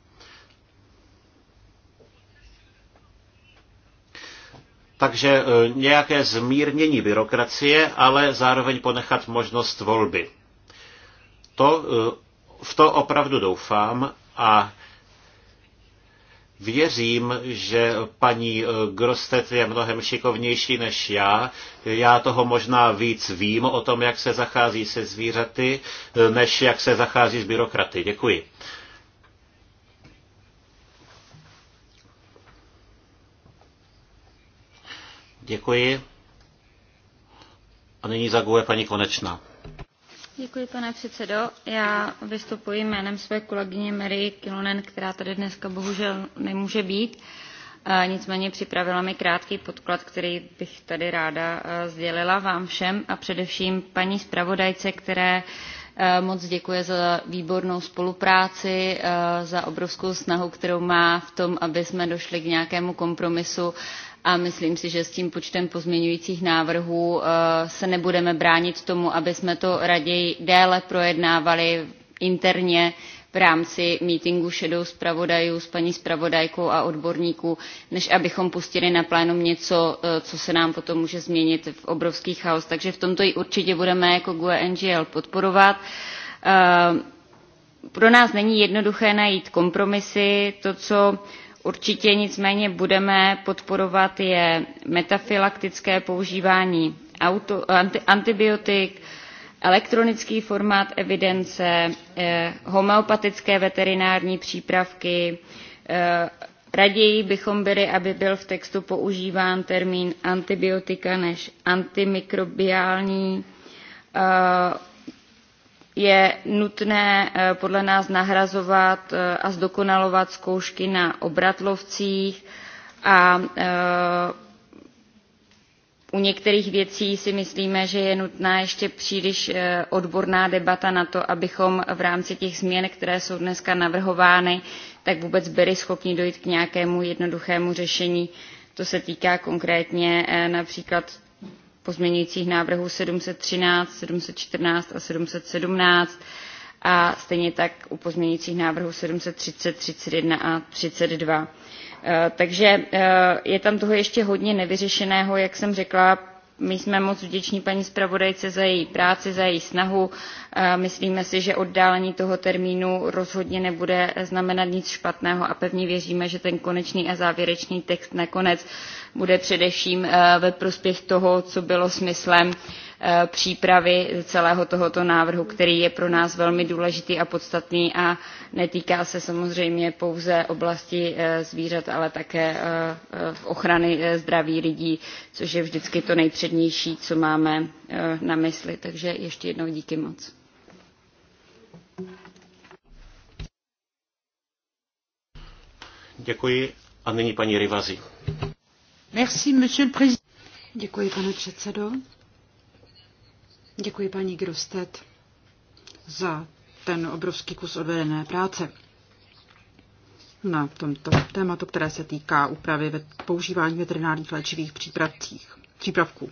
Takže e, nějaké zmírnění byrokracie, ale zároveň ponechat možnost volby. To, e, v to opravdu doufám a Věřím, že paní e, Grostet je mnohem šikovnější než já. Já toho možná víc vím o tom, jak se zachází se zvířaty, než jak se zachází s byrokraty. Děkuji. Děkuji. A nyní zaguje paní Konečná. Děkuji, pane předsedo. Já vystupuji jménem své kolegyně Mary Kilonen, která tady dneska bohužel nemůže být. Nicméně připravila mi krátký podklad, který bych tady ráda sdělila vám všem a především paní zpravodajce, které moc děkuje za výbornou spolupráci, za obrovskou snahu, kterou má v tom, aby jsme došli k nějakému kompromisu a myslím si, že s tím počtem pozměňujících návrhů eh, se nebudeme bránit tomu, aby jsme to raději déle projednávali interně v rámci mítingu šedou zpravodajů s paní zpravodajkou a odborníků, než abychom pustili na plénum něco, eh, co se nám potom může změnit v obrovský chaos. Takže v tomto ji určitě budeme jako GUE NGL podporovat. Eh, pro nás není jednoduché najít kompromisy. To, co určitě nicméně budeme podporovat je metafylaktické používání antibiotik elektronický formát evidence eh, homeopatické veterinární přípravky eh, raději bychom byli aby byl v textu používán termín antibiotika než antimikrobiální eh, je nutné eh, podle nás nahrazovat eh, a zdokonalovat zkoušky na obratlovcích a eh, u některých věcí si myslíme, že je nutná ještě příliš odborná debata na to, abychom v rámci těch změn, které jsou dneska navrhovány, tak vůbec byli schopni dojít k nějakému jednoduchému řešení. To se týká konkrétně například pozměňujících návrhů 713, 714 a 717 a stejně tak u pozměňujících návrhů 730, 31 a 32. Eh, takže eh, je tam toho ještě hodně nevyřešeného, jak jsem řekla, my jsme moc vděční paní zpravodajce za její práci za její snahu eh, myslíme si že oddálení toho termínu rozhodně nebude znamenat nic špatného a pevně věříme že ten konečný a závěrečný text nakonec bude především eh, ve prospěch toho co bylo smyslem uh, Eh, přípravy celého tohoto návrhu, který je pro nás velmi důležitý a podstatný a netýká se samozřejmě pouze oblasti eh, zvířat, ale také eh, ochrany zdraví lidí, což je vždycky to nejpřednější, co máme na mysli. Takže ještě jednou díky moc. Děkuji. A nyní paní Rivazi. Merci, monsieur le Děkuji, pane předsedo. Děkuji paní Grostet za ten obrovský kus odvedené práce na tomto tématu, které se týká úpravy ve používání veterinárních léčivých přípravcích, přípravků.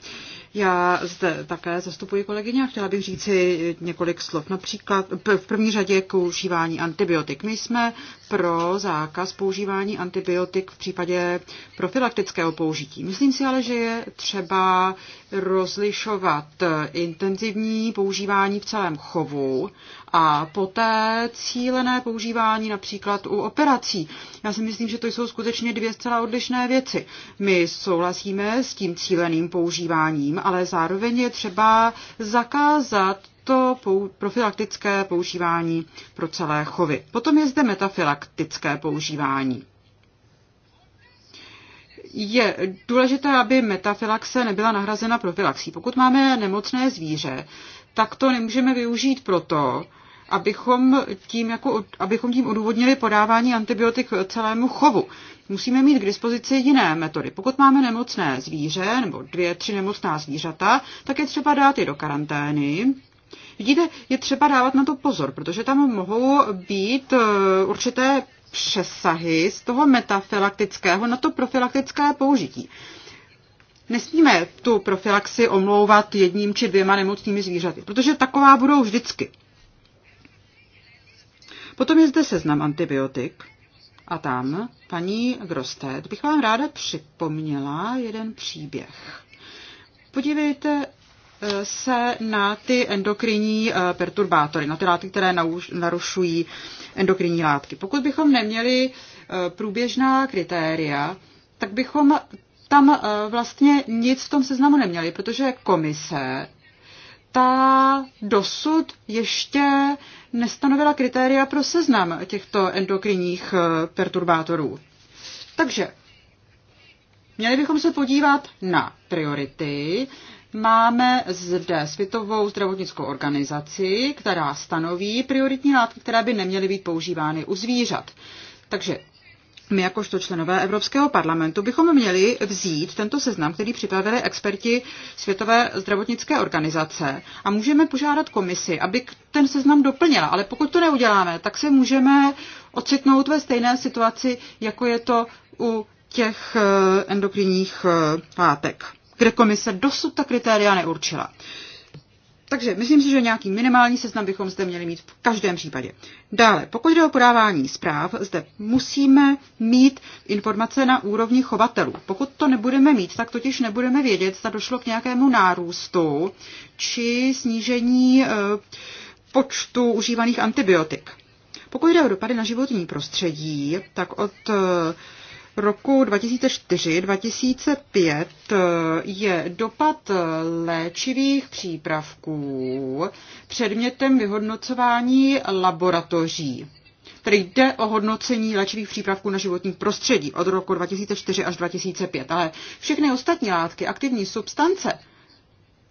Já zde také zastupuji kolegyně a chtěla bych říci několik slov. Například v první řadě k užívání antibiotik. My jsme pro zákaz používání antibiotik v případě profilaktického použití. Myslím si ale, že je třeba rozlišovat intenzivní používání v celém chovu a poté cílené používání například u operací. Já si myslím, že to jsou skutečně dvě zcela odlišné věci. My souhlasíme s tím cíleným používáním ale zároveň je třeba zakázat to profilaktické používání pro celé chovy. Potom je zde metafilaktické používání. Je důležité, aby metafilaxe nebyla nahrazena profilaxí. Pokud máme nemocné zvíře, tak to nemůžeme využít proto, abychom tím, jako, abychom tím odůvodnili podávání antibiotik celému chovu. Musíme mít k dispozici jiné metody. Pokud máme nemocné zvíře nebo dvě, tři nemocná zvířata, tak je třeba dát je do karantény. Vidíte, je třeba dávat na to pozor, protože tam mohou být eh, určité přesahy z toho metafilaktického na to profilaktické použití. Nesmíme tu profilaxi omlouvat jedním či dvěma nemocnými zvířaty, protože taková budou vždycky. Potom je zde seznam antibiotik. A tam, paní Grostet, bych vám ráda připomněla jeden příběh. Podívejte eh, se na ty endokrinní eh, perturbátory, na ty látky, které narušují endokrinní látky. Pokud bychom neměli eh, průběžná kritéria, tak bychom tam vlastně nic v tom seznamu neměli, protože komise ta dosud ještě nestanovila kritéria pro seznam těchto endokrinních eh, perturbátorů. Takže měli bychom se podívat na priority. Máme zde Světovou zdravotnickou organizaci, která stanoví prioritní látky, které by neměly být používány u zvířat. Takže my jakožto členové Evropského parlamentu bychom měli vzít tento seznam, který připravili experti Světové zdravotnické organizace a můžeme požádat komisi, aby ten seznam doplnila. Ale pokud to neuděláme, tak se můžeme ocitnout ve stejné situaci, jako je to u těch eh, endokrinních eh, látek, kde komise dosud ta kritéria neurčila. Takže myslím si, že nějaký minimální seznam bychom zde měli mít v každém případě. Dále, pokud jde o podávání zpráv, zde musíme mít informace na úrovni chovatelů. Pokud to nebudeme mít, tak totiž nebudeme vědět, zda došlo k nějakému nárůstu či snížení eh, počtu užívaných antibiotik. Pokud jde o dopady na životní prostředí, tak od eh, roku 2004-2005 eh, je dopad léčivých přípravků předmětem vyhodnocování laboratoří. Tedy jde o hodnocení léčivých přípravků na životní prostředí od roku 2004 až 2005, ale všechny ostatní látky, aktivní substance,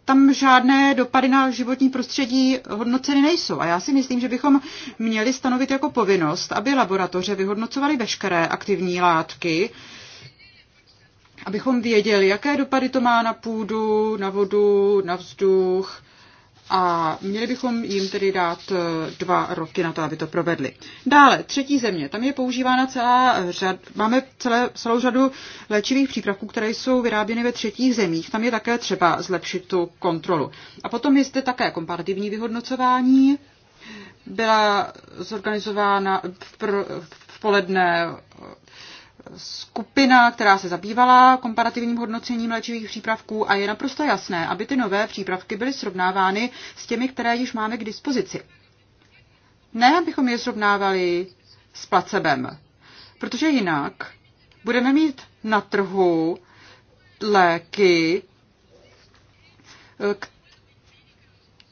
tam žádné dopady na životní prostředí hodnoceny nejsou. A já si myslím, že bychom měli stanovit jako povinnost, aby laboratoře vyhodnocovaly veškeré aktivní látky, abychom věděli, jaké dopady to má na půdu, na vodu, na vzduch, a měli bychom jim tedy dát e, dva roky na to, aby to provedli. Dále, třetí země. Tam je používána celá e, řad, máme celé, celou řadu léčivých přípravků, které jsou vyráběny ve třetích zemích. Tam je také třeba zlepšit tu kontrolu. A potom je zde také komparativní vyhodnocování. Byla zorganizována v, pr, v poledne skupina, která se zabývala komparativním hodnocením léčivých přípravků a je naprosto jasné, aby ty nové přípravky byly srovnávány s těmi, které již máme k dispozici. Ne, abychom je srovnávali s placebem, protože jinak budeme mít na trhu léky,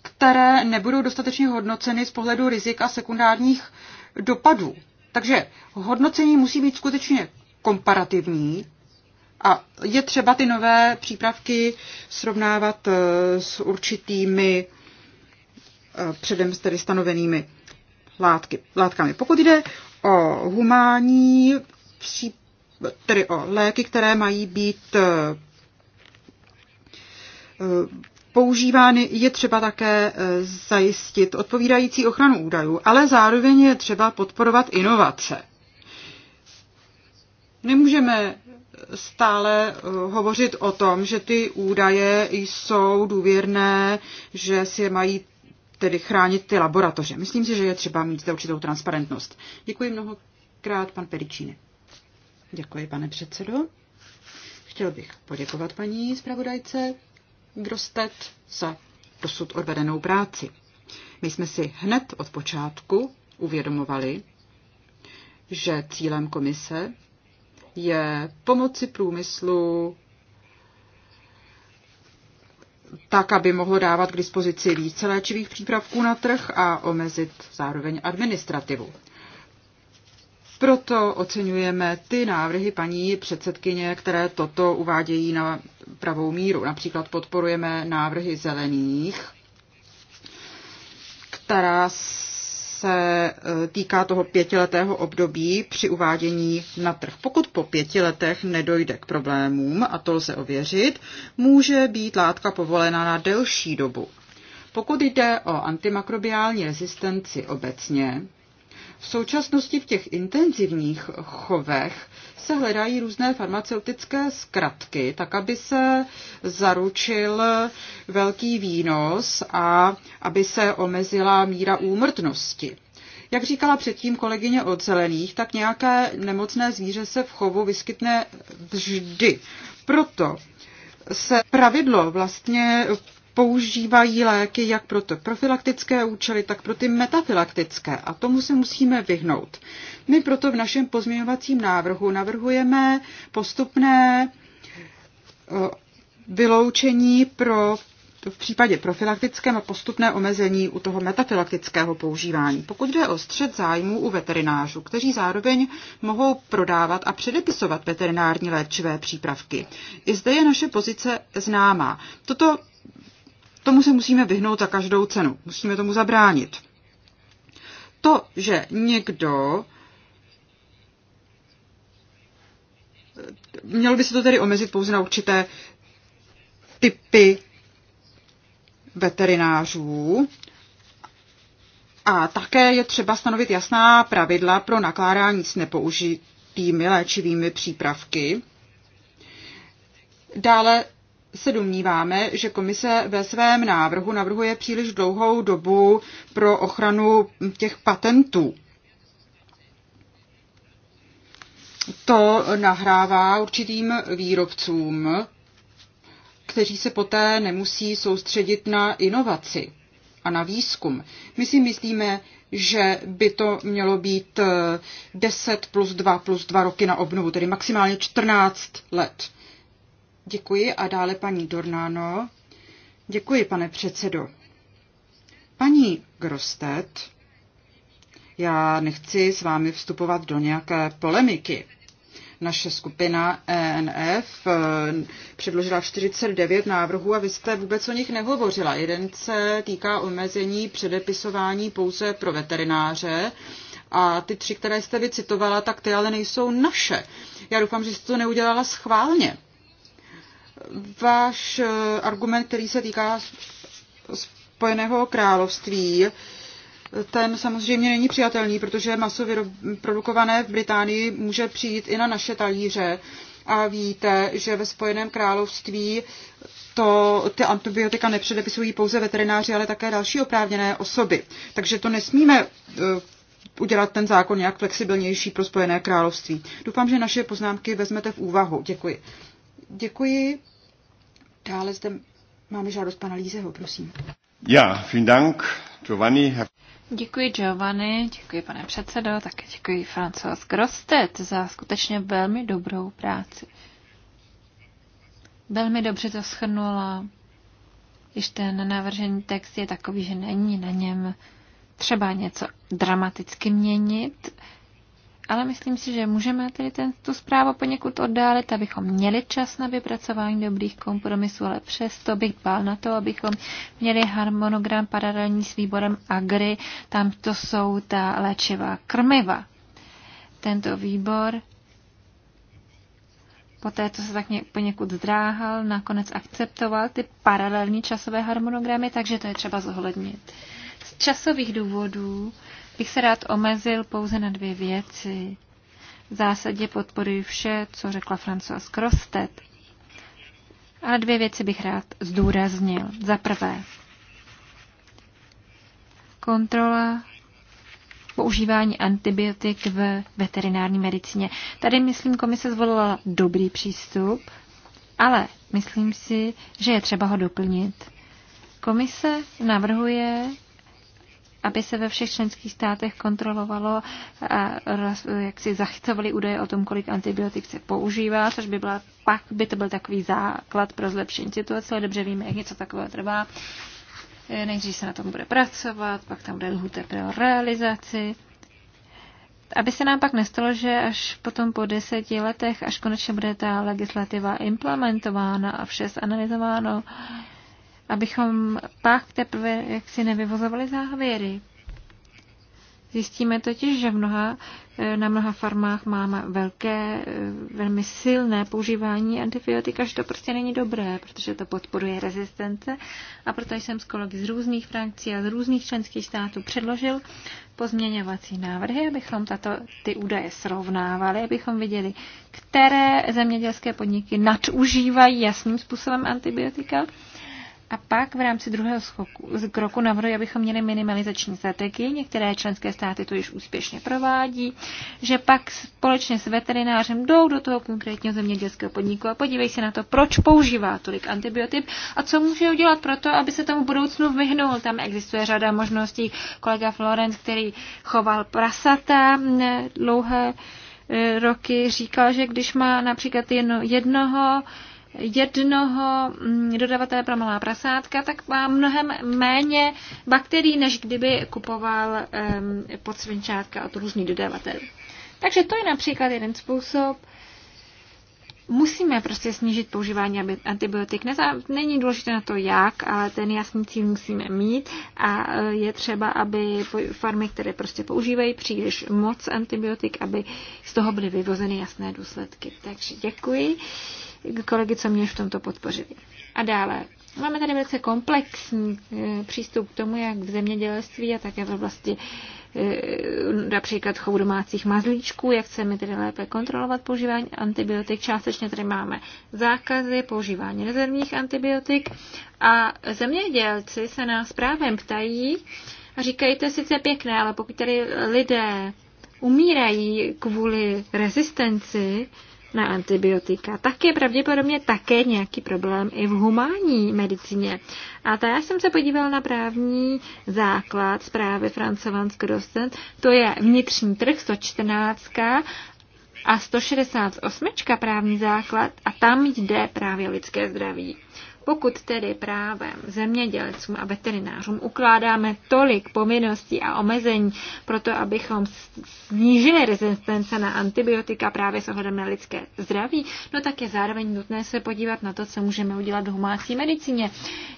které nebudou dostatečně hodnoceny z pohledu rizik a sekundárních dopadů. Takže hodnocení musí být skutečně komparativní a je třeba ty nové přípravky srovnávat eh, s určitými eh, předem tedy stanovenými látky, látkami. Pokud jde o humánní, tedy o léky, které mají být eh, používány, je třeba také zajistit odpovídající ochranu údajů, ale zároveň je třeba podporovat inovace. Nemůžeme stále eh, hovořit o tom, že ty údaje jsou důvěrné, že si je mají tedy chránit ty laboratoře. Myslím si, že je třeba mít zde určitou transparentnost. Děkuji mnohokrát, pan Peričíny. Děkuji, pane předsedo. Chtěl bych poděkovat paní zpravodajce Grostet za dosud odvedenou práci. My jsme si hned od počátku uvědomovali, že cílem komise je pomoci průmyslu tak, aby mohlo dávat k dispozici více léčivých přípravků na trh a omezit zároveň administrativu. Proto oceňujeme ty návrhy paní předsedkyně, které toto uvádějí na pravou míru. Například podporujeme návrhy zelených, která se eh, týká toho pětiletého období při uvádění na trh. Pokud po pěti letech nedojde k problémům, a to lze ověřit, může být látka povolena na delší dobu. Pokud jde o antimakrobiální rezistenci obecně, v současnosti v těch intenzivních chovech se hledají různé farmaceutické zkratky, tak aby se zaručil velký výnos a aby se omezila míra úmrtnosti. Jak říkala předtím kolegyně od zelených, tak nějaké nemocné zvíře se v chovu vyskytne vždy. Proto se pravidlo vlastně používají léky jak pro ty profilaktické účely, tak pro ty metafilaktické a tomu se musíme vyhnout. My proto v našem pozměňovacím návrhu navrhujeme postupné eh, vyloučení pro v případě profilaktickém a postupné omezení u toho metafilaktického používání. Pokud jde o střed zájmů u veterinářů, kteří zároveň mohou prodávat a předepisovat veterinární léčivé přípravky. I zde je naše pozice známá. Toto Tomu se musíme vyhnout za každou cenu. Musíme tomu zabránit. To, že někdo mělo by se to tedy omezit pouze na určité typy veterinářů. A také je třeba stanovit jasná pravidla pro nakládání s nepoužitými léčivými přípravky. Dále se domníváme, že komise ve svém návrhu navrhuje příliš dlouhou dobu pro ochranu těch patentů. To nahrává určitým výrobcům, kteří se poté nemusí soustředit na inovaci a na výzkum. My si myslíme, že by to mělo být 10 plus 2 plus 2 roky na obnovu, tedy maximálně 14 let. Děkuji a dále paní Dornáno. Děkuji, pane předsedo. Paní Grostet, já nechci s vámi vstupovat do nějaké polemiky. Naše skupina ENF eh, předložila 49 návrhů a vy jste vůbec o nich nehovořila. Jeden se týká omezení předepisování pouze pro veterináře a ty tři, které jste vycitovala, tak ty ale nejsou naše. Já doufám, že jste to neudělala schválně váš eh, argument, který se týká Spojeného království, ten samozřejmě není přijatelný, protože maso produkované v Británii může přijít i na naše talíře. A víte, že ve Spojeném království to, ty antibiotika nepředepisují pouze veterináři, ale také další oprávněné osoby. Takže to nesmíme eh, udělat ten zákon nějak flexibilnější pro Spojené království. Doufám, že naše poznámky vezmete v úvahu. Děkuji. Děkuji. Dále zde máme žádost pana Lízeho, prosím. Já, vielen Dank, Giovanni. Děkuji Giovanni, děkuji pane předsedo, také děkuji Francois Grostet za skutečně velmi dobrou práci. Velmi dobře to schrnula, když ten navržený text je takový, že není na něm třeba něco dramaticky měnit, ale myslím si, že můžeme tedy ten, tu zprávu poněkud oddálit, abychom měli čas na vypracování dobrých kompromisů, ale přesto bych bál na to, abychom měli harmonogram paralelní s výborem Agri, tam to jsou ta léčivá krmiva. Tento výbor poté, co se tak poněkud zdráhal, nakonec akceptoval ty paralelní časové harmonogramy, takže to je třeba zohlednit. Z časových důvodů bych se rád omezil pouze na dvě věci. V zásadě podporuji vše, co řekla François Krostet. Ale dvě věci bych rád zdůraznil. Za prvé, kontrola používání antibiotik v veterinární medicíně. Tady, myslím, komise zvolila dobrý přístup, ale myslím si, že je třeba ho doplnit. Komise navrhuje aby se ve všech členských státech kontrolovalo a jak si zachycovali údaje o tom, kolik antibiotik se používá, což by byla, pak by to byl takový základ pro zlepšení situace, ale dobře víme, jak něco takového trvá. E, nejdřív se na tom bude pracovat, pak tam bude lhůte pro realizaci aby se nám pak nestalo, že až potom po deseti letech, až konečně bude ta legislativa implementována a vše zanalizováno, abychom pak teprve jaksi nevyvozovali závěry. Zjistíme totiž, že mnoha, eh, na mnoha farmách máme velké, eh, velmi silné používání antibiotik, že to prostě není dobré, protože to podporuje rezistence. A proto jsem s kolegy z různých frakcí a z různých členských států předložil pozměňovací návrhy, abychom tato, ty údaje srovnávali, abychom viděli, které zemědělské podniky nadužívají jasným způsobem antibiotika a pak v rámci druhého schoku, kroku navrhuji, abychom měli minimalizační strategii. Některé členské státy to již úspěšně provádí, že pak společně s veterinářem jdou do toho konkrétního zemědělského podniku a podívej se na to, proč používá tolik antibiotik a co může udělat pro to, aby se tomu v budoucnu vyhnul. Tam existuje řada možností. Kolega Florence, který choval prasata dlouhé e, roky, říkal, že když má například jen jednoho jednoho mm, dodavatele pro malá prasátka, tak má mnohem méně bakterií, než kdyby kupoval um, svinčátka od různých dodavatelů. Takže to je například jeden způsob, Musíme prostě snížit používání antibiotik. Neza, není důležité na to jak, ale ten jasný cíl musíme mít a e, je třeba, aby farmy, které prostě používají příliš moc antibiotik, aby z toho byly vyvozeny jasné důsledky. Takže děkuji kolegy, co mě v tomto podpořili. A dále. Máme tady velice komplexní e, přístup k tomu, jak v zemědělství a také v oblasti například chovu domácích mazlíčků, jak chceme tedy lépe kontrolovat používání antibiotik. Částečně tady máme zákazy používání rezervních antibiotik a zemědělci se nás právě ptají a říkají, to je sice pěkné, ale pokud tady lidé umírají kvůli rezistenci, na antibiotika. Tak je pravděpodobně také nějaký problém i v humánní medicíně. A ta já jsem se podíval na právní základ zprávy Francovansk Grossen. To je vnitřní trh 114 a 168 právní základ a tam jde právě lidské zdraví. Pokud tedy právem zemědělcům a veterinářům ukládáme tolik povinností a omezení pro to, abychom snížili rezistence na antibiotika právě s ohledem na lidské zdraví, no tak je zároveň nutné se podívat na to, co můžeme udělat v humácí medicíně.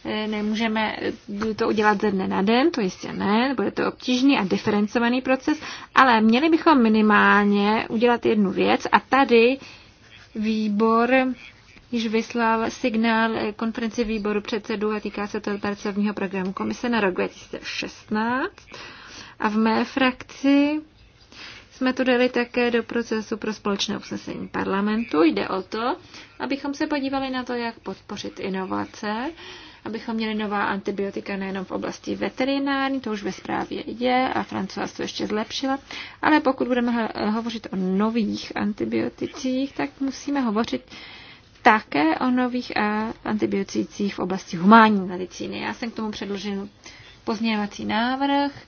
E, nemůžeme to udělat ze dne na den, to jistě ne, bude to obtížný a diferencovaný proces, ale měli bychom minimálně udělat jednu věc a tady výbor již vyslal signál konferenci výboru předsedů a týká se to pracovního programu komise na rok 2016. A v mé frakci jsme to dali také do procesu pro společné usnesení parlamentu. Jde o to, abychom se podívali na to, jak podpořit inovace, abychom měli nová antibiotika nejenom v oblasti veterinární, to už ve zprávě je a Francois to ještě zlepšila, ale pokud budeme hovořit o nových antibioticích, tak musíme hovořit také o nových a eh, antibioticích v oblasti humánní medicíny. Já jsem k tomu předložil pozměňovací návrh,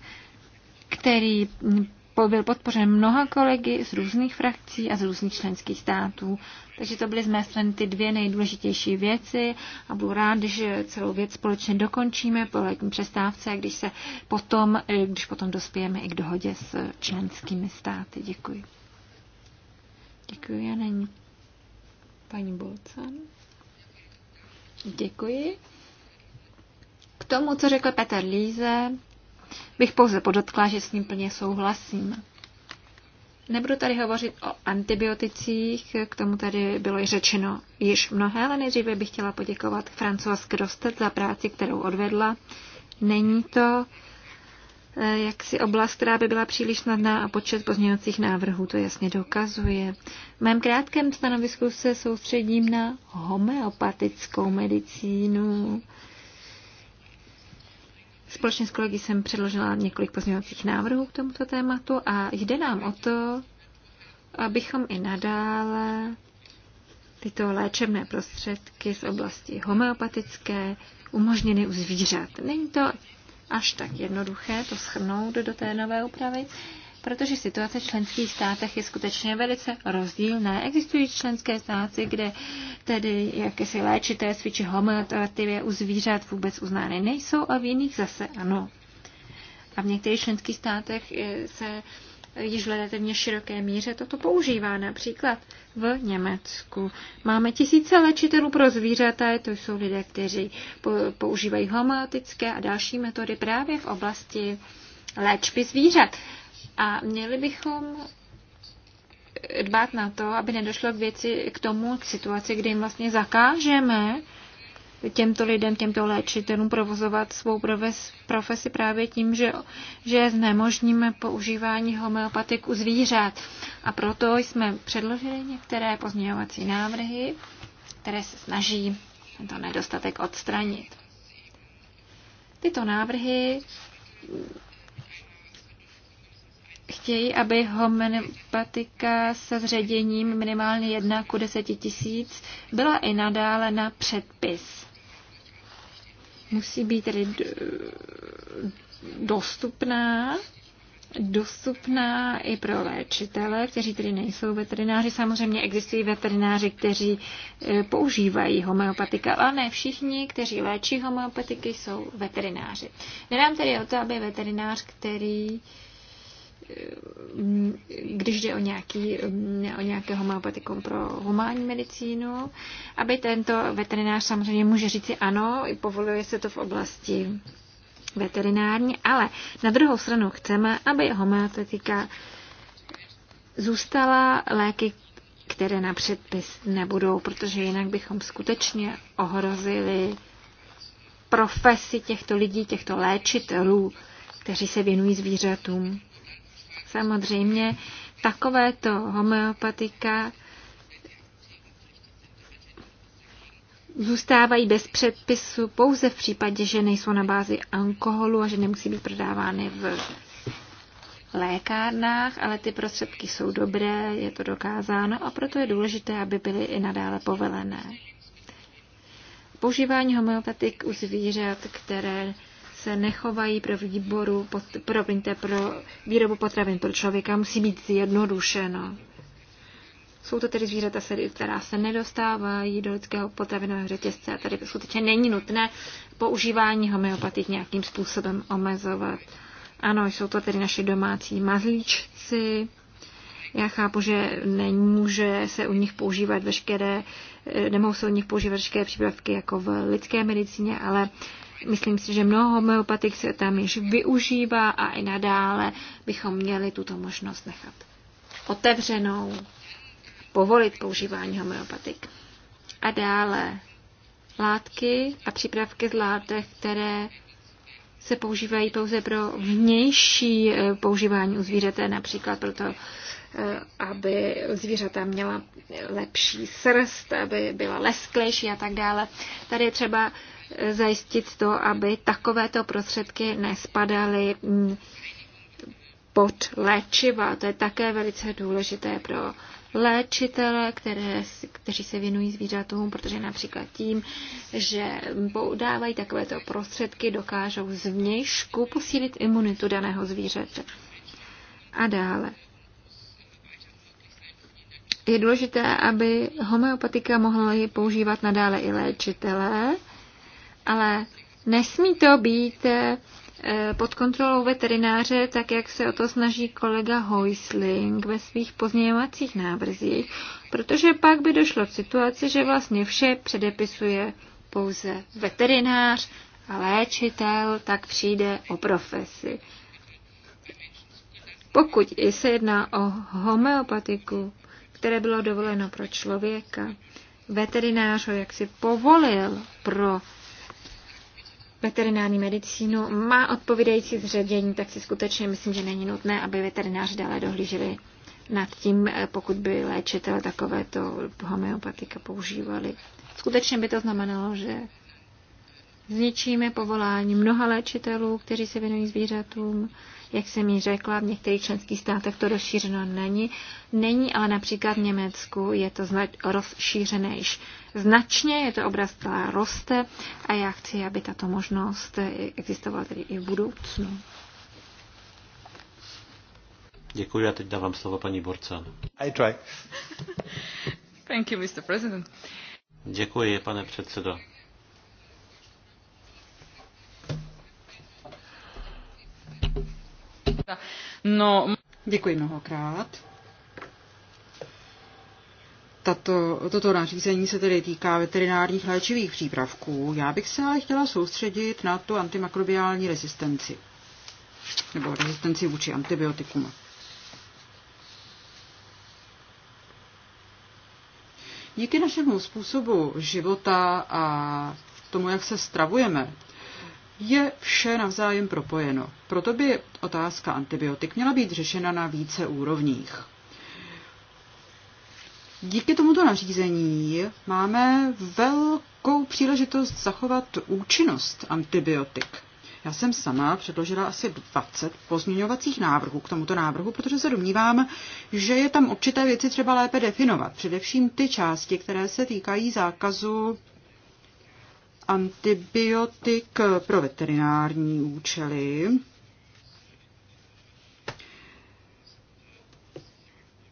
který hm, byl podpořen mnoha kolegy z různých frakcí a z různých členských států. Takže to byly z mé strany ty dvě nejdůležitější věci a budu rád, že celou věc společně dokončíme po letní přestávce když, se potom, eh, když potom dospějeme i k dohodě s členskými státy. Děkuji. Děkuji Já není paní Bolcan. Děkuji. K tomu, co řekl Petr Líze, bych pouze podotkla, že s ním plně souhlasím. Nebudu tady hovořit o antibioticích, k tomu tady bylo řečeno již mnohé, ale nejdříve bych chtěla poděkovat Francois Krostet za práci, kterou odvedla. Není to Eh, jaksi oblast, která by byla příliš snadná a počet pozměňovacích návrhů to jasně dokazuje. V mém krátkém stanovisku se soustředím na homeopatickou medicínu. Společně s kolegy jsem předložila několik pozměňovacích návrhů k tomuto tématu a jde nám o to, abychom i nadále tyto léčebné prostředky z oblasti homeopatické umožněny u zvířat. Není to až tak jednoduché to schrnout do té nové úpravy, protože situace v členských státech je skutečně velice rozdílná. Existují členské státy, kde tedy jakési léčitelství sviči homeopatie u zvířat vůbec uznány nejsou a v jiných zase ano. A v některých členských státech eh, se již v relativně široké míře toto používá. Například v Německu máme tisíce léčitelů pro zvířata, to jsou lidé, kteří používají homeotické a další metody právě v oblasti léčby zvířat. A měli bychom dbát na to, aby nedošlo k věci, k tomu, k situaci, kdy jim vlastně zakážeme těmto lidem, těmto léčitelům provozovat svou profesi právě tím, že, že znemožníme používání homeopatik u zvířat. A proto jsme předložili některé pozměňovací návrhy, které se snaží tento nedostatek odstranit. Tyto návrhy chtějí, aby homeopatika se zředěním minimálně 1 k 10 tisíc byla i nadále na předpis musí být tedy dostupná, dostupná i pro léčitele, kteří tedy nejsou veterináři. Samozřejmě existují veterináři, kteří e, používají homeopatika, ale ne všichni, kteří léčí homeopatiky, jsou veterináři. Nedám tedy o to, aby veterinář, který když jde o, nějaký, o nějakého homeopatikum pro humánní medicínu, aby tento veterinář samozřejmě může říci ano, povoluje se to v oblasti veterinární, ale na druhou stranu chceme, aby homeopatika zůstala léky, které na předpis nebudou, protože jinak bychom skutečně ohrozili profesi těchto lidí, těchto léčitelů, kteří se věnují zvířatům. Samozřejmě takovéto homeopatika zůstávají bez předpisu pouze v případě, že nejsou na bázi alkoholu a že nemusí být prodávány v lékárnách, ale ty prostředky jsou dobré, je to dokázáno a proto je důležité, aby byly i nadále povelené. Používání homeopatik u zvířat, které se nechovají pro, výboru, pro, pro výrobu potravin pro člověka, musí být zjednodušeno. Jsou to tedy zvířata, která se nedostávají do lidského potravinového řetězce a tady skutečně není nutné používání homeopatik nějakým způsobem omezovat. Ano, jsou to tedy naši domácí mazlíčci. Já chápu, že nemůže se u nich používat veškeré, eh, nemohou se u nich používat veškeré přípravky jako v lidské medicíně, ale Myslím si, že mnoho homeopatik se tam již využívá a i nadále bychom měli tuto možnost nechat otevřenou, povolit používání homeopatik. A dále látky a přípravky z látek, které se používají pouze pro vnější eh, používání u zvířete, například proto, eh, aby zvířata měla lepší srst, aby byla lesklejší a tak dále. Tady je třeba zajistit to, aby takovéto prostředky nespadaly mm, pod léčiva. To je také velice důležité pro léčitele, které, kteří se věnují zvířatům, protože například tím, že poudávají takovéto prostředky, dokážou zvnějšku posílit imunitu daného zvířete. A dále. Je důležité, aby homeopatika mohla ji používat nadále i léčitelé, ale nesmí to být eh, pod kontrolou veterináře, tak jak se o to snaží kolega Hoisling ve svých pozměňovacích návrzích, protože pak by došlo k situaci, že vlastně vše předepisuje pouze veterinář a léčitel, tak přijde o profesi. Pokud se jedná o homeopatiku, které bylo dovoleno pro člověka, veterinář ho jaksi povolil pro veterinární medicínu má odpovídající zředění, tak si skutečně myslím, že není nutné, aby veterináři dále dohlíželi nad tím, eh, pokud by léčitel takovéto homeopatika používali. Skutečně by to znamenalo, že zničíme povolání mnoha léčitelů, kteří se věnují zvířatům, jak jsem ji řekla, v některých členských státech to rozšířeno není. Není, ale například v Německu je to rozšířené již značně, je to obraz, která roste a já chci, aby tato možnost eh, existovala tedy i v budoucnu. Děkuji a teď dávám slovo paní Borca. I try. Thank you, Mr. President. Děkuji, pane předsedo. No, děkuji mnohokrát. Tato, toto nařízení se tedy týká veterinárních léčivých přípravků. Já bych se ale chtěla soustředit na tu antimakrobiální rezistenci. Nebo rezistenci vůči antibiotikům. Díky našemu způsobu života a tomu, jak se stravujeme, je vše navzájem propojeno. Proto by otázka antibiotik měla být řešena na více úrovních. Díky tomuto nařízení máme velkou příležitost zachovat účinnost antibiotik. Já jsem sama předložila asi 20 pozměňovacích návrhů k tomuto návrhu, protože se domnívám, že je tam určité věci třeba lépe definovat. Především ty části, které se týkají zákazu antibiotik pro veterinární účely.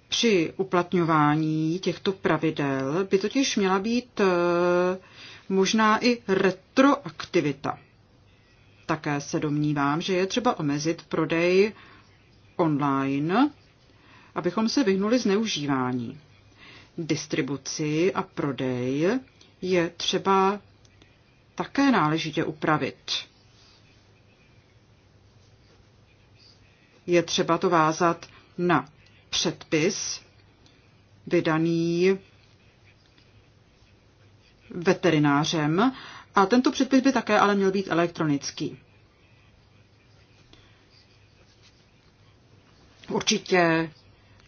Při uplatňování těchto pravidel by totiž měla být eh, možná i retroaktivita. Také se domnívám, že je třeba omezit prodej online, abychom se vyhnuli zneužívání. Distribuci a prodej je třeba také náležitě upravit. Je třeba to vázat na předpis vydaný veterinářem a tento předpis by také ale měl být elektronický. Určitě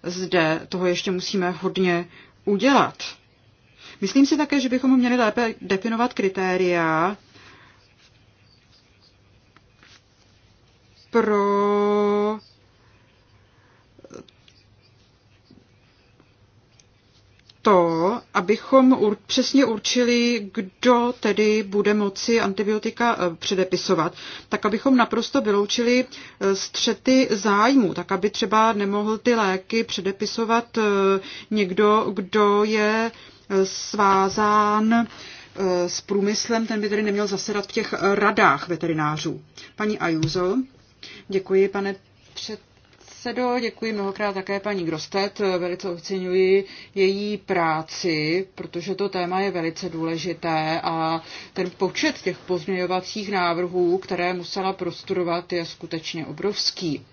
zde toho ještě musíme hodně udělat. Myslím si také, že bychom měli lépe definovat kritéria pro to, abychom přesně určili, kdo tedy bude moci antibiotika eh, předepisovat, tak abychom naprosto vyloučili eh, střety zájmu, tak aby třeba nemohl ty léky předepisovat eh, někdo, kdo je svázán eh, s průmyslem, ten by tedy neměl zasedat v těch radách veterinářů. Paní Ajuzo, děkuji, pane před předsedo, děkuji mnohokrát také paní Grostet. Velice oceňuji její práci, protože to téma je velice důležité a ten počet těch pozměňovacích návrhů, které musela prostudovat, je skutečně obrovský. Uh,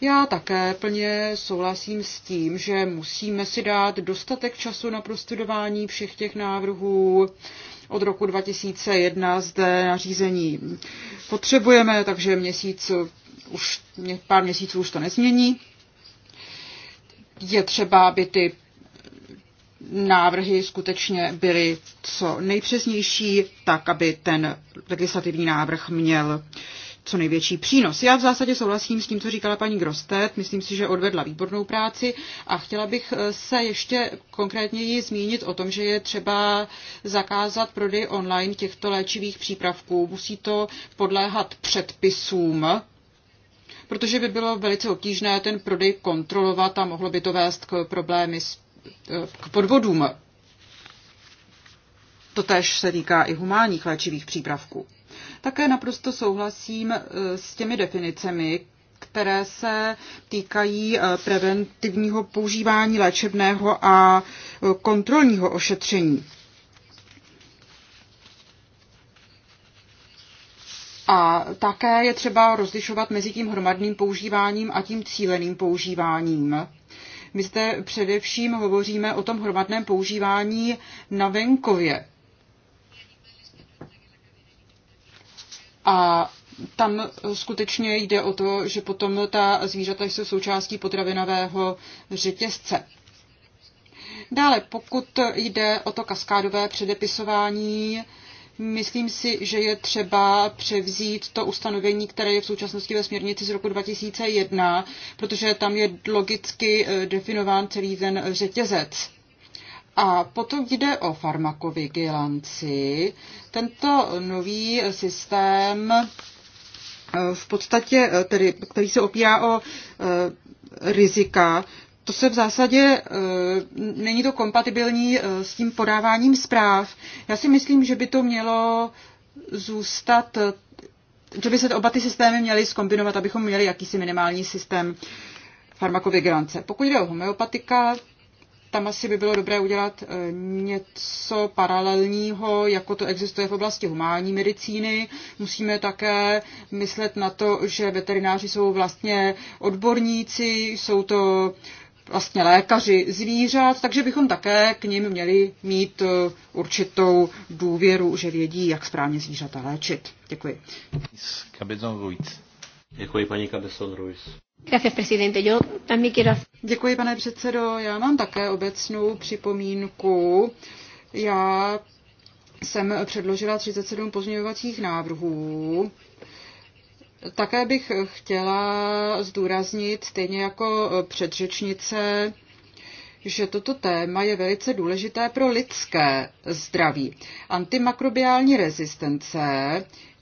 já také plně souhlasím s tím, že musíme si dát dostatek času na prostudování všech těch návrhů. Od roku 2001 zde nařízení potřebujeme, takže měsíc už, pár měsíců už to nezmění. Je třeba, aby ty návrhy skutečně byly co nejpřesnější, tak aby ten legislativní návrh měl uh, co největší přínos. Já v zásadě souhlasím s tím, co říkala paní Grostet. Myslím si, že odvedla výbornou práci a chtěla bych eh, se ještě konkrétněji zmínit o tom, že je třeba zakázat prodej online těchto léčivých přípravků. Musí to podléhat předpisům, protože by bylo velice obtížné ten prodej kontrolovat a mohlo by to vést k problémy s, eh, k podvodům. Totež se týká i humánních léčivých přípravků. Také naprosto souhlasím eh, s těmi definicemi, které se týkají eh, preventivního používání léčebného a eh, kontrolního ošetření. A také je třeba rozlišovat mezi tím hromadným používáním a tím cíleným používáním. My zde především hovoříme o tom hromadném používání na venkově. A tam skutečně jde o to, že potom ta zvířata jsou součástí potravinového řetězce. Dále, pokud jde o to kaskádové předepisování, myslím si, že je třeba převzít to ustanovení, které je v současnosti ve směrnici z roku 2001, protože tam je logicky eh, definován celý ten řetězec. A potom jde o farmakovigilanci. Tento nový systém eh, v podstatě, eh, tedy, který se opírá o eh, rizika, to se v zásadě není to kompatibilní s tím podáváním zpráv. Já si myslím, že by to mělo zůstat, že by se oba ty systémy měly skombinovat, abychom měli jakýsi minimální systém farmakovigilance. Pokud jde o homeopatika, tam asi by bylo dobré udělat eh, něco paralelního, jako to existuje v oblasti humánní medicíny. Musíme také myslet na to, že veterináři jsou vlastně odborníci, jsou to vlastně lékaři zvířat, takže bychom také k ním měli mít eh, určitou důvěru, že vědí, jak správně zvířata léčit. Děkuji. Kabezon Ruiz. Děkuji paní Kabezon Ruiz. Děkuji, pane předsedo. Já mám také obecnou připomínku. Já jsem předložila 37 pozměňovacích návrhů. Také bych chtěla zdůraznit, stejně jako předřečnice, že toto téma je velice důležité pro lidské zdraví. Antimakrobiální rezistence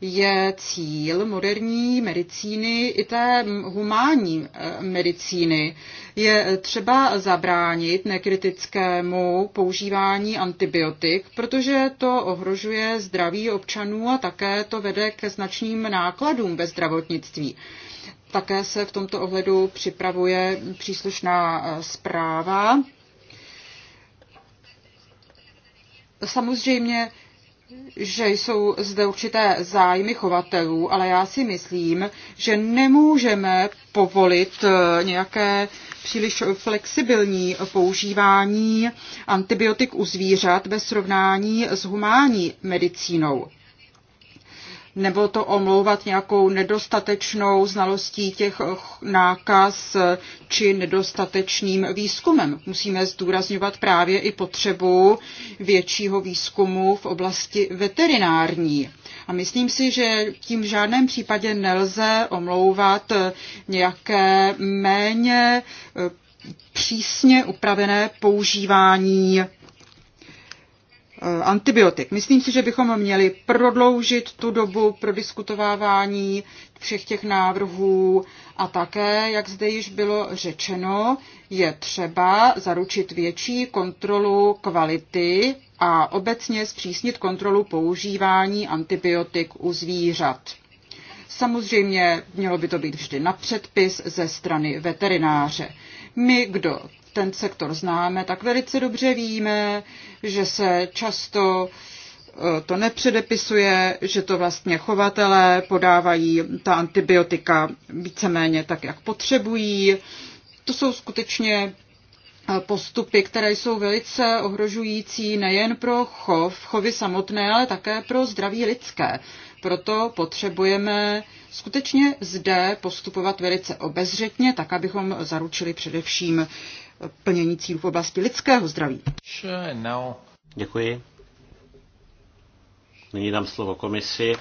je cíl moderní medicíny i té humánní eh, medicíny. Je třeba zabránit nekritickému používání antibiotik, protože to ohrožuje zdraví občanů a také to vede ke značným nákladům ve zdravotnictví. Také se v tomto ohledu připravuje příslušná eh, zpráva. Samozřejmě, že jsou zde určité zájmy chovatelů, ale já si myslím, že nemůžeme povolit eh, nějaké příliš flexibilní používání antibiotik u zvířat ve srovnání s humánní medicínou nebo to omlouvat nějakou nedostatečnou znalostí těch eh, nákaz eh, či nedostatečným výzkumem. Musíme zdůrazňovat právě i potřebu většího výzkumu v oblasti veterinární. A myslím si, že tím v žádném případě nelze omlouvat eh, nějaké méně přísně upravené používání Eh, antibiotik. Myslím si, že bychom měli prodloužit tu dobu pro diskutovávání všech těch návrhů a také, jak zde již bylo řečeno, je třeba zaručit větší kontrolu kvality a obecně zpřísnit kontrolu používání antibiotik u zvířat. Samozřejmě mělo by to být vždy na předpis ze strany veterináře. My, kdo ten sektor známe, tak velice dobře víme, že se často e, to nepředepisuje, že to vlastně chovatelé podávají ta antibiotika víceméně tak, jak potřebují. To jsou skutečně e, postupy, které jsou velice ohrožující nejen pro chov, chovy samotné, ale také pro zdraví lidské. Proto potřebujeme skutečně zde postupovat velice obezřetně, tak abychom zaručili především plnění cílů v oblasti lidského zdraví. Děkuji. Nyní dám slovo komisi,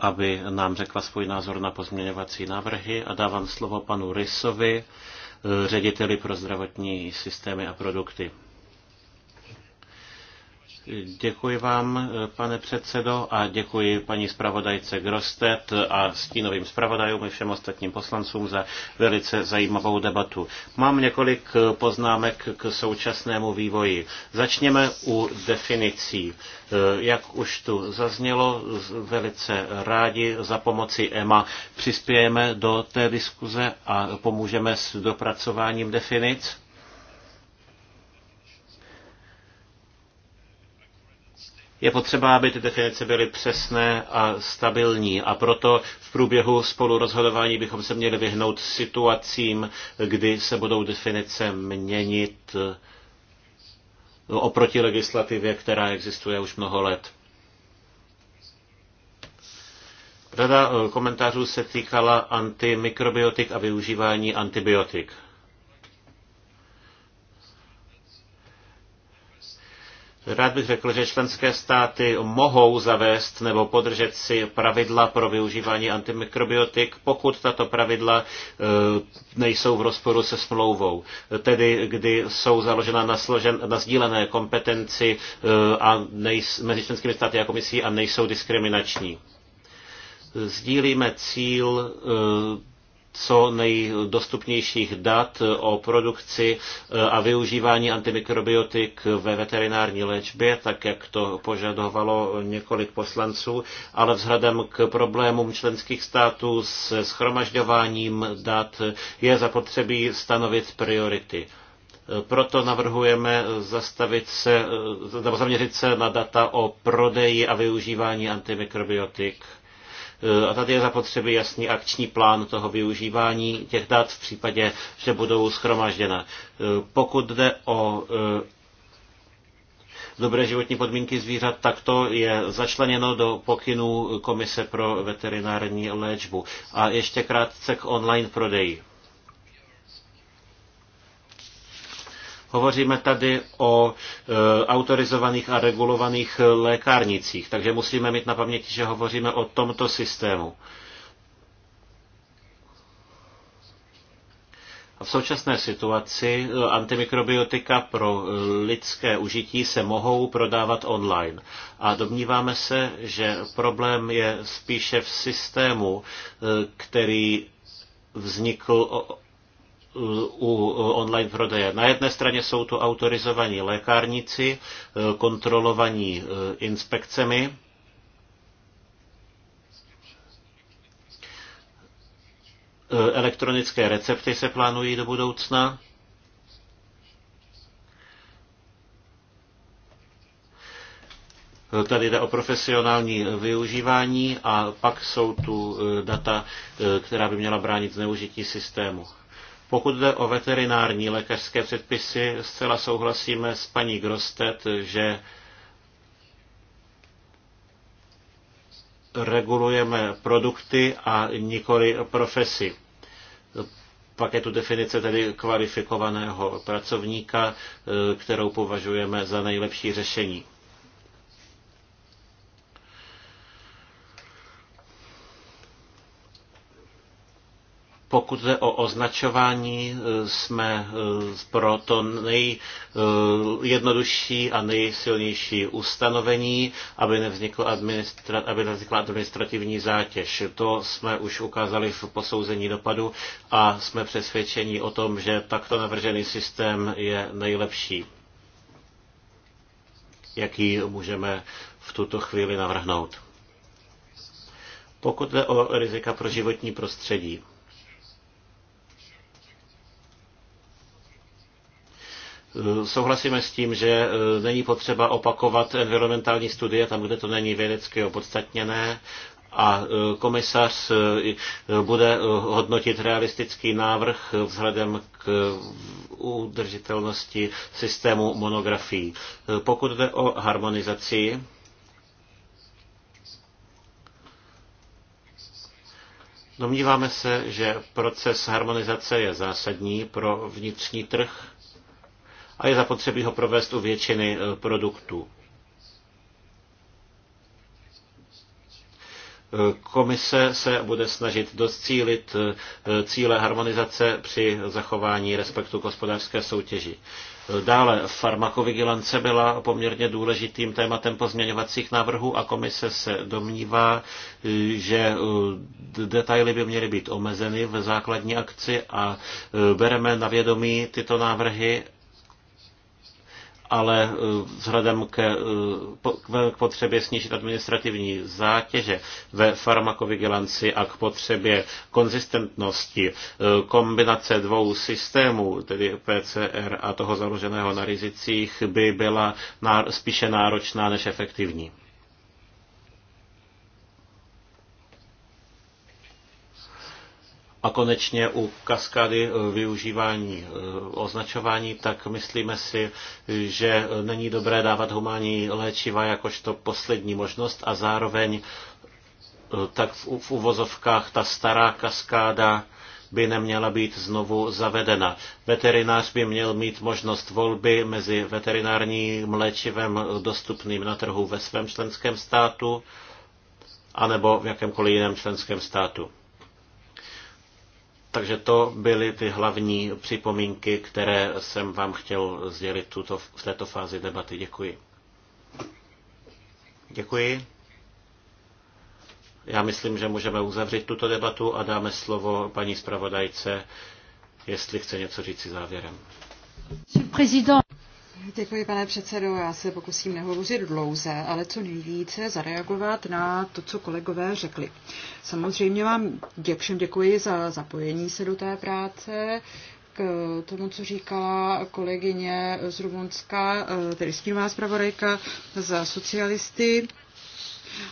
aby nám řekla svůj názor na pozměňovací návrhy a dávám slovo panu Rysovi, eh, řediteli pro zdravotní systémy a produkty. Děkuji vám, pane předsedo, a děkuji paní zpravodajce Grostet a stínovým zpravodajům i všem ostatním poslancům za velice zajímavou debatu. Mám několik poznámek k současnému vývoji. Začněme u definicí. Jak už tu zaznělo, velice rádi za pomoci EMA přispějeme do té diskuze a pomůžeme s dopracováním definic. Je potřeba, aby ty definice byly přesné a stabilní a proto v průběhu spolurozhodování bychom se měli vyhnout situacím, kdy se budou definice měnit no, oproti legislativě, která existuje už mnoho let. Rada eh, komentářů se týkala antimikrobiotik a využívání antibiotik. Rád bych řekl, že členské státy mohou zavést nebo podržet si pravidla pro využívání antimikrobiotik, pokud tato pravidla e, nejsou v rozporu se smlouvou, tedy kdy jsou založena na, složen, na sdílené kompetenci e, a nejs, mezi členskými státy a komisí a nejsou diskriminační. Sdílíme cíl e, co nejdostupnějších dat o produkci e, a využívání antimikrobiotik ve veterinární léčbě, tak jak to požadovalo několik poslanců, ale vzhledem k problémům členských států s schromažďováním dat je zapotřebí stanovit priority. E, proto navrhujeme zastavit se, e, nebo zaměřit se na data o prodeji a využívání antimikrobiotik Eh, a tady je zapotřebí jasný akční plán toho využívání těch dat v případě, že budou schromažděna. Eh, pokud jde o eh, dobré životní podmínky zvířat, tak to je začleněno do pokynů Komise pro veterinární léčbu. A ještě krátce k online prodeji. Hovoříme tady o e, autorizovaných a regulovaných lékárnicích, takže musíme mít na paměti, že hovoříme o tomto systému. V současné situaci e, antimikrobiotika pro e, lidské užití se mohou prodávat online. A domníváme se, že problém je spíše v systému, který vznikl u online prodeje. Na jedné straně jsou to autorizovaní lékárníci, e, kontrolovaní e, inspekcemi, e, elektronické recepty se plánují do budoucna. Tady jde o profesionální využívání a pak jsou tu data, která by měla bránit zneužití systému. Pokud jde o veterinární lékařské předpisy, zcela souhlasíme s paní Grostet, že regulujeme produkty a nikoli profesi. Pak je tu definice tedy kvalifikovaného pracovníka, eh, kterou považujeme za nejlepší řešení. Pokud jde o označování, eh, jsme eh, pro to nejjednodušší a nejsilnější ustanovení, aby, nevznikl administra- aby nevznikla administrativní zátěž. To jsme už ukázali v posouzení dopadu a jsme přesvědčeni o tom, že takto navržený systém je nejlepší, jaký můžeme v tuto chvíli navrhnout. Pokud jde o rizika pro životní prostředí, Eh, souhlasíme s tím, že eh, není potřeba opakovat environmentální studie tam, kde to není vědecky opodstatněné a eh, komisař bude hodnotit realistický návrh vzhledem k udržitelnosti systému monografií. Pokud jde o harmonizaci, domníváme se, že proces harmonizace je zásadní pro vnitřní trh a je zapotřebí ho provést u většiny eh, produktů. Eh, komise se bude snažit docílit eh, cíle harmonizace při zachování respektu k hospodářské soutěži. Dále farmakovigilance byla poměrně důležitým tématem pozměňovacích návrhů a komise se domnívá, že detaily by měly být omezeny v základní akci a bereme na vědomí tyto návrhy ale eh, vzhledem eh, k, k potřebě snížit administrativní zátěže ve farmakovigilanci a k potřebě konzistentnosti eh, kombinace dvou systémů, tedy PCR a toho založeného na rizicích, by byla spíše náročná než efektivní. A konečně u kaskády eh, využívání eh, označování, tak myslíme si, že není dobré dávat humánní léčiva jakožto poslední možnost a zároveň eh, tak v uvozovkách ta stará kaskáda by neměla být znovu zavedena. Veterinář by měl mít možnost volby mezi veterinárním léčivem dostupným na trhu ve svém členském státu anebo v jakémkoliv jiném členském státu. Takže to byly ty hlavní připomínky, které jsem vám chtěl sdělit tuto, v této fázi debaty. Děkuji. Děkuji. Já myslím, že můžeme uzavřít tuto debatu a dáme slovo paní zpravodajce, jestli chce něco říct si závěrem. Děkuji, pane předsedo. Já se pokusím nehovořit dlouze, ale co nejvíce zareagovat na to, co kolegové řekli. Samozřejmě vám dě, všem děkuji za zapojení se do té práce. K tomu, co říkala kolegyně z Rumunska, eh, tedy stínová zpravodajka za socialisty,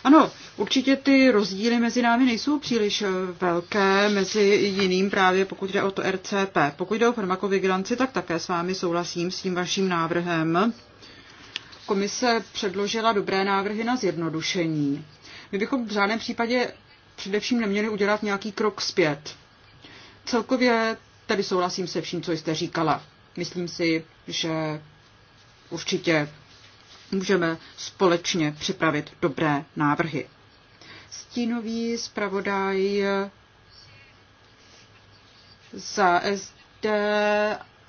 ano, určitě ty rozdíly mezi námi nejsou příliš eh, velké, mezi jiným právě pokud jde o to RCP. Pokud jde o farmakovigilanci, tak také s vámi souhlasím s tím vaším návrhem. Komise předložila dobré návrhy na zjednodušení. My bychom v žádném případě především neměli udělat nějaký krok zpět. Celkově tady souhlasím se vším, co jste říkala. Myslím si, že určitě můžeme společně připravit dobré návrhy. Stínový zpravodaj za SD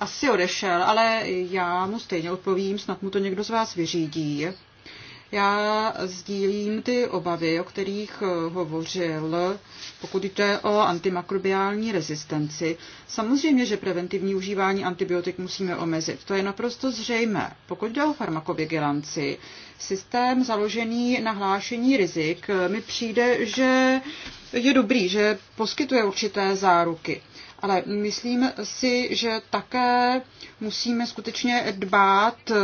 asi odešel, ale já mu stejně odpovím, snad mu to někdo z vás vyřídí. Já sdílím ty obavy, o kterých eh, hovořil, pokud jde o antimakrobiální rezistenci. Samozřejmě, že preventivní užívání antibiotik musíme omezit. To je naprosto zřejmé. Pokud jde o farmakovigilanci, systém založený na hlášení rizik eh, mi přijde, že je dobrý, že poskytuje určité záruky. Ale myslím si, že také musíme skutečně dbát eh,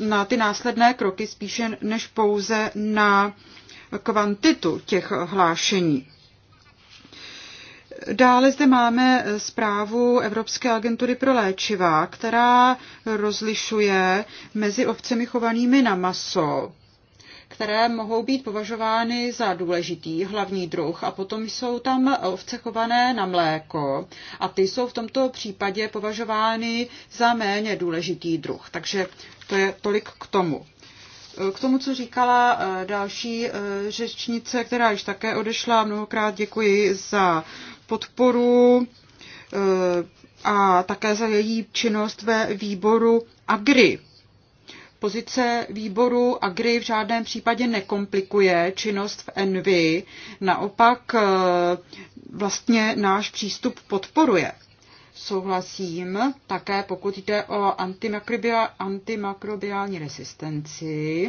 na ty následné kroky spíše než pouze na kvantitu těch hlášení. Dále zde máme zprávu Evropské agentury pro léčiva, která rozlišuje mezi ovcemi chovanými na maso které mohou být považovány za důležitý hlavní druh a potom jsou tam ovce chované na mléko a ty jsou v tomto případě považovány za méně důležitý druh. Takže to je tolik k tomu. K tomu, co říkala eh, další eh, řečnice, která již také odešla, mnohokrát děkuji za podporu eh, a také za její činnost ve výboru Agri. Pozice výboru Agri v žádném případě nekomplikuje činnost v Envy, naopak eh, vlastně náš přístup podporuje. Souhlasím také, pokud jde o antimakrobiální rezistenci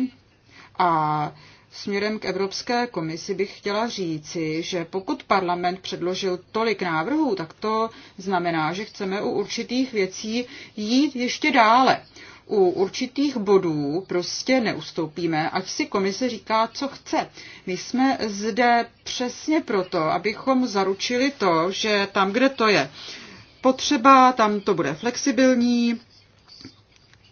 a Směrem k Evropské komisi bych chtěla říci, že pokud parlament předložil tolik návrhů, tak to znamená, že chceme u určitých věcí jít ještě dále u určitých bodů prostě neustoupíme, ať si komise říká, co chce. My jsme zde přesně proto, abychom zaručili to, že tam, kde to je potřeba, tam to bude flexibilní,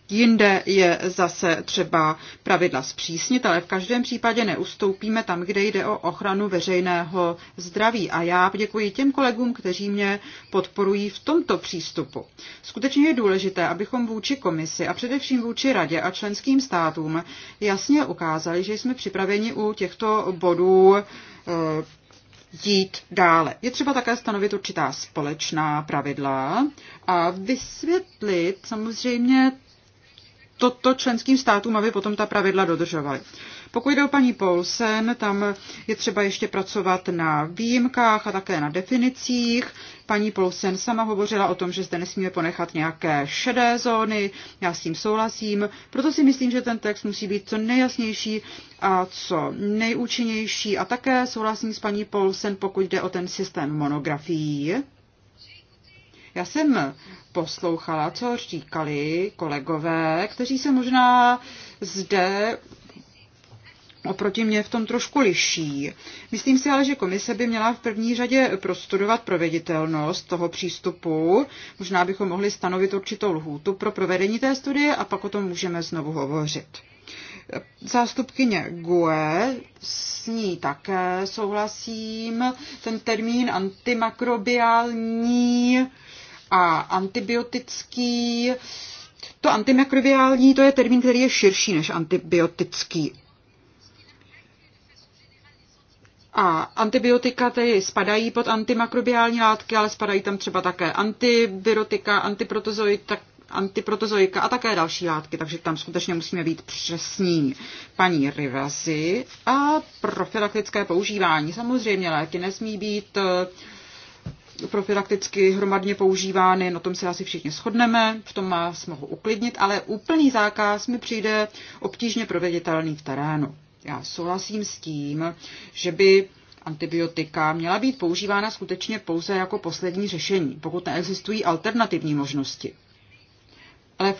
Jinde je zase třeba pravidla zpřísnit, ale v každém případě neustoupíme tam, kde jde o ochranu veřejného zdraví. A já děkuji těm kolegům, kteří mě podporují v tomto přístupu. Skutečně je důležité, abychom vůči komisi a především vůči radě a členským státům jasně ukázali, že jsme připraveni u těchto bodů eh, jít dále. Je třeba také stanovit určitá společná pravidla a vysvětlit samozřejmě toto členským státům, aby potom ta pravidla dodržovaly. Pokud jde o paní Paulsen, tam je třeba ještě pracovat na výjimkách a také na definicích. Paní Paulsen sama hovořila o tom, že zde nesmíme ponechat nějaké šedé zóny, já s tím souhlasím, proto si myslím, že ten text musí být co nejjasnější a co nejúčinnější a také souhlasím s paní Paulsen, pokud jde o ten systém monografií já jsem poslouchala, co říkali kolegové, kteří se možná zde oproti mě v tom trošku liší. Myslím si ale, že komise by měla v první řadě prostudovat proveditelnost toho přístupu. Možná bychom mohli stanovit určitou lhůtu pro provedení té studie a pak o tom můžeme znovu hovořit. Zástupkyně GUE s ní také souhlasím. Ten termín antimakrobiální a antibiotický. To antimikrobiální, to je termín, který je širší než antibiotický. A antibiotika tedy spadají pod antimakrobiální látky, ale spadají tam třeba také antibiotika, antiprotozoita, antiprotozoika a také další látky, takže tam skutečně musíme být přesní. Paní Rivasi a profilaktické používání. Samozřejmě léky nesmí být uh, profilakticky hromadně používány, no tom se asi všichni shodneme, v tom vás mohu uklidnit, ale úplný zákaz mi přijde obtížně proveditelný v terénu. Já souhlasím s tím, že by antibiotika měla být používána skutečně pouze jako poslední řešení, pokud neexistují alternativní možnosti. Ale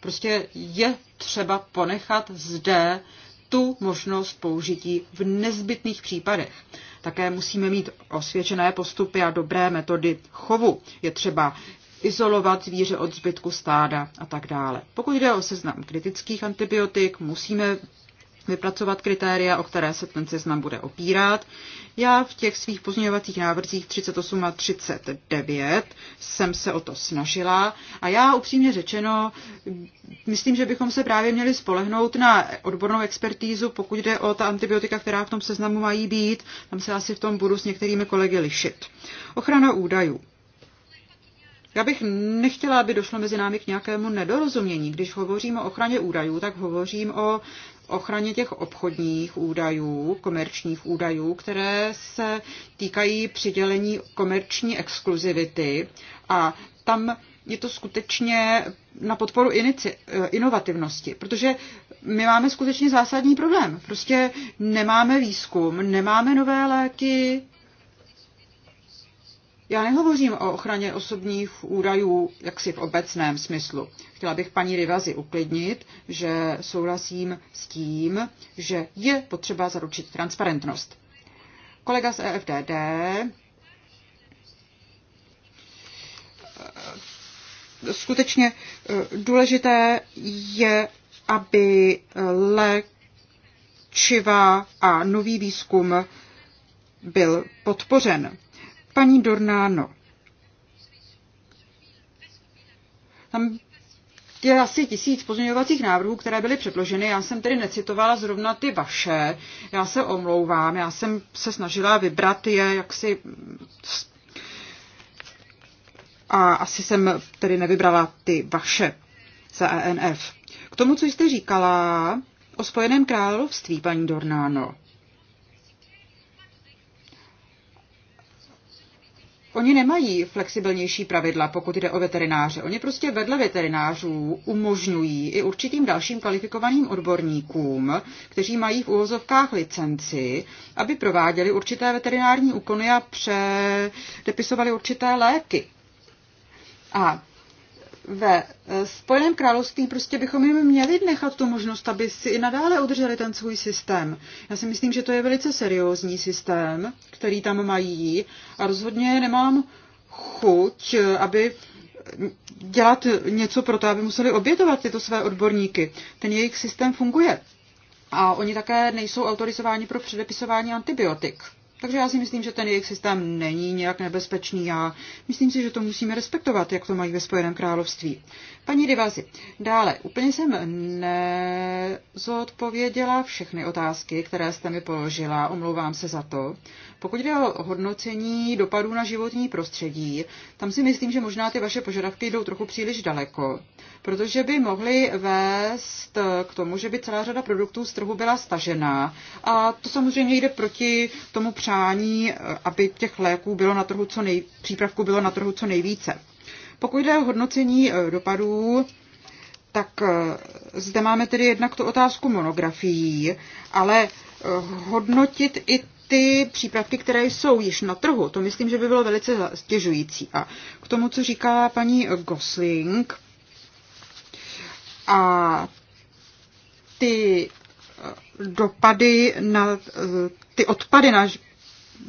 prostě je třeba ponechat zde tu možnost použití v nezbytných případech. Také musíme mít osvědčené postupy a dobré metody chovu. Je třeba izolovat zvíře od zbytku stáda a tak dále. Pokud jde o seznam kritických antibiotik, musíme vypracovat kritéria, o které se ten seznam bude opírat. Já v těch svých pozměňovacích návrzích 38 a 39 jsem se o to snažila a já upřímně řečeno, myslím, že bychom se právě měli spolehnout na odbornou expertízu, pokud jde o ta antibiotika, která v tom seznamu mají být. Tam se asi v tom budu s některými kolegy lišit. Ochrana údajů. Já bych nechtěla, aby došlo mezi námi k nějakému nedorozumění. Když hovořím o ochraně údajů, tak hovořím o ochraně těch obchodních údajů, komerčních údajů, které se týkají přidělení komerční exkluzivity a tam je to skutečně na podporu inici, eh, inovativnosti, protože my máme skutečně zásadní problém. Prostě nemáme výzkum, nemáme nové léky, já nehovořím o ochraně osobních údajů jaksi v obecném smyslu. Chtěla bych paní Rivazi uklidnit, že souhlasím s tím, že je potřeba zaručit transparentnost. Kolega z EFDD eh, skutečně eh, důležité je, aby léčiva a nový výzkum byl podpořen paní Dornáno. Tam je asi tisíc pozměňovacích návrhů, které byly předloženy. Já jsem tedy necitovala zrovna ty vaše. Já se omlouvám. Já jsem se snažila vybrat je jak si a asi jsem tedy nevybrala ty vaše za ENF. K tomu, co jste říkala o Spojeném království, paní Dornáno. Oni nemají flexibilnější pravidla, pokud jde o veterináře. Oni prostě vedle veterinářů umožňují i určitým dalším kvalifikovaným odborníkům, kteří mají v úvozovkách licenci, aby prováděli určité veterinární úkony a předepisovali určité léky. A ve Spojeném království prostě bychom jim měli nechat tu možnost, aby si i nadále udrželi ten svůj systém. Já si myslím, že to je velice seriózní systém, který tam mají a rozhodně nemám chuť, aby dělat něco pro to, aby museli obětovat tyto své odborníky. Ten jejich systém funguje. A oni také nejsou autorizováni pro předepisování antibiotik. Takže já si myslím, že ten jejich systém není nějak nebezpečný a myslím si, že to musíme respektovat, jak to mají ve Spojeném království. Paní Divazi, dále, úplně jsem nezodpověděla všechny otázky, které jste mi položila, omlouvám se za to. Pokud jde o hodnocení dopadů na životní prostředí, tam si myslím, že možná ty vaše požadavky jdou trochu příliš daleko, protože by mohly vést k tomu, že by celá řada produktů z trhu byla stažená. A to samozřejmě jde proti tomu přání, aby těch léků bylo na trhu co nej, přípravku bylo na trhu co nejvíce. Pokud jde o hodnocení eh, dopadů, tak eh, zde máme tedy jednak tu otázku monografií, ale eh, hodnotit i ty přípravky, které jsou již na trhu, to myslím, že by bylo velice stěžující. A k tomu, co říkala paní Gosling, a ty eh, dopady na eh, ty odpady, na,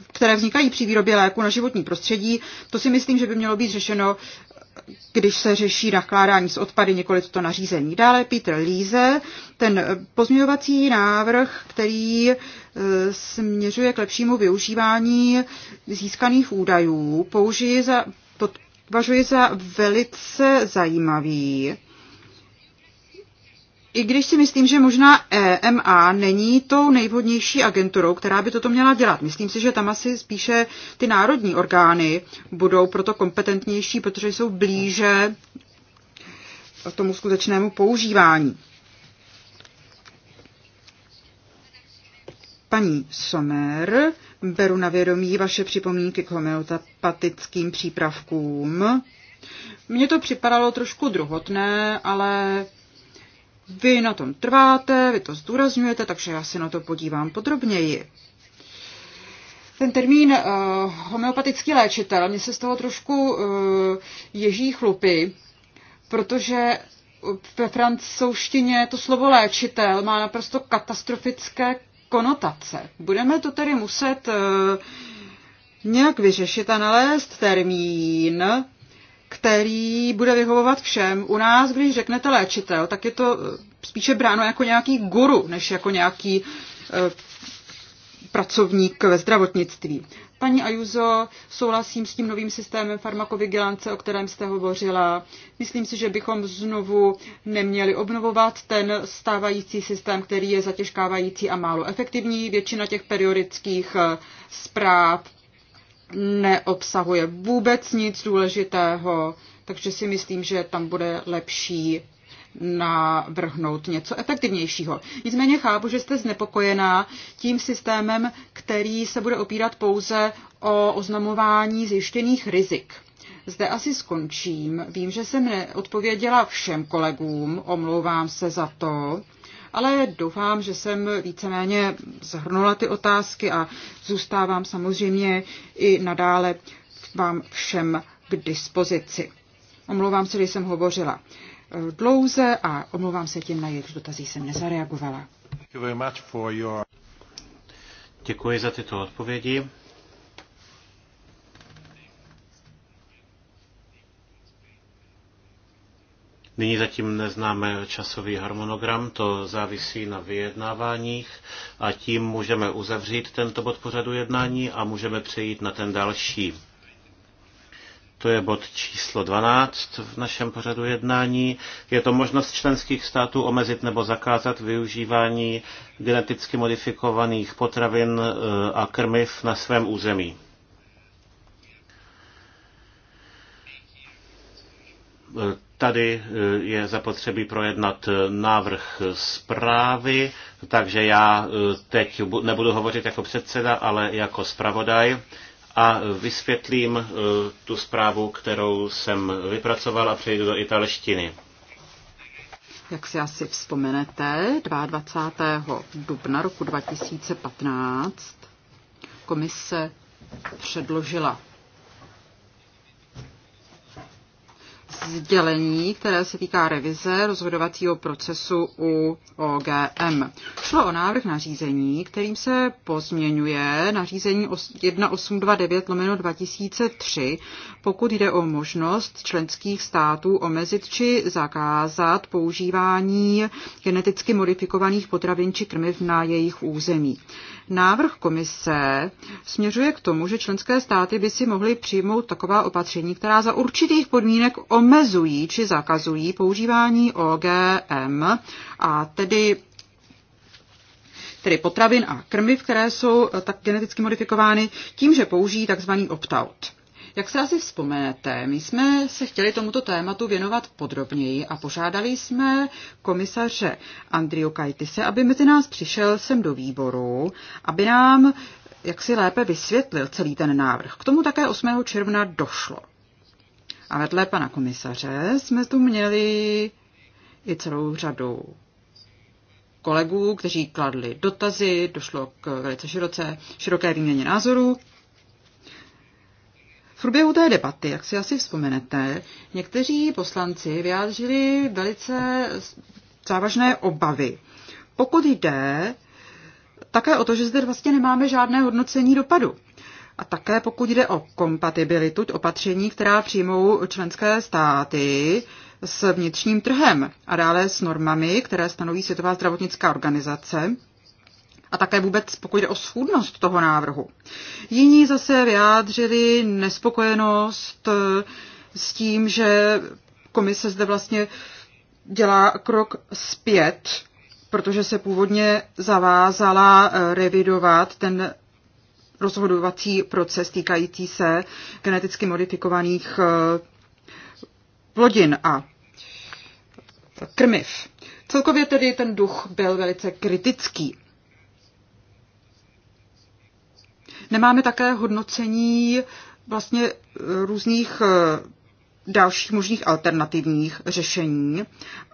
které vznikají při výrobě léku na životní prostředí, to si myslím, že by mělo být řešeno když se řeší nakládání s odpady, několik to nařízení. Dále Peter Líze, ten pozměňovací návrh, který e, směřuje k lepšímu využívání získaných údajů, použije za, považuji za velice zajímavý i když si myslím, že možná EMA není tou nejvhodnější agenturou, která by toto měla dělat. Myslím si, že tam asi spíše ty národní orgány budou proto kompetentnější, protože jsou blíže tomu skutečnému používání. Paní Somer, beru na vědomí vaše připomínky k homeopatickým přípravkům. Mně to připadalo trošku druhotné, ale vy na tom trváte, vy to zdůrazňujete, takže já se na to podívám podrobněji. Ten termín uh, homeopatický léčitel, mně se z toho trošku uh, ježí chlupy, protože ve francouzštině to slovo léčitel má naprosto katastrofické konotace. Budeme to tedy muset uh, nějak vyřešit a nalézt termín, který bude vyhovovat všem. U nás, když řeknete léčitel, tak je to eh, spíše bráno jako nějaký guru, než jako nějaký eh, pracovník ve zdravotnictví. Paní Ajuzo, souhlasím s tím novým systémem farmakovigilance, o kterém jste hovořila. Myslím si, že bychom znovu neměli obnovovat ten stávající systém, který je zatěžkávající a málo efektivní. Většina těch periodických eh, zpráv neobsahuje vůbec nic důležitého, takže si myslím, že tam bude lepší navrhnout něco efektivnějšího. Nicméně chápu, že jste znepokojená tím systémem, který se bude opírat pouze o oznamování zjištěných rizik. Zde asi skončím. Vím, že jsem neodpověděla všem kolegům, omlouvám se za to ale doufám, že jsem víceméně zhrnula ty otázky a zůstávám samozřejmě i nadále vám všem k dispozici. Omlouvám se, že jsem hovořila eh, dlouze a omlouvám se tím, na jejich dotazy jsem nezareagovala. Děkuji za tyto odpovědi. Nyní zatím neznáme časový harmonogram, to závisí na vyjednáváních a tím můžeme uzavřít tento bod pořadu jednání a můžeme přejít na ten další. To je bod číslo 12 v našem pořadu jednání. Je to možnost členských států omezit nebo zakázat využívání geneticky modifikovaných potravin eh, a krmiv na svém území. Eh, Tady eh, je zapotřebí projednat eh, návrh zprávy, takže já eh, teď nebudu hovořit jako předseda, ale jako zpravodaj a vysvětlím tu zprávu, kterou jsem vypracoval a přejdu do italštiny. Jak si asi vzpomenete, 22. dubna roku 2015 komise předložila sdělení, které se týká revize rozhodovacího procesu u OGM. Šlo o návrh nařízení, kterým se pozměňuje nařízení 1829 lomeno 2003, pokud jde o možnost členských států omezit či zakázat používání geneticky modifikovaných potravin či krmiv na jejich území. Návrh komise směřuje k tomu, že členské státy by si mohly přijmout taková opatření, která za určitých podmínek omezují či zakazují používání OGM a tedy tedy potravin a krmiv, které jsou tak geneticky modifikovány, tím, že použijí tzv. opt-out. Jak se asi vzpomenete, my jsme se chtěli tomuto tématu věnovat podrobněji a požádali jsme komisaře Andriu Kajtise, aby mezi nás přišel sem do výboru, aby nám jak si lépe vysvětlil celý ten návrh. K tomu také 8. června došlo. A vedle pana komisaře jsme tu měli i celou řadu kolegů, kteří kladli dotazy, došlo k velice široce, široké výměně názorů. V průběhu té debaty, jak si asi vzpomenete, někteří poslanci vyjádřili velice závažné obavy. Pokud jde také o to, že zde vlastně nemáme žádné hodnocení dopadu. A také pokud jde o kompatibilitu opatření, která přijmou členské státy s vnitřním trhem a dále s normami, které stanoví Světová zdravotnická organizace, a také vůbec pokud jde o schůdnost toho návrhu. Jiní zase vyjádřili nespokojenost eh, s tím, že komise zde vlastně dělá krok zpět, protože se původně zavázala eh, revidovat ten rozhodovací proces týkající se geneticky modifikovaných eh, plodin a krmiv. Celkově tedy ten duch byl velice kritický. Nemáme také hodnocení vlastně různých eh, dalších možných alternativních řešení.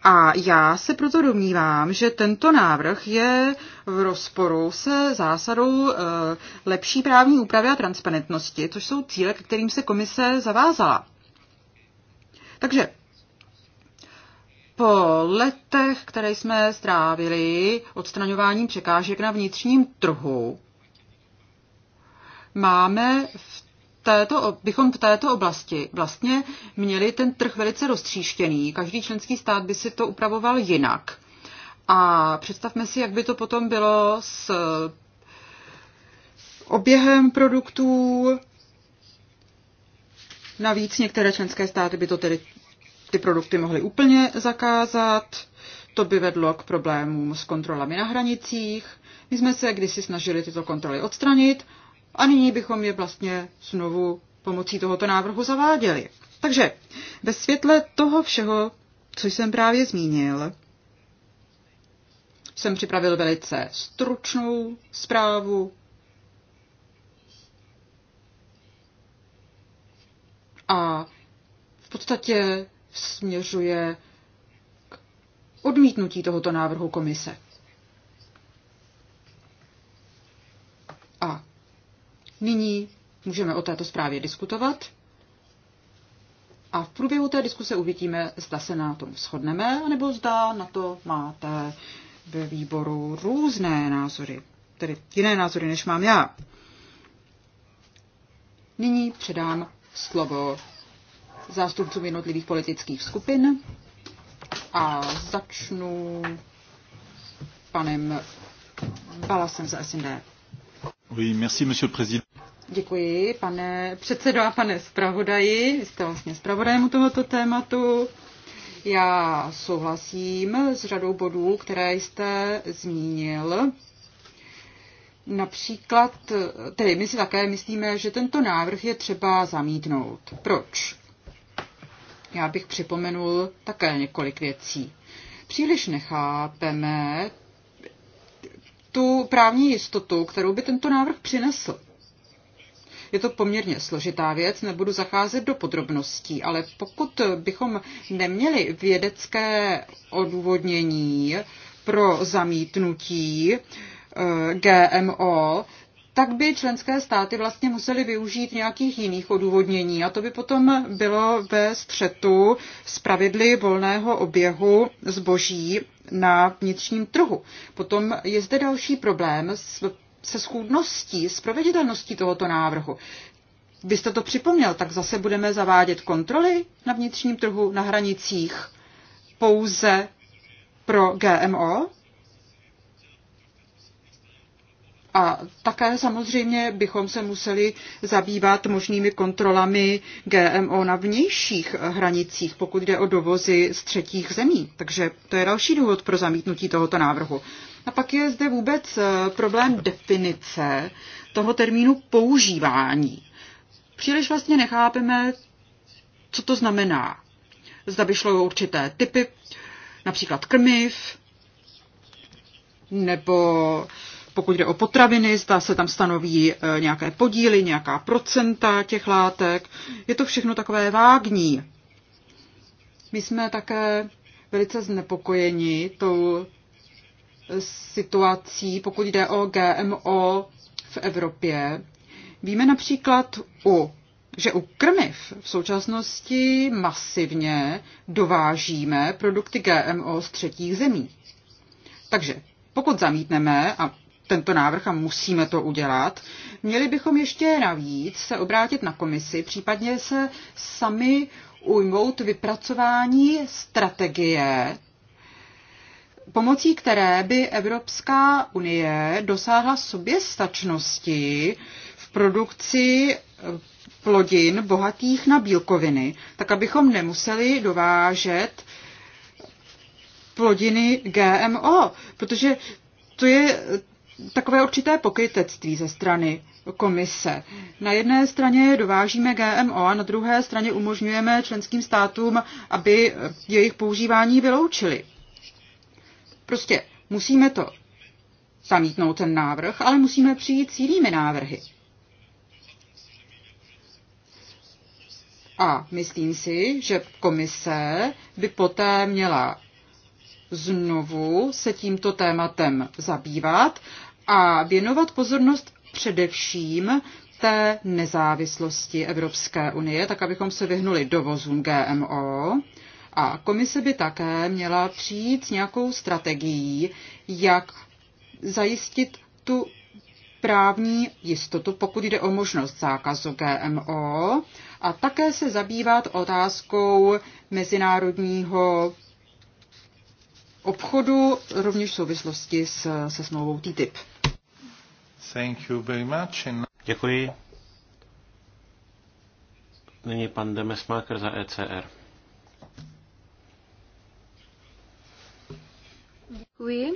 A já se proto domnívám, že tento návrh je v rozporu se zásadou eh, lepší právní úpravy a transparentnosti, což jsou cíle, k kterým se komise zavázala. Takže po letech, které jsme strávili odstraňováním překážek na vnitřním trhu, máme v této, bychom v této oblasti vlastně měli ten trh velice roztříštěný. Každý členský stát by si to upravoval jinak. A představme si, jak by to potom bylo s eh, oběhem produktů. Navíc některé členské státy by to tedy ty produkty mohly úplně zakázat. To by vedlo k problémům s kontrolami na hranicích. My jsme se kdysi snažili tyto kontroly odstranit a nyní bychom je vlastně znovu pomocí tohoto návrhu zaváděli. Takže ve světle toho všeho, co jsem právě zmínil, jsem připravil velice stručnou zprávu. A v podstatě směřuje k odmítnutí tohoto návrhu komise. Nyní můžeme o této zprávě diskutovat a v průběhu té diskuse uvidíme, zda se na tom shodneme, nebo zda na to máte ve výboru různé názory, tedy jiné názory, než mám já. Nyní předám slovo zástupcům jednotlivých politických skupin a začnu panem Balasem za SND. Oui, merci, monsieur le président. Děkuji, pane předsedo a pane zpravodaji. Vy jste vlastně zpravodajem u tohoto tématu. Já souhlasím s řadou bodů, které jste zmínil. Například, tedy my si také myslíme, že tento návrh je třeba zamítnout. Proč? Já bych připomenul také několik věcí. Příliš nechápeme tu právní jistotu, kterou by tento návrh přinesl. Je to poměrně složitá věc, nebudu zacházet do podrobností, ale pokud bychom neměli vědecké odůvodnění pro zamítnutí eh, GMO, tak by členské státy vlastně musely využít nějakých jiných odůvodnění a to by potom bylo ve střetu s pravidly volného oběhu zboží na vnitřním trhu. Potom je zde další problém s se schůdností, s proveditelností tohoto návrhu. Vy jste to připomněl, tak zase budeme zavádět kontroly na vnitřním trhu, na hranicích pouze pro GMO. A také samozřejmě bychom se museli zabývat možnými kontrolami GMO na vnějších hranicích, pokud jde o dovozy z třetích zemí. Takže to je další důvod pro zamítnutí tohoto návrhu. A pak je zde vůbec eh, problém definice toho termínu používání. Příliš vlastně nechápeme, co to znamená. Zda by šlo o určité typy, například krmiv, nebo pokud jde o potraviny, zda se tam stanoví eh, nějaké podíly, nějaká procenta těch látek. Je to všechno takové vágní. My jsme také velice znepokojeni tou situací, pokud jde o GMO v Evropě. Víme například, u, že u krmiv v současnosti masivně dovážíme produkty GMO z třetích zemí. Takže pokud zamítneme a tento návrh a musíme to udělat, měli bychom ještě navíc se obrátit na komisi, případně se sami ujmout vypracování strategie pomocí které by Evropská unie dosáhla soběstačnosti v produkci eh, plodin bohatých na bílkoviny, tak abychom nemuseli dovážet plodiny GMO, protože to je eh, takové určité pokrytectví ze strany komise. Na jedné straně dovážíme GMO a na druhé straně umožňujeme členským státům, aby eh, jejich používání vyloučili. Prostě musíme to zamítnout ten návrh, ale musíme přijít s jinými návrhy. A myslím si, že komise by poté měla znovu se tímto tématem zabývat a věnovat pozornost především té nezávislosti Evropské unie, tak abychom se vyhnuli dovozům GMO a komise by také měla přijít s nějakou strategií, jak zajistit tu právní jistotu, pokud jde o možnost zákazu GMO a také se zabývat otázkou mezinárodního obchodu, rovněž v souvislosti s, se smlouvou TTIP. Thank you very much. Děkuji. Nyní pan Demesmaker za ECR. Oui.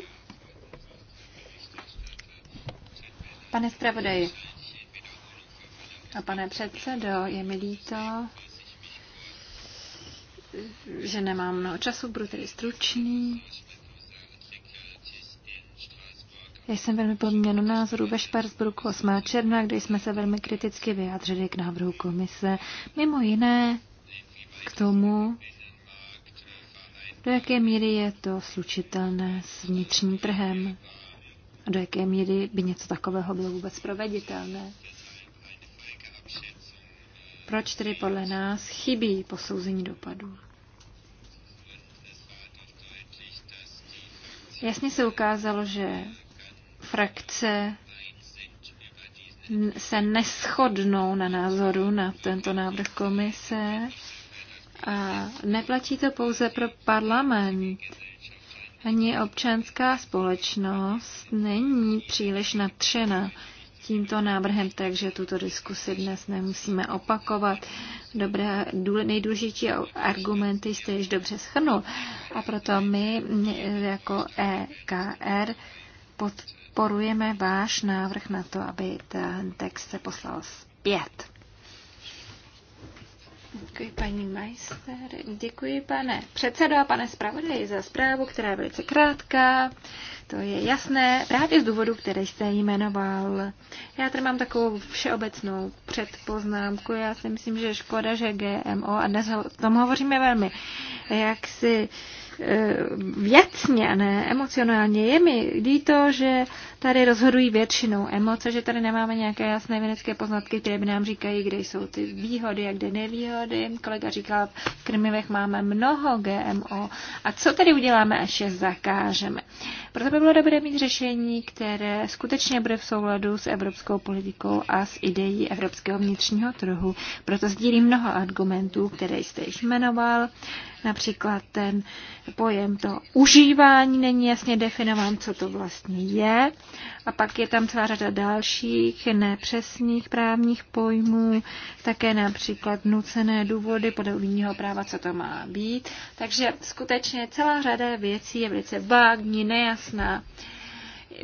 Pane zpravodaji a pane předsedo, je mi líto, že nemám mnoho času, budu tedy stručný. Já jsem velmi podměnu názoru ve Šparsbruku 8. června, kde jsme se velmi kriticky vyjádřili k návrhu komise. Mimo jiné k tomu, do jaké míry je to slučitelné s vnitřním trhem a do jaké míry by něco takového bylo vůbec proveditelné. Proč tedy podle nás chybí posouzení dopadů? Jasně se ukázalo, že frakce se neschodnou na názoru na tento návrh komise a neplatí to pouze pro parlament. Ani občanská společnost není příliš natřena tímto návrhem, takže tuto diskusi dnes nemusíme opakovat. Dobré, nejdůležitější argumenty jste již dobře schrnul. A proto my jako EKR podporujeme váš návrh na to, aby ten text se poslal zpět. Děkuji, paní Majster. Děkuji, pane předsedo a pane zpravodaji, za zprávu, která je velice krátká. To je jasné, právě z důvodu, který jste jmenoval. Já tady mám takovou všeobecnou předpoznámku. Já si myslím, že škoda, že GMO, a dnes o tom hovoříme velmi, jak si eh, věcně, ne emocionálně. Je mi líto, že tady rozhodují většinou emoce, že tady nemáme nějaké jasné vědecké poznatky, které by nám říkají, kde jsou ty výhody a kde nevýhody. Kolega říkal, v krmivech máme mnoho GMO. A co tedy uděláme, až je zakážeme? Proto by bylo dobré mít řešení, které skutečně bude v souladu s evropskou politikou a s ideí evropského vnitřního trhu. Proto sdílím mnoho argumentů, které jste již jmenoval. Například ten pojem to užívání není jasně definován, co to vlastně je. A pak je tam celá řada dalších nepřesných právních pojmů, také například nucené důvody podle unijního práva, co to má být. Takže skutečně celá řada věcí je velice vágní, nejasná.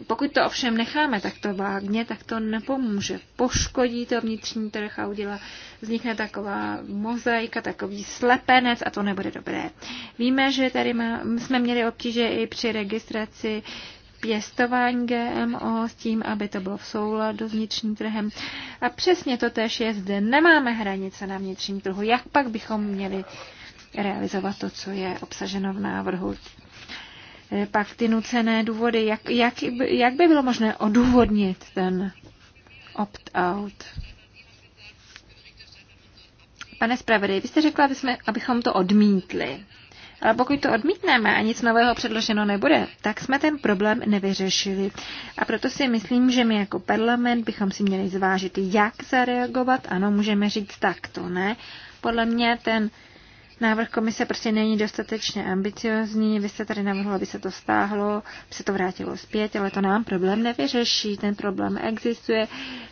Pokud to ovšem necháme takto vágně, tak to nepomůže. Poškodí to vnitřní trh a udělá, vznikne taková mozaika, takový slepenec a to nebude dobré. Víme, že tady má, jsme měli obtíže i při registraci pěstování GMO s tím, aby to bylo v souladu s vnitřním trhem. A přesně to tež je zde. Nemáme hranice na vnitřním trhu. Jak pak bychom měli realizovat to, co je obsaženo v návrhu? Eh, pak ty nucené důvody, jak, jak, jak by bylo možné odůvodnit ten opt-out? Pane zpravodaj, vy jste řekla, abychom to odmítli. Ale pokud to odmítneme a nic nového předloženo nebude, tak jsme ten problém nevyřešili. A proto si myslím, že my jako parlament bychom si měli zvážit, jak zareagovat. Ano, můžeme říct takto, ne? Podle mě ten návrh komise prostě není dostatečně ambiciozní. Vy jste tady navrhlo, aby se to stáhlo, aby se to vrátilo zpět, ale to nám problém nevyřeší. Ten problém existuje.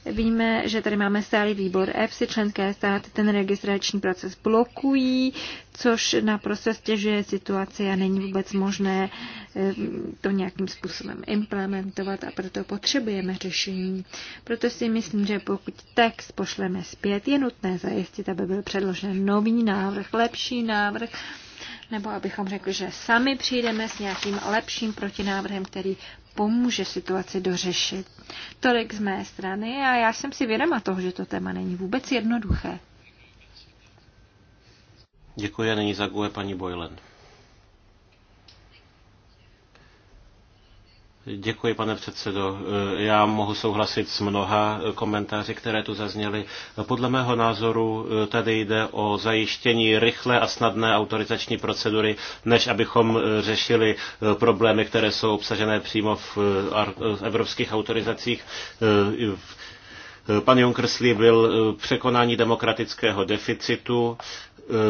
Víme, že tady máme stálý výbor EFSI, členské státy ten registrační proces blokují, což naprosto stěžuje situaci a není vůbec možné eh, to nějakým způsobem implementovat a proto potřebujeme řešení. Proto si myslím, že pokud text pošleme zpět, je nutné zajistit, aby byl předložen nový návrh, lepší návrh, nebo abychom řekli, že sami přijdeme s nějakým lepším protinávrhem, který pomůže situaci dořešit. Tolik z mé strany a já jsem si vědoma toho, že to téma není vůbec jednoduché. Děkuji, nyní zaguje paní Boylen. Děkuji, pane předsedo. Já mohu souhlasit s mnoha komentáři, které tu zazněly. Podle mého názoru tady jde o zajištění rychlé a snadné autorizační procedury, než abychom řešili problémy, které jsou obsažené přímo v evropských autorizacích. Pan Juncker slíbil překonání demokratického deficitu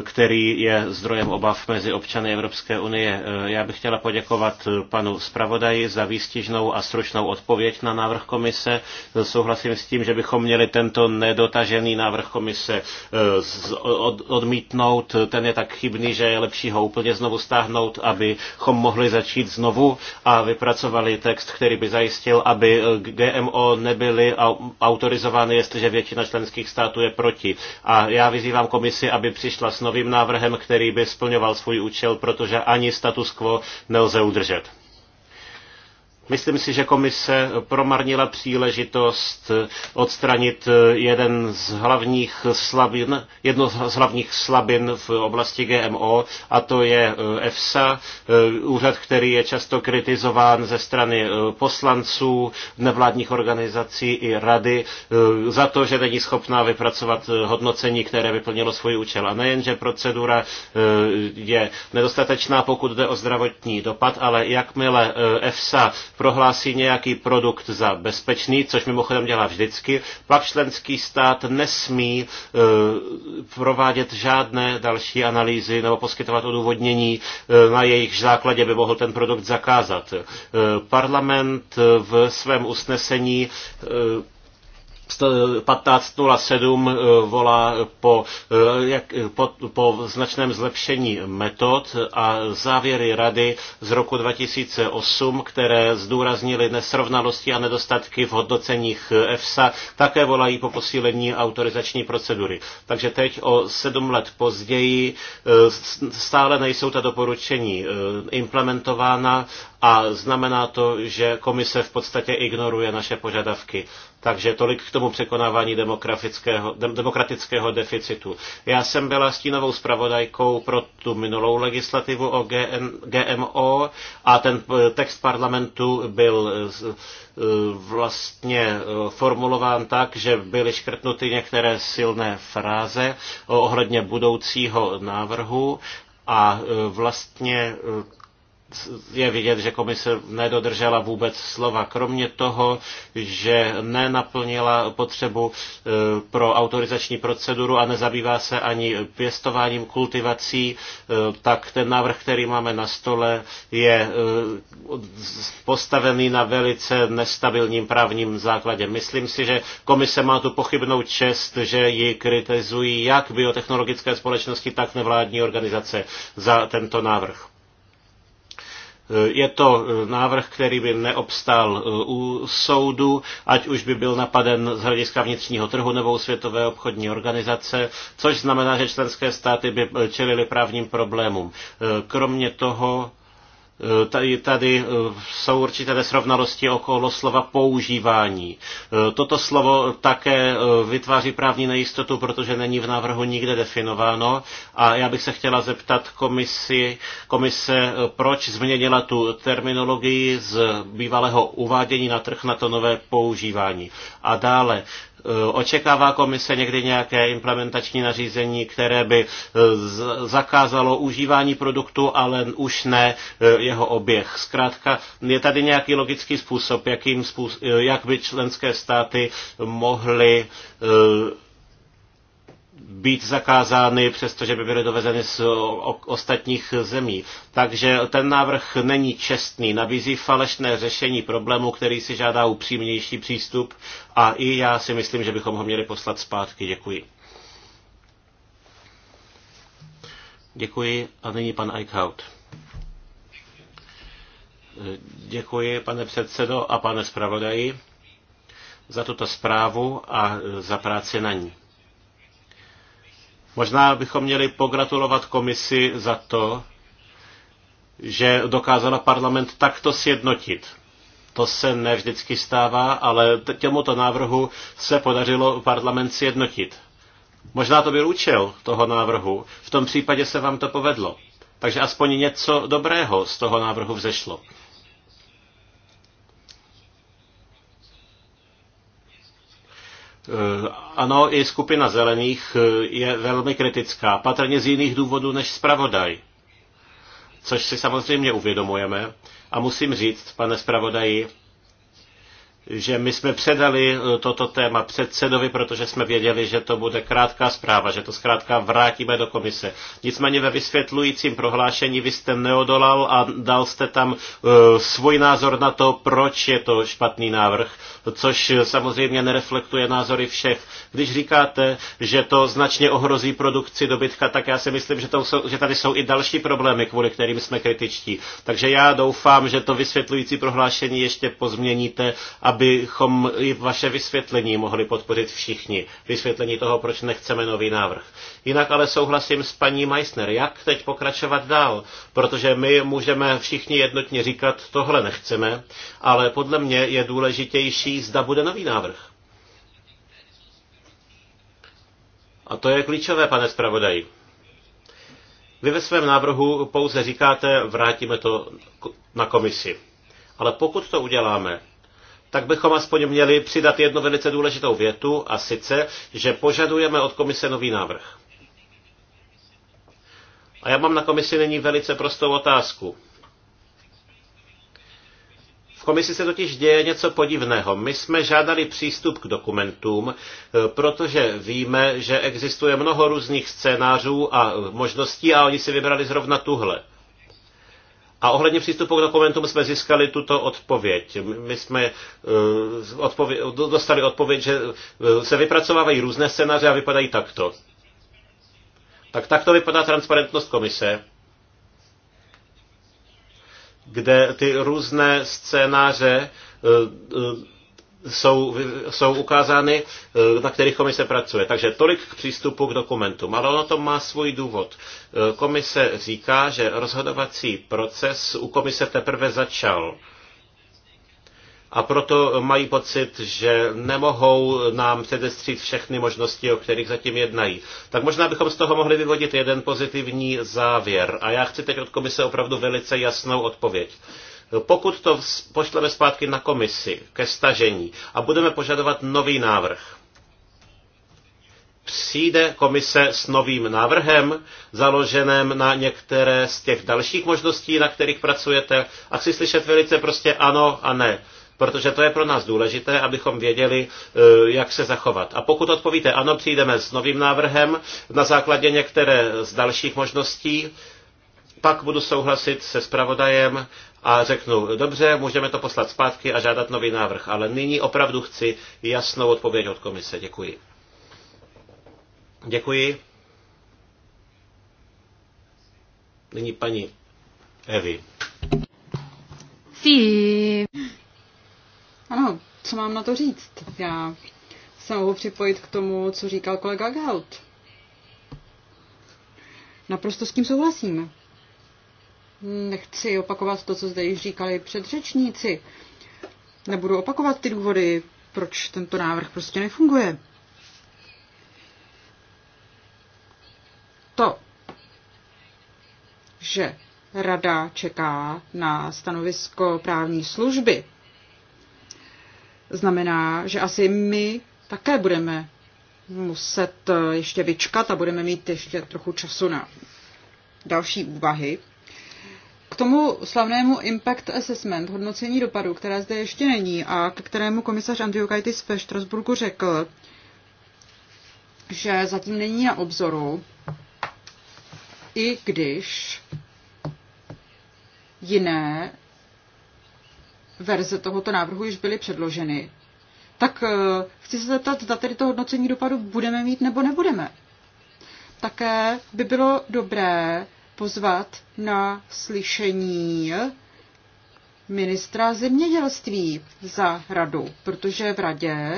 který je zdrojem obav mezi občany Evropské unie. Já bych chtěla poděkovat panu zpravodaji za výstižnou a stručnou odpověď na návrh komise. Souhlasím s tím, že bychom měli tento nedotažený návrh komise eh, odmítnout. Ten je tak chybný, že je lepší ho úplně znovu stáhnout, abychom mohli začít znovu a vypracovali text, který by zajistil, aby eh, GMO nebyly autorizovány, jestliže většina členských států je proti. A já vyzývám komisi, aby přišla přišla s novým návrhem, který by splňoval svůj účel, protože ani status quo nelze udržet. Myslím si, že komise promarnila příležitost odstranit jeden z hlavních slabin, jedno z hlavních slabin v oblasti GMO, a to je EFSA, eh, eh, úřad, který je často kritizován ze strany eh, poslanců, nevládních organizací i rady za to, že není schopná vypracovat hodnocení, které vyplnilo svůj účel. A nejen, že procedura je nedostatečná, pokud jde o zdravotní dopad, ale jakmile EFSA prohlásí nějaký produkt za bezpečný, což mimochodem dělá vždycky, pak členský stát nesmí e, provádět žádné další analýzy nebo poskytovat odůvodnění, e, na jejich základě by mohl ten produkt zakázat. E, parlament v svém usnesení 15.07 eh, volá eh, po, eh, jak, po, po značném zlepšení metod a závěry rady z roku 2008, které zdůraznily nesrovnalosti a nedostatky v hodnoceních EFSA, také volají po posílení autorizační procedury. Takže teď o sedm let později stále nejsou ta doporučení implementována a znamená to, že komise v podstatě ignoruje naše požadavky. Takže tolik k tomu překonávání demokratického deficitu. Já jsem byla stínovou zpravodajkou pro tu minulou legislativu o GMO a ten eh, text parlamentu byl eh, vlastně eh, formulován tak, že byly škrtnuty některé silné fráze ohledně budoucího návrhu a vlastně je vidět, že komise nedodržela vůbec slova. Kromě toho, že nenaplnila potřebu e, pro autorizační proceduru a nezabývá se ani pěstováním kultivací, e, tak ten návrh, který máme na stole, je e, postavený na velice nestabilním právním základě. Myslím si, že komise má tu pochybnou čest, že ji kritizují jak biotechnologické společnosti, tak nevládní organizace za tento návrh. Eh, je to eh, návrh, který by neobstál eh, u soudu, ať už by byl napaden z hlediska vnitřního trhu nebo u Světové obchodní organizace, což znamená, že členské státy by čelily právním problémům. Kromě toho Eh, tady, tady eh, jsou určité nesrovnalosti okolo slova používání. Eh, toto slovo také vytváří právní nejistotu, protože není v návrhu nikde definováno. A já bych se chtěla zeptat komisi, komise, proč změnila tu terminologii z bývalého uvádění na trh na to nové používání. A dále, Eh, očekává komise někdy nějaké implementační nařízení, které by eh, zakázalo užívání produktu, ale už ne eh, jeho oběh. Zkrátka, je tady nějaký logický způsob, jakým způsob jak by členské státy mohly být zakázány, přestože by byly dovezeny z ostatních zemí. Takže ten návrh není čestný, nabízí falešné řešení problému, který si žádá upřímnější přístup a i já si myslím, že bychom ho měli poslat zpátky. Děkuji. Děkuji a nyní pan Eichhout. Děkuji, pane předsedo a pane zpravodaji, za tuto zprávu a za práci na ní. Možná bychom měli pogratulovat komisi za to, že dokázala parlament takto sjednotit. To se nevždycky stává, ale těmuto návrhu se podařilo parlament sjednotit. Možná to byl účel toho návrhu. V tom případě se vám to povedlo. Takže aspoň něco dobrého z toho návrhu vzešlo. Eh, ano, i skupina zelených eh, je velmi kritická, patrně z jiných důvodů než zpravodaj, což si samozřejmě uvědomujeme. A musím říct, pane zpravodaji, že my jsme předali eh, toto téma předsedovi, protože jsme věděli, že to bude krátká zpráva, že to zkrátka vrátíme do komise. Nicméně ve vysvětlujícím prohlášení vy jste neodolal a dal jste tam eh, svůj názor na to, proč je to špatný návrh, což samozřejmě nereflektuje názory všech. Když říkáte, že to značně ohrozí produkci dobytka, tak já si myslím, že, to jsou, že tady jsou i další problémy, kvůli kterým jsme kritičtí. Takže já doufám, že to vysvětlující prohlášení ještě pozměníte, aby abychom i vaše vysvětlení mohli podpořit všichni. Vysvětlení toho, proč nechceme nový návrh. Jinak ale souhlasím s paní Meissner, jak teď pokračovat dál, protože my můžeme všichni jednotně říkat, tohle nechceme, ale podle mě je důležitější, zda bude nový návrh. A to je klíčové, pane zpravodaji. Vy ve svém návrhu pouze říkáte, vrátíme to na komisi. Ale pokud to uděláme, tak bychom aspoň měli přidat jednu velice důležitou větu a sice, že požadujeme od komise nový návrh. A já mám na komisi nyní velice prostou otázku. V komisi se totiž děje něco podivného. My jsme žádali přístup k dokumentům, protože víme, že existuje mnoho různých scénářů a možností a oni si vybrali zrovna tuhle. A ohledně přístupu k dokumentům jsme získali tuto odpověď. My jsme eh, odpověd, dostali odpověď, že eh, se vypracovávají různé scénáře a vypadají takto. Tak takto vypadá transparentnost komise, kde ty různé scénáře eh, jsou, jsou ukázány, eh, na kterých komise pracuje. Takže tolik k přístupu k dokumentu. Ale ono to má svůj důvod. Eh, komise říká, že rozhodovací proces u komise teprve začal. A proto mají pocit, že nemohou nám předestřít všechny možnosti, o kterých zatím jednají. Tak možná bychom z toho mohli vyvodit jeden pozitivní závěr. A já chci teď od komise opravdu velice jasnou odpověď. Uh, pokud to pošleme zpátky na komisi ke stažení a budeme požadovat nový návrh, přijde komise s novým návrhem, založeném na některé z těch dalších možností, na kterých pracujete. A chci slyšet velice prostě ano a ne, protože to je pro nás důležité, abychom věděli, eh, jak se zachovat. A pokud odpovíte ano, přijdeme s novým návrhem na základě některé z dalších možností, pak budu souhlasit se zpravodajem a řeknu, dobře, můžeme to poslat zpátky a žádat nový návrh, ale nyní opravdu chci jasnou odpověď od komise. Děkuji. Děkuji. Nyní paní Evi. Sí. Ano, co mám na to říct? Já se mohu připojit k tomu, co říkal kolega Geld. Naprosto s tím souhlasím. Nechci opakovat to, co zde již říkali předřečníci. Nebudu opakovat ty důvody, proč tento návrh prostě nefunguje. To, že rada čeká na stanovisko právní služby, znamená, že asi my také budeme muset ještě vyčkat a budeme mít ještě trochu času na další úvahy. K tomu slavnému impact assessment, hodnocení dopadu, které zde ještě není a k kterému komisař Andriukaitis ve Štrasburku řekl, že zatím není na obzoru, i když jiné verze tohoto návrhu již byly předloženy, tak eh, chci se zeptat, zda tedy to hodnocení dopadu budeme mít nebo nebudeme. Také by bylo dobré pozvat na slyšení ministra zemědělství za radu, protože v radě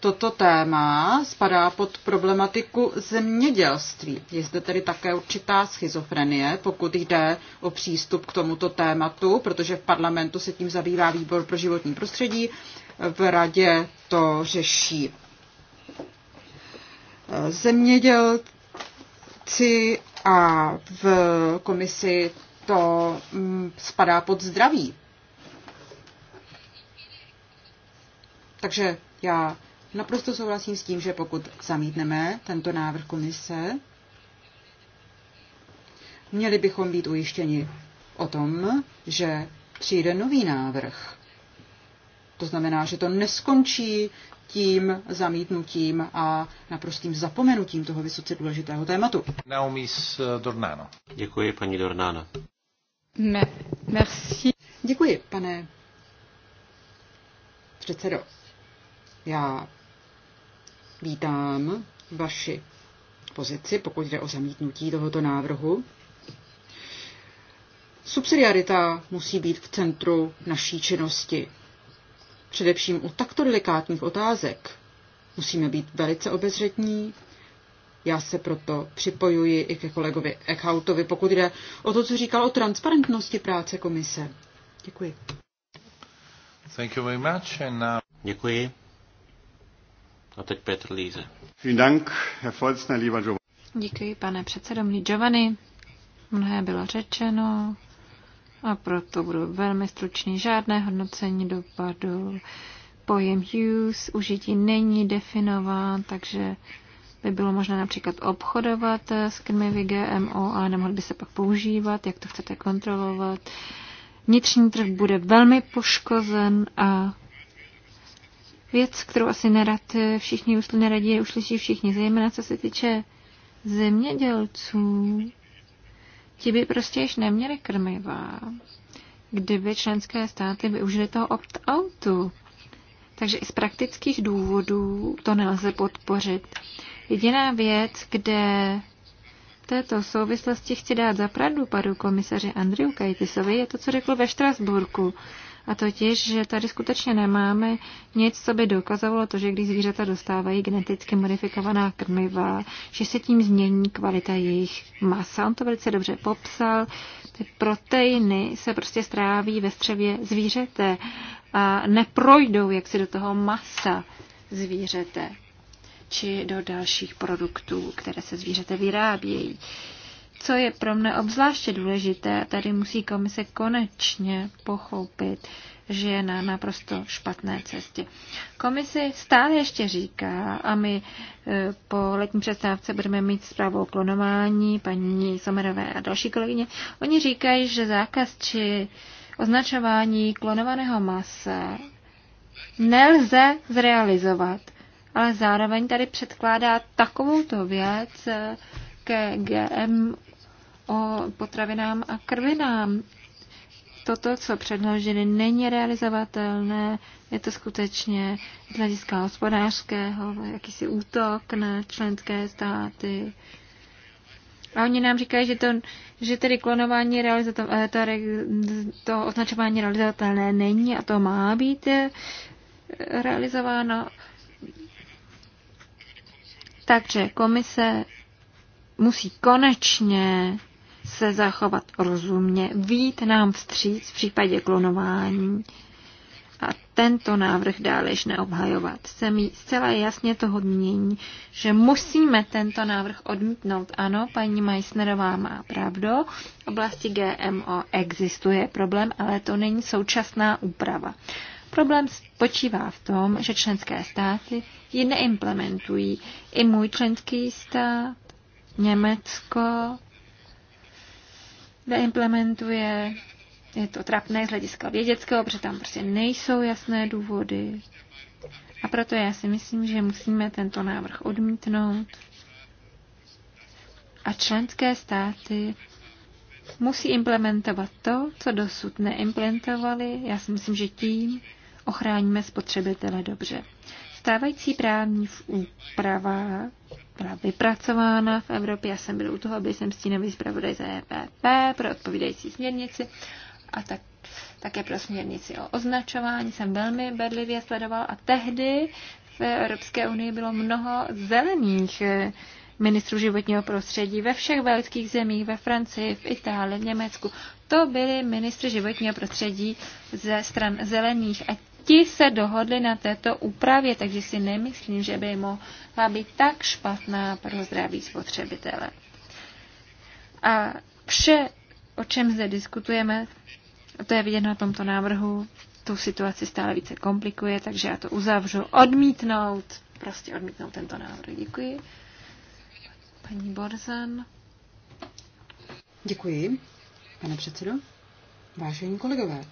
toto téma spadá pod problematiku zemědělství. Je zde tedy také určitá schizofrenie, pokud jde o přístup k tomuto tématu, protože v parlamentu se tím zabývá výbor pro životní prostředí, v radě to řeší zemědělství redakci a v komisi to mm, spadá pod zdraví. Takže já naprosto souhlasím s tím, že pokud zamítneme tento návrh komise, měli bychom být ujištěni o tom, že přijde nový návrh to znamená, že to neskončí tím zamítnutím a naprostým zapomenutím toho vysoce důležitého tématu. Naomi eh, Dornano. Děkuji, paní Dornano. Me, merci. Děkuji, pane předsedo. Já vítám vaši pozici, pokud jde o zamítnutí tohoto návrhu. Subsidiarita musí být v centru naší činnosti. Především u takto delikátních otázek musíme být velice obezřetní. Já se proto připojuji i ke kolegovi Eckhoutovi, pokud jde o to, co říkal o transparentnosti práce komise. Děkuji. Thank you very much and now... Děkuji. A teď Petr Líze. Děkuji, pane předsedo Giovanni. Mnohé bylo řečeno, a proto budu velmi stručný. Žádné hodnocení dopadu. Pojem use užití není definován, takže by bylo možné například obchodovat s krmivy GMO, ale nemohli by se pak používat, jak to chcete kontrolovat. Vnitřní trh bude velmi poškozen a věc, kterou asi nerad všichni uslyší, neradí, uslyší všichni, zejména co se týče zemědělců, Ti by prostě již neměli krmiva, kdyby členské státy využili toho opt-outu. Takže i z praktických důvodů to nelze podpořit. Jediná věc, kde v této souvislosti chci dát zapravdu panu komisaři Andriu Kajtisovi, je to, co řekl ve Štrasburku. A totiž, že tady skutečně nemáme nic, co by dokazovalo to, že když zvířata dostávají geneticky modifikovaná krmiva, že se tím změní kvalita jejich masa. On to velice dobře popsal. Ty proteiny se prostě stráví ve střevě zvířete a neprojdou jaksi do toho masa zvířete či do dalších produktů, které se zvířete vyrábějí. Co je pro mne obzvláště důležité, a tady musí komise konečně pochopit, že je na naprosto špatné cestě. Komise stále ještě říká, a my e, po letní přestávce budeme mít zprávu o klonování, paní Somerové a další kolegyně, oni říkají, že zákaz či označování klonovaného masa nelze zrealizovat, ale zároveň tady předkládá takovouto věc, e, ke GM o potravinám a krvinám. Toto, co předložili, není realizovatelné, je to skutečně z hlediska hospodářského, jakýsi útok na členské státy. A oni nám říkají, že, to, že tedy klonování eh, to, to označování realizovatelné není a to má být eh, realizováno. Takže komise musí konečně se zachovat rozumně, vít nám vstříc v případě klonování a tento návrh dále již neobhajovat. Se mi zcela jasně toho mění, že musíme tento návrh odmítnout. Ano, paní Meissnerová má pravdu, v oblasti GMO existuje problém, ale to není současná úprava. Problém spočívá v tom, že členské státy ji neimplementují. I můj členský stát Německo neimplementuje, je to trapné z hlediska vědeckého, protože tam prostě nejsou jasné důvody. A proto já si myslím, že musíme tento návrh odmítnout. A členské státy musí implementovat to, co dosud neimplementovali. Já si myslím, že tím ochráníme spotřebitele dobře. Stávající právní úprava byla vypracována v Evropě. Já jsem byl u toho, aby jsem stínový zpravodaj za EPP pro odpovídající směrnici a tak, také pro směrnici o označování jsem velmi bedlivě sledoval a tehdy v Evropské unii bylo mnoho zelených eh, ministrů životního prostředí ve všech velkých zemích, ve Francii, v Itálii, v Německu. To byli ministři životního prostředí ze stran zelených a ti se dohodli na této úpravě, takže si nemyslím, že by mohla být tak špatná pro zdraví spotřebitele. A vše, o čem zde diskutujeme, to je vidět na tomto návrhu, tu situaci stále více komplikuje, takže já to uzavřu. Odmítnout, prostě odmítnout tento návrh. Děkuji. Paní Borzan. Děkuji, pane předsedo. Vážení kolegové,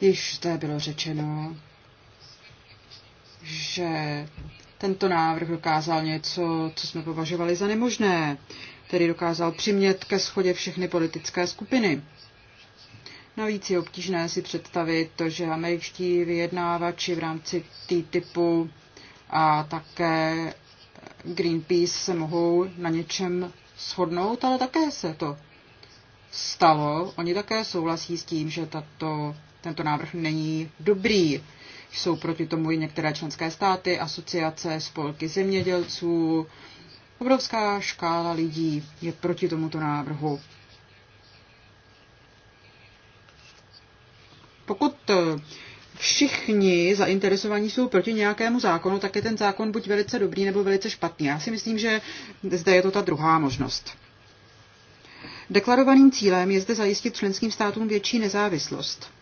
Již zde bylo řečeno, že tento návrh dokázal něco, co jsme považovali za nemožné, který dokázal přimět ke schodě všechny politické skupiny. Navíc je obtížné si představit to, že američtí vyjednávači v rámci TTIPu a také Greenpeace se mohou na něčem shodnout, ale také se to stalo. Oni také souhlasí s tím, že tato tento návrh není dobrý. Jsou proti tomu i některé členské státy, asociace, spolky zemědělců. Obrovská škála lidí je proti tomuto návrhu. Pokud eh, všichni zainteresovaní jsou proti nějakému zákonu, tak je ten zákon buď velice dobrý nebo velice špatný. Já si myslím, že zde je to ta druhá možnost. Deklarovaným cílem je zde zajistit členským státům větší nezávislost.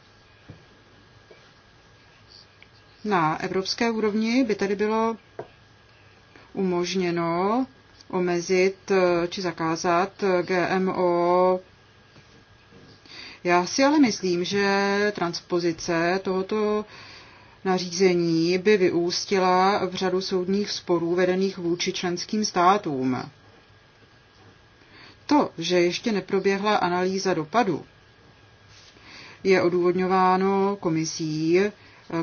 Na evropské úrovni by tady bylo umožněno omezit eh, či zakázat eh, GMO. Já si ale myslím, že transpozice tohoto nařízení by vyústila v řadu soudních sporů vedených vůči členským státům. To, že ještě neproběhla analýza dopadu, je odůvodňováno komisí eh,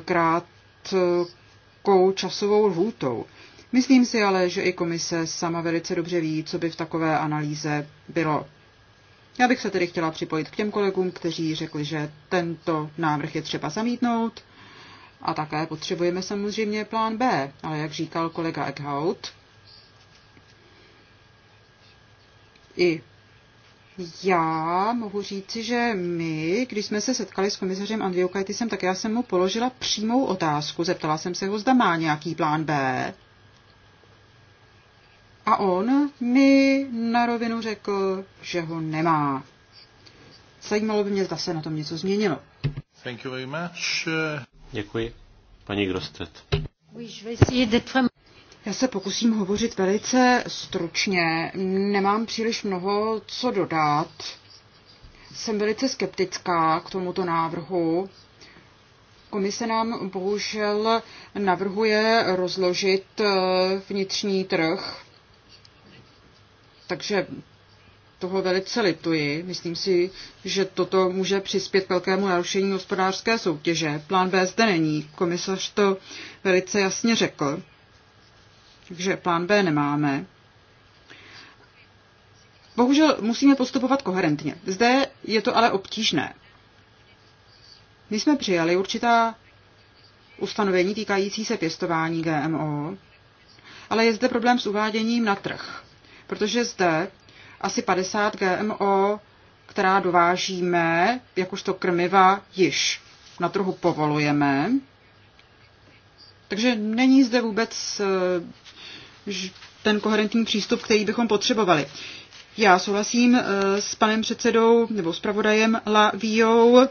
krát krátkou časovou lhůtou. Myslím si ale, že i komise sama velice dobře ví, co by v takové analýze bylo. Já bych se tedy chtěla připojit k těm kolegům, kteří řekli, že tento návrh je třeba zamítnout a také potřebujeme samozřejmě plán B, ale jak říkal kolega Eckhout, i já mohu říci, že my, když jsme se setkali s komisařem Andriukaitisem, tak já jsem mu položila přímou otázku. Zeptala jsem se ho, zda má nějaký plán B. A on mi na rovinu řekl, že ho nemá. Zajímalo by mě, zda se na tom něco změnilo. Thank you very much. Děkuji. Paní Grostet. Oui, je vais essayer d'être já se pokusím hovořit velice stručně. Nemám příliš mnoho co dodat. Jsem velice skeptická k tomuto návrhu. Komise nám bohužel navrhuje rozložit eh, vnitřní trh, takže toho velice lituji. Myslím si, že toto může přispět k velkému narušení hospodářské soutěže. Plán B zde není. Komisař to velice jasně řekl. Takže plán B nemáme. Bohužel musíme postupovat koherentně. Zde je to ale obtížné. My jsme přijali určitá ustanovení týkající se pěstování GMO, ale je zde problém s uváděním na trh, protože zde asi 50 GMO, která dovážíme, jakožto krmiva, již na trhu povolujeme. Takže není zde vůbec eh, ten koherentní přístup, který bychom potřebovali. Já souhlasím eh, s panem předsedou nebo s pravodajem Laviou.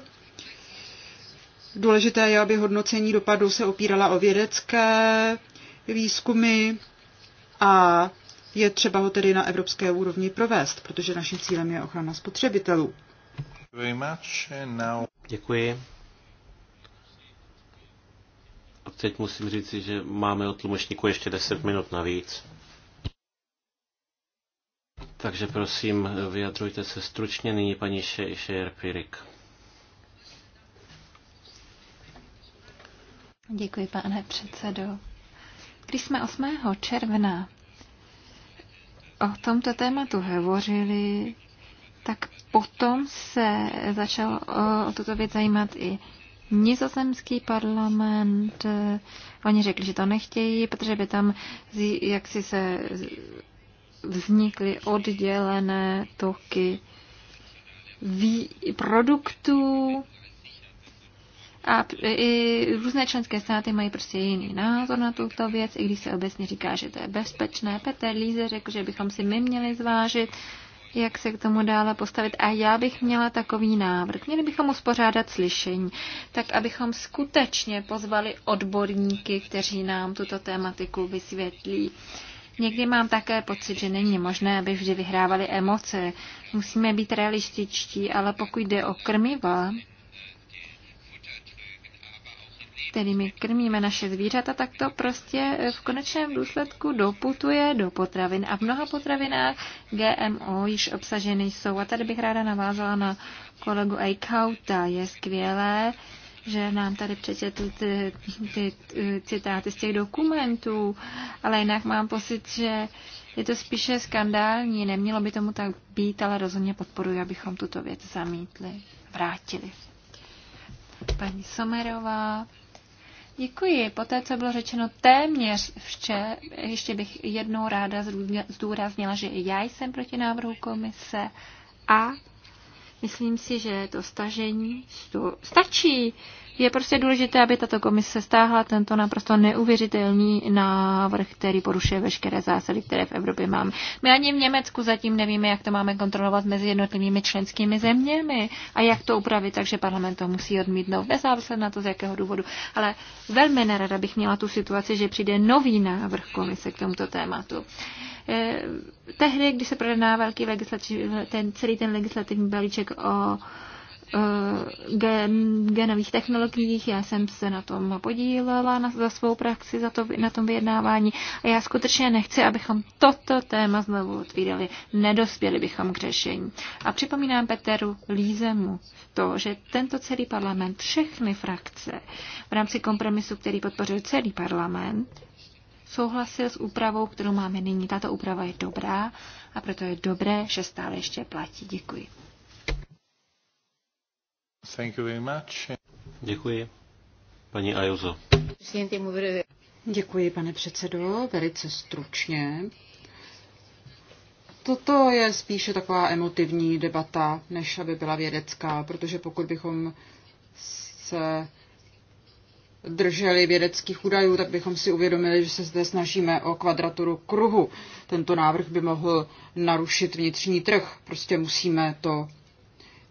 Důležité je, aby hodnocení dopadu se opírala o vědecké výzkumy a je třeba ho tedy na evropské úrovni provést, protože naším cílem je ochrana spotřebitelů. Děkuji. Teď musím říci, že máme od tlumočníku ještě 10 minut navíc. Takže prosím, vyjadřujte se stručně nyní paní Šejer Pirik. Děkuji, pane předsedo. Když jsme 8. června o tomto tématu hovořili, tak potom se začal o tuto věc zajímat i nizozemský parlament. Eh, oni řekli, že to nechtějí, protože by tam jaksi se vznikly oddělené toky produktů a i různé členské státy mají prostě jiný názor na tuto věc, i když se obecně říká, že to je bezpečné. Petr Líze řekl, že bychom si my měli zvážit, jak se k tomu dále postavit. A já bych měla takový návrh. Měli bychom uspořádat slyšení, tak abychom skutečně pozvali odborníky, kteří nám tuto tématiku vysvětlí. Někdy mám také pocit, že není možné, aby vždy vyhrávali emoce. Musíme být realističtí, ale pokud jde o krmiva, kterými krmíme naše zvířata, tak to prostě v konečném důsledku doputuje do potravin. A v mnoha potravinách GMO již obsaženy jsou. A tady bych ráda navázala na kolegu Eichhauta. Je skvělé, že nám tady přečetl ty, ty, ty citáty z těch dokumentů, ale jinak mám pocit, že je to spíše skandální. Nemělo by tomu tak být, ale rozhodně podporuji, abychom tuto věc zamítli, vrátili. Paní Somerová. Děkuji. Poté co bylo řečeno téměř vše, ještě bych jednou ráda zdůraznila, že i já jsem proti návrhu komise a myslím si, že to stažení stačí. Je prostě důležité, aby tato komise stáhla tento naprosto neuvěřitelný návrh, který porušuje veškeré zásady, které v Evropě máme. My ani v Německu zatím nevíme, jak to máme kontrolovat mezi jednotlivými členskými zeměmi a jak to upravit, takže parlament to musí odmítnout, nezávisle na to, z jakého důvodu. Ale velmi nerada bych měla tu situaci, že přijde nový návrh komise k tomuto tématu eh, tehdy, když se projedná velký legislativ, ten, celý ten legislativní balíček o gen, genových technologiích. Já jsem se na tom podílela na, za svou praxi, za to, na tom vyjednávání. A já skutečně nechci, abychom toto téma znovu otvírali. Nedospěli bychom k řešení. A připomínám Peteru Lízemu to, že tento celý parlament, všechny frakce v rámci kompromisu, který podpořil celý parlament, souhlasil s úpravou, kterou máme nyní. Tato úprava je dobrá a proto je dobré, že stále ještě platí. Děkuji. Thank you very much. Děkuji. Paní Ajozo. Děkuji, pane předsedo, velice stručně. Toto je spíše taková emotivní debata, než aby byla vědecká, protože pokud bychom se drželi vědeckých údajů, tak bychom si uvědomili, že se zde snažíme o kvadraturu kruhu. Tento návrh by mohl narušit vnitřní trh. Prostě musíme to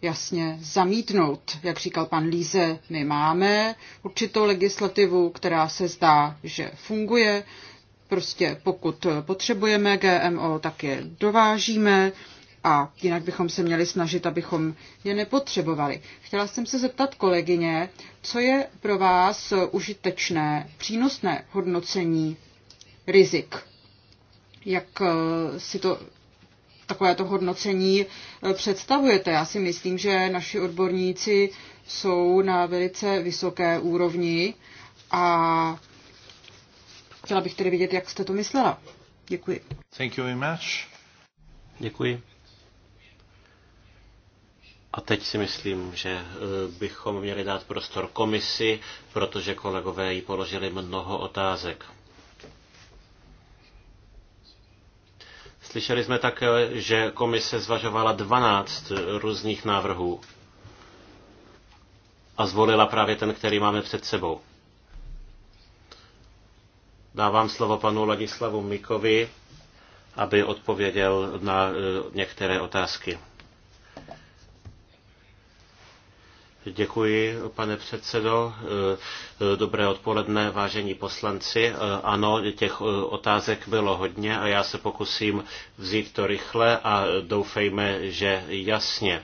jasně zamítnout. Jak říkal pan Líze, my máme určitou legislativu, která se zdá, že funguje. Prostě pokud potřebujeme GMO, tak je dovážíme a jinak bychom se měli snažit, abychom je nepotřebovali. Chtěla jsem se zeptat kolegyně, co je pro vás užitečné, přínosné hodnocení rizik? Jak eh, si to takovéto hodnocení eh, představujete. Já si myslím, že naši odborníci jsou na velice vysoké úrovni a chtěla bych tedy vidět, jak jste to myslela. Děkuji. Thank you very much. Děkuji. A teď si myslím, že eh, bychom měli dát prostor komisi, protože kolegové jí položili mnoho otázek. Slyšeli jsme také, že komise zvažovala 12 různých návrhů a zvolila právě ten, který máme před sebou. Dávám slovo panu Ladislavu Mikovi, aby odpověděl na eh, některé otázky. Děkuji, pane předsedo. E, dobré odpoledne, vážení poslanci. E, ano, těch e, otázek bylo hodně a já se pokusím vzít to rychle a doufejme, že jasně.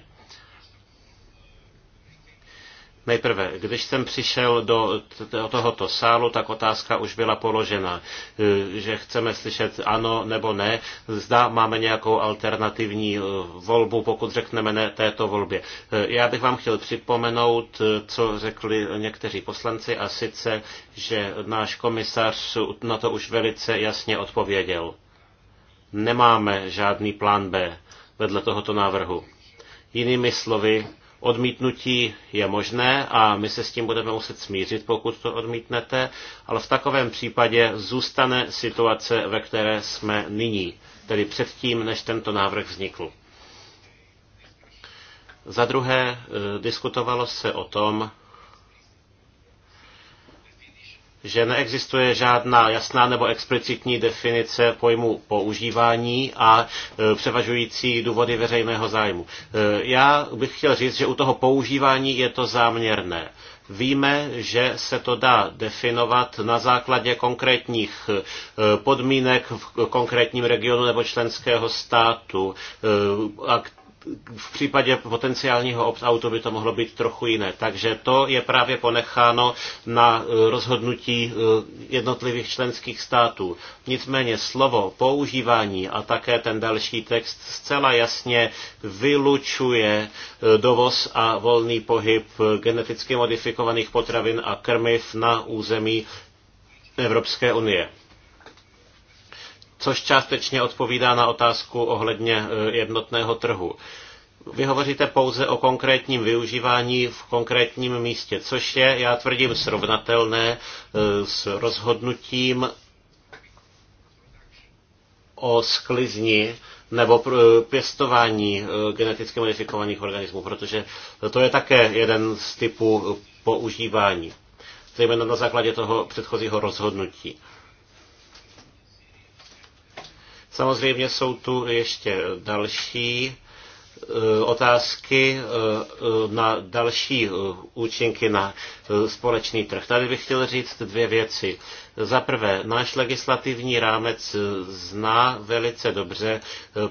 Nejprve, když jsem přišel do tohoto sálu, tak otázka už byla položena, e, že chceme slyšet ano nebo ne. Zda máme nějakou alternativní e, volbu, pokud řekneme ne této volbě. E, já bych vám chtěl připomenout, co řekli někteří poslanci, a sice, že náš komisař na to už velice jasně odpověděl. Nemáme žádný plán B vedle tohoto návrhu. Jinými slovy, Odmítnutí je možné a my se s tím budeme muset smířit, pokud to odmítnete, ale v takovém případě zůstane situace, ve které jsme nyní, tedy předtím, než tento návrh vznikl. Za druhé, eh, diskutovalo se o tom, že neexistuje žádná jasná nebo explicitní definice pojmu používání a e, převažující důvody veřejného zájmu. E, já bych chtěl říct, že u toho používání je to záměrné. Víme, že se to dá definovat na základě konkrétních e, podmínek v konkrétním regionu nebo členského státu, v případě potenciálního opt-outu by to mohlo být trochu jiné. Takže to je právě ponecháno na e, rozhodnutí e, jednotlivých členských států. Nicméně slovo používání a také ten další text zcela jasně vylučuje e, dovoz a volný pohyb geneticky modifikovaných potravin a krmiv na území Evropské unie což částečně odpovídá na otázku ohledně e, jednotného trhu. Vy hovoříte pouze o konkrétním využívání v konkrétním místě, což je, já tvrdím, srovnatelné e, s rozhodnutím o sklizni nebo e, pěstování geneticky modifikovaných organismů, protože to je také jeden z typů používání, zejména na základě toho předchozího rozhodnutí. Samozřejmě jsou tu ještě další eh, otázky eh, na další eh, účinky na společný trh. Tady bych chtěl říct dvě věci. Za prvé, náš legislativní rámec zná velice dobře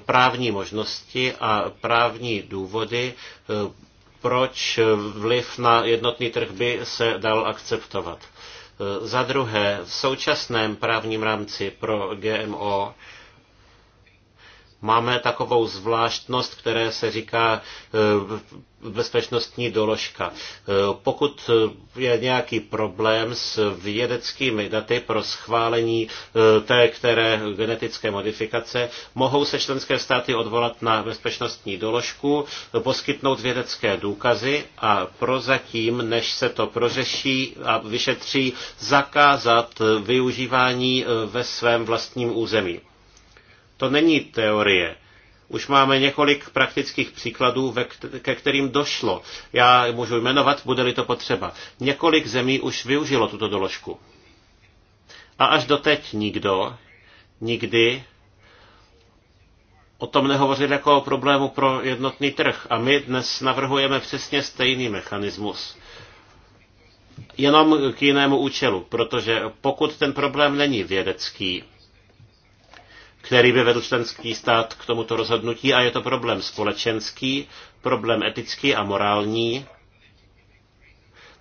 právní možnosti a právní důvody, proč vliv na jednotný trh by se dal akceptovat. Za druhé, v současném právním rámci pro GMO Máme takovou zvláštnost, které se říká e, bezpečnostní doložka. E, pokud je nějaký problém s vědeckými daty pro schválení e, té které genetické modifikace, mohou se členské státy odvolat na bezpečnostní doložku, poskytnout vědecké důkazy a prozatím, než se to prořeší a vyšetří, zakázat využívání ve svém vlastním území. To není teorie. Už máme několik praktických příkladů, ke kterým došlo. Já můžu jmenovat, bude-li to potřeba. Několik zemí už využilo tuto doložku. A až doteď nikdo, nikdy o tom nehovořil jako o problému pro jednotný trh. A my dnes navrhujeme přesně stejný mechanismus. Jenom k jinému účelu, protože pokud ten problém není vědecký, který by vedl členský stát k tomuto rozhodnutí a je to problém společenský, problém etický a morální,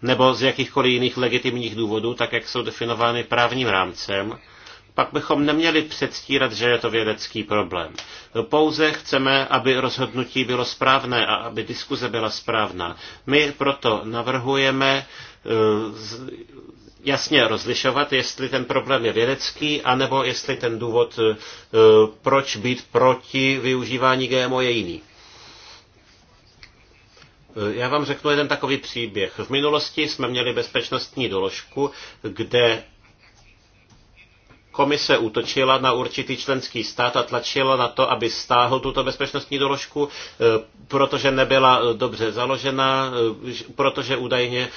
nebo z jakýchkoliv jiných legitimních důvodů, tak jak jsou definovány právním rámcem, pak bychom neměli předstírat, že je to vědecký problém. Pouze chceme, aby rozhodnutí bylo správné a aby diskuze byla správná. My proto navrhujeme eh, jasně rozlišovat, jestli ten problém je vědecký, anebo jestli ten důvod, e, proč být proti využívání GMO je jiný. E, já vám řeknu jeden takový příběh. V minulosti jsme měli bezpečnostní doložku, kde komise útočila na určitý členský stát a tlačila na to, aby stáhl tuto bezpečnostní doložku, e, protože nebyla e, dobře založena, e, protože údajně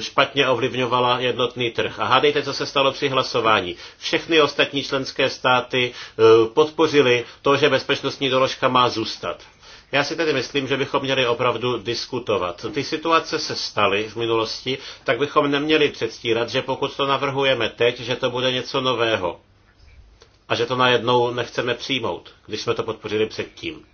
špatně ovlivňovala jednotný trh. A hádejte, co se stalo při hlasování. Všechny ostatní členské státy podpořily, to, že bezpečnostní doložka má zůstat. Já si tedy myslím, že bychom měli opravdu diskutovat. Ty situace se staly v minulosti, tak bychom neměli předstírat, že pokud to navrhujeme teď, že to bude něco nového a že to najednou nechceme přijmout, když jsme to podpořili předtím.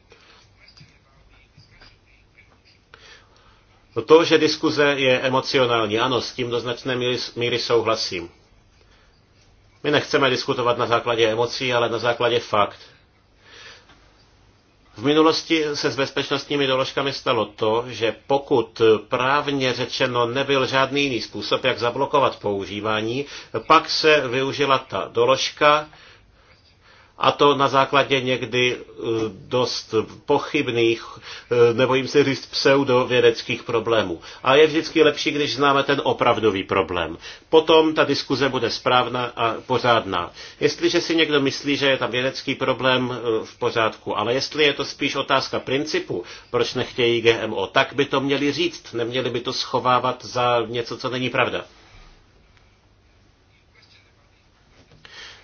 No to, že diskuze je emocionální, ano, s tím do značné míry, míry souhlasím. My nechceme diskutovat na základě emocí, ale na základě fakt. V minulosti se s bezpečnostními doložkami stalo to, že pokud právně řečeno nebyl žádný jiný způsob, jak zablokovat používání, pak se využila ta doložka, a to na základě někdy eh, dost pochybných, eh, nebojím se říct, pseudovědeckých problémů. A je vždycky lepší, když známe ten opravdový problém. Potom ta diskuze bude správná a pořádná. Jestliže si někdo myslí, že je tam vědecký problém eh, v pořádku, ale jestli je to spíš otázka principu, proč nechtějí GMO, tak by to měli říct, neměli by to schovávat za něco, co není pravda.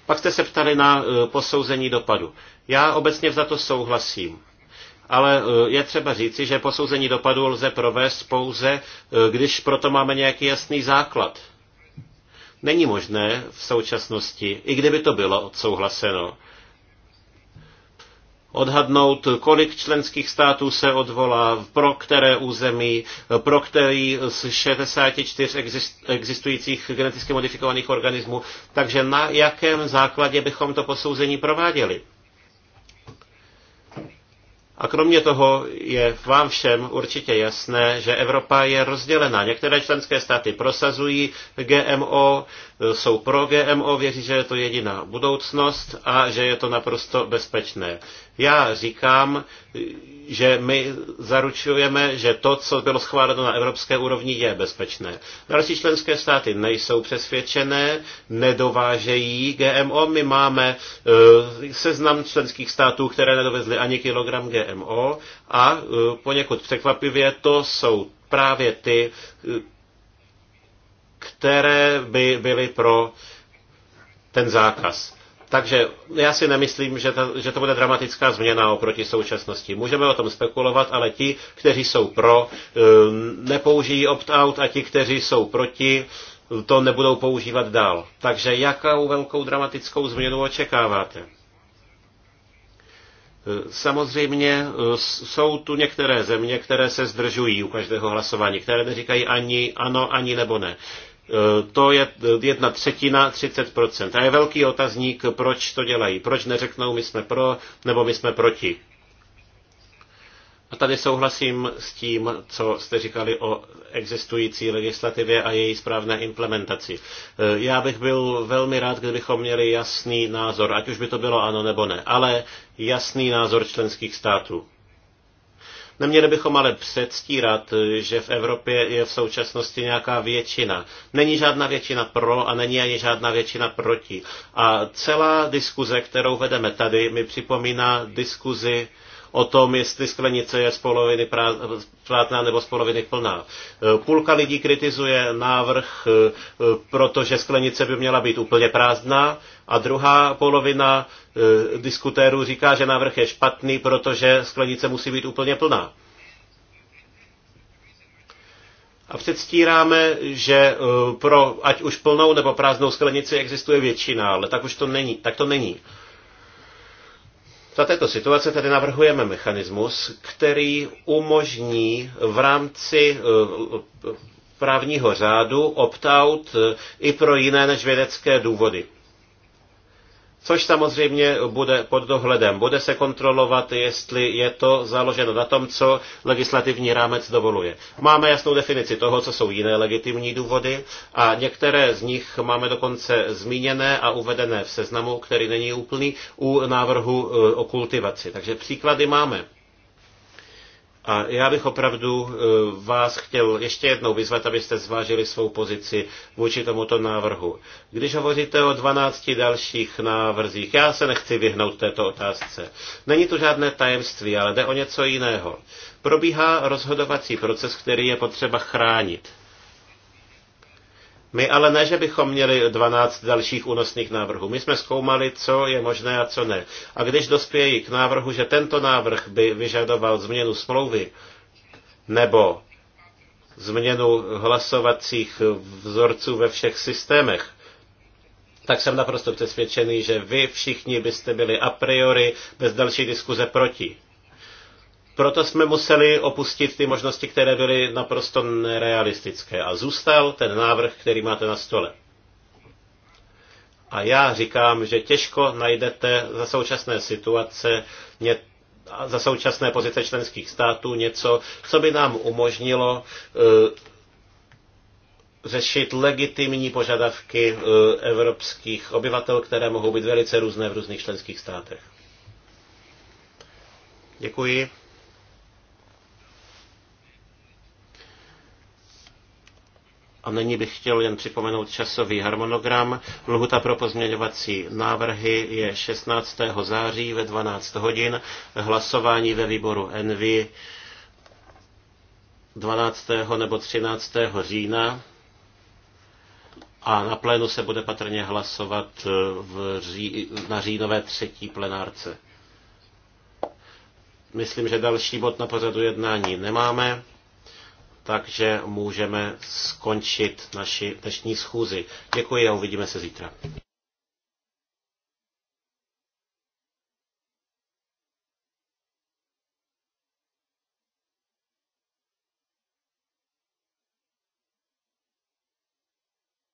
Pak jste se ptali na eh, posouzení dopadu. Já obecně za to souhlasím. Ale eh, je třeba říci, že posouzení dopadu lze provést pouze, eh, když proto máme nějaký jasný základ. Není možné v současnosti, i kdyby to bylo odsouhlaseno, odhadnout, kolik členských států se odvolá, pro které území, pro který z 64 existujících geneticky modifikovaných organismů. Takže na jakém základě bychom to posouzení prováděli? A kromě toho je vám všem určitě jasné, že Evropa je rozdělená. Některé členské státy prosazují GMO, E, jsou pro GMO, věří, že je to jediná budoucnost a že je to naprosto bezpečné. Já říkám, e, že my zaručujeme, že to, co bylo schváleno na evropské úrovni, je bezpečné. Další členské státy nejsou přesvědčené, nedovážejí GMO. My máme uh, seznam členských států, které nedovezly ani kilogram GMO a uh, poněkud překvapivě to jsou právě ty, které by byly pro ten zákaz. Takže já si nemyslím, že to, že to bude dramatická změna oproti současnosti. Můžeme o tom spekulovat, ale ti, kteří jsou pro, eh, nepoužijí opt-out a ti, kteří jsou proti, to nebudou používat dál. Takže jakou velkou dramatickou změnu očekáváte? Eh, samozřejmě eh, jsou tu některé země, které se zdržují u každého hlasování, které neříkají ani ano, ani nebo ne. Eh, to je eh, jedna třetina, 30%. A je velký otazník, proč to dělají. Proč neřeknou, my jsme pro, nebo my jsme proti. A tady souhlasím s tím, co jste říkali o existující legislativě a její správné implementaci. Eh, já bych byl velmi rád, kdybychom měli jasný názor, ať už by to bylo ano nebo ne, ale jasný názor členských států. Neměli bychom ale předstírat, že v Evropě je v současnosti nějaká většina. Není žádná většina pro a není ani žádná většina proti. A celá diskuze, kterou vedeme tady, mi připomíná diskuzi o tom, jestli sklenice je z poloviny prázdná nebo z poloviny plná. Půlka lidí kritizuje návrh, eh, protože sklenice by měla být úplně prázdná, a druhá polovina eh, diskutérů říká, že návrh je špatný, protože sklenice musí být úplně plná. A předstíráme, že eh, pro ať už plnou nebo prázdnou sklenici existuje většina, ale tak už to není. Tak to není. Za této situace tedy navrhujeme mechanismus, který umožní v rámci eh, právního řádu opt-out i pro jiné než vědecké důvody což samozřejmě bude pod dohledem. Bude se kontrolovat, jestli je to založeno na tom, co legislativní rámec dovoluje. Máme jasnou definici toho, co jsou jiné legitimní důvody a některé z nich máme dokonce zmíněné a uvedené v seznamu, který není úplný, u návrhu e, o kultivaci. Takže příklady máme. A já bych opravdu eh, vás chtěl ještě jednou vyzvat, abyste zvážili svou pozici vůči tomuto návrhu. Když hovoříte o 12 dalších návrzích, já se nechci vyhnout této otázce. Není to žádné tajemství, ale jde o něco jiného. Probíhá rozhodovací proces, který je potřeba chránit. My ale ne, že bychom měli 12 dalších únosných návrhů. My jsme zkoumali, co je možné a co ne. A když dospějí k návrhu, že tento návrh by vyžadoval změnu smlouvy nebo změnu hlasovacích vzorců ve všech systémech, tak jsem naprosto přesvědčený, že vy všichni byste byli a priori bez další diskuze proti. Proto jsme museli opustit ty možnosti, které byly naprosto nerealistické. A zůstal ten návrh, který máte na stole. A já říkám, že těžko najdete za současné situace, za současné pozice členských států něco, co by nám umožnilo e, řešit legitimní požadavky e, evropských obyvatel, které mohou být velice různé v různých členských státech. Děkuji. A nyní bych chtěl jen připomenout časový harmonogram. Lhuta pro pozměňovací návrhy je 16. září ve 12 hodin. Hlasování ve výboru Envy 12. nebo 13. října a na plénu se bude patrně hlasovat eh, v ří, na říjnové třetí plenárce. Myslím, že další bod na pořadu jednání nemáme takže můžeme skončit naši dnešní schůzi. Děkuji a uvidíme se zítra.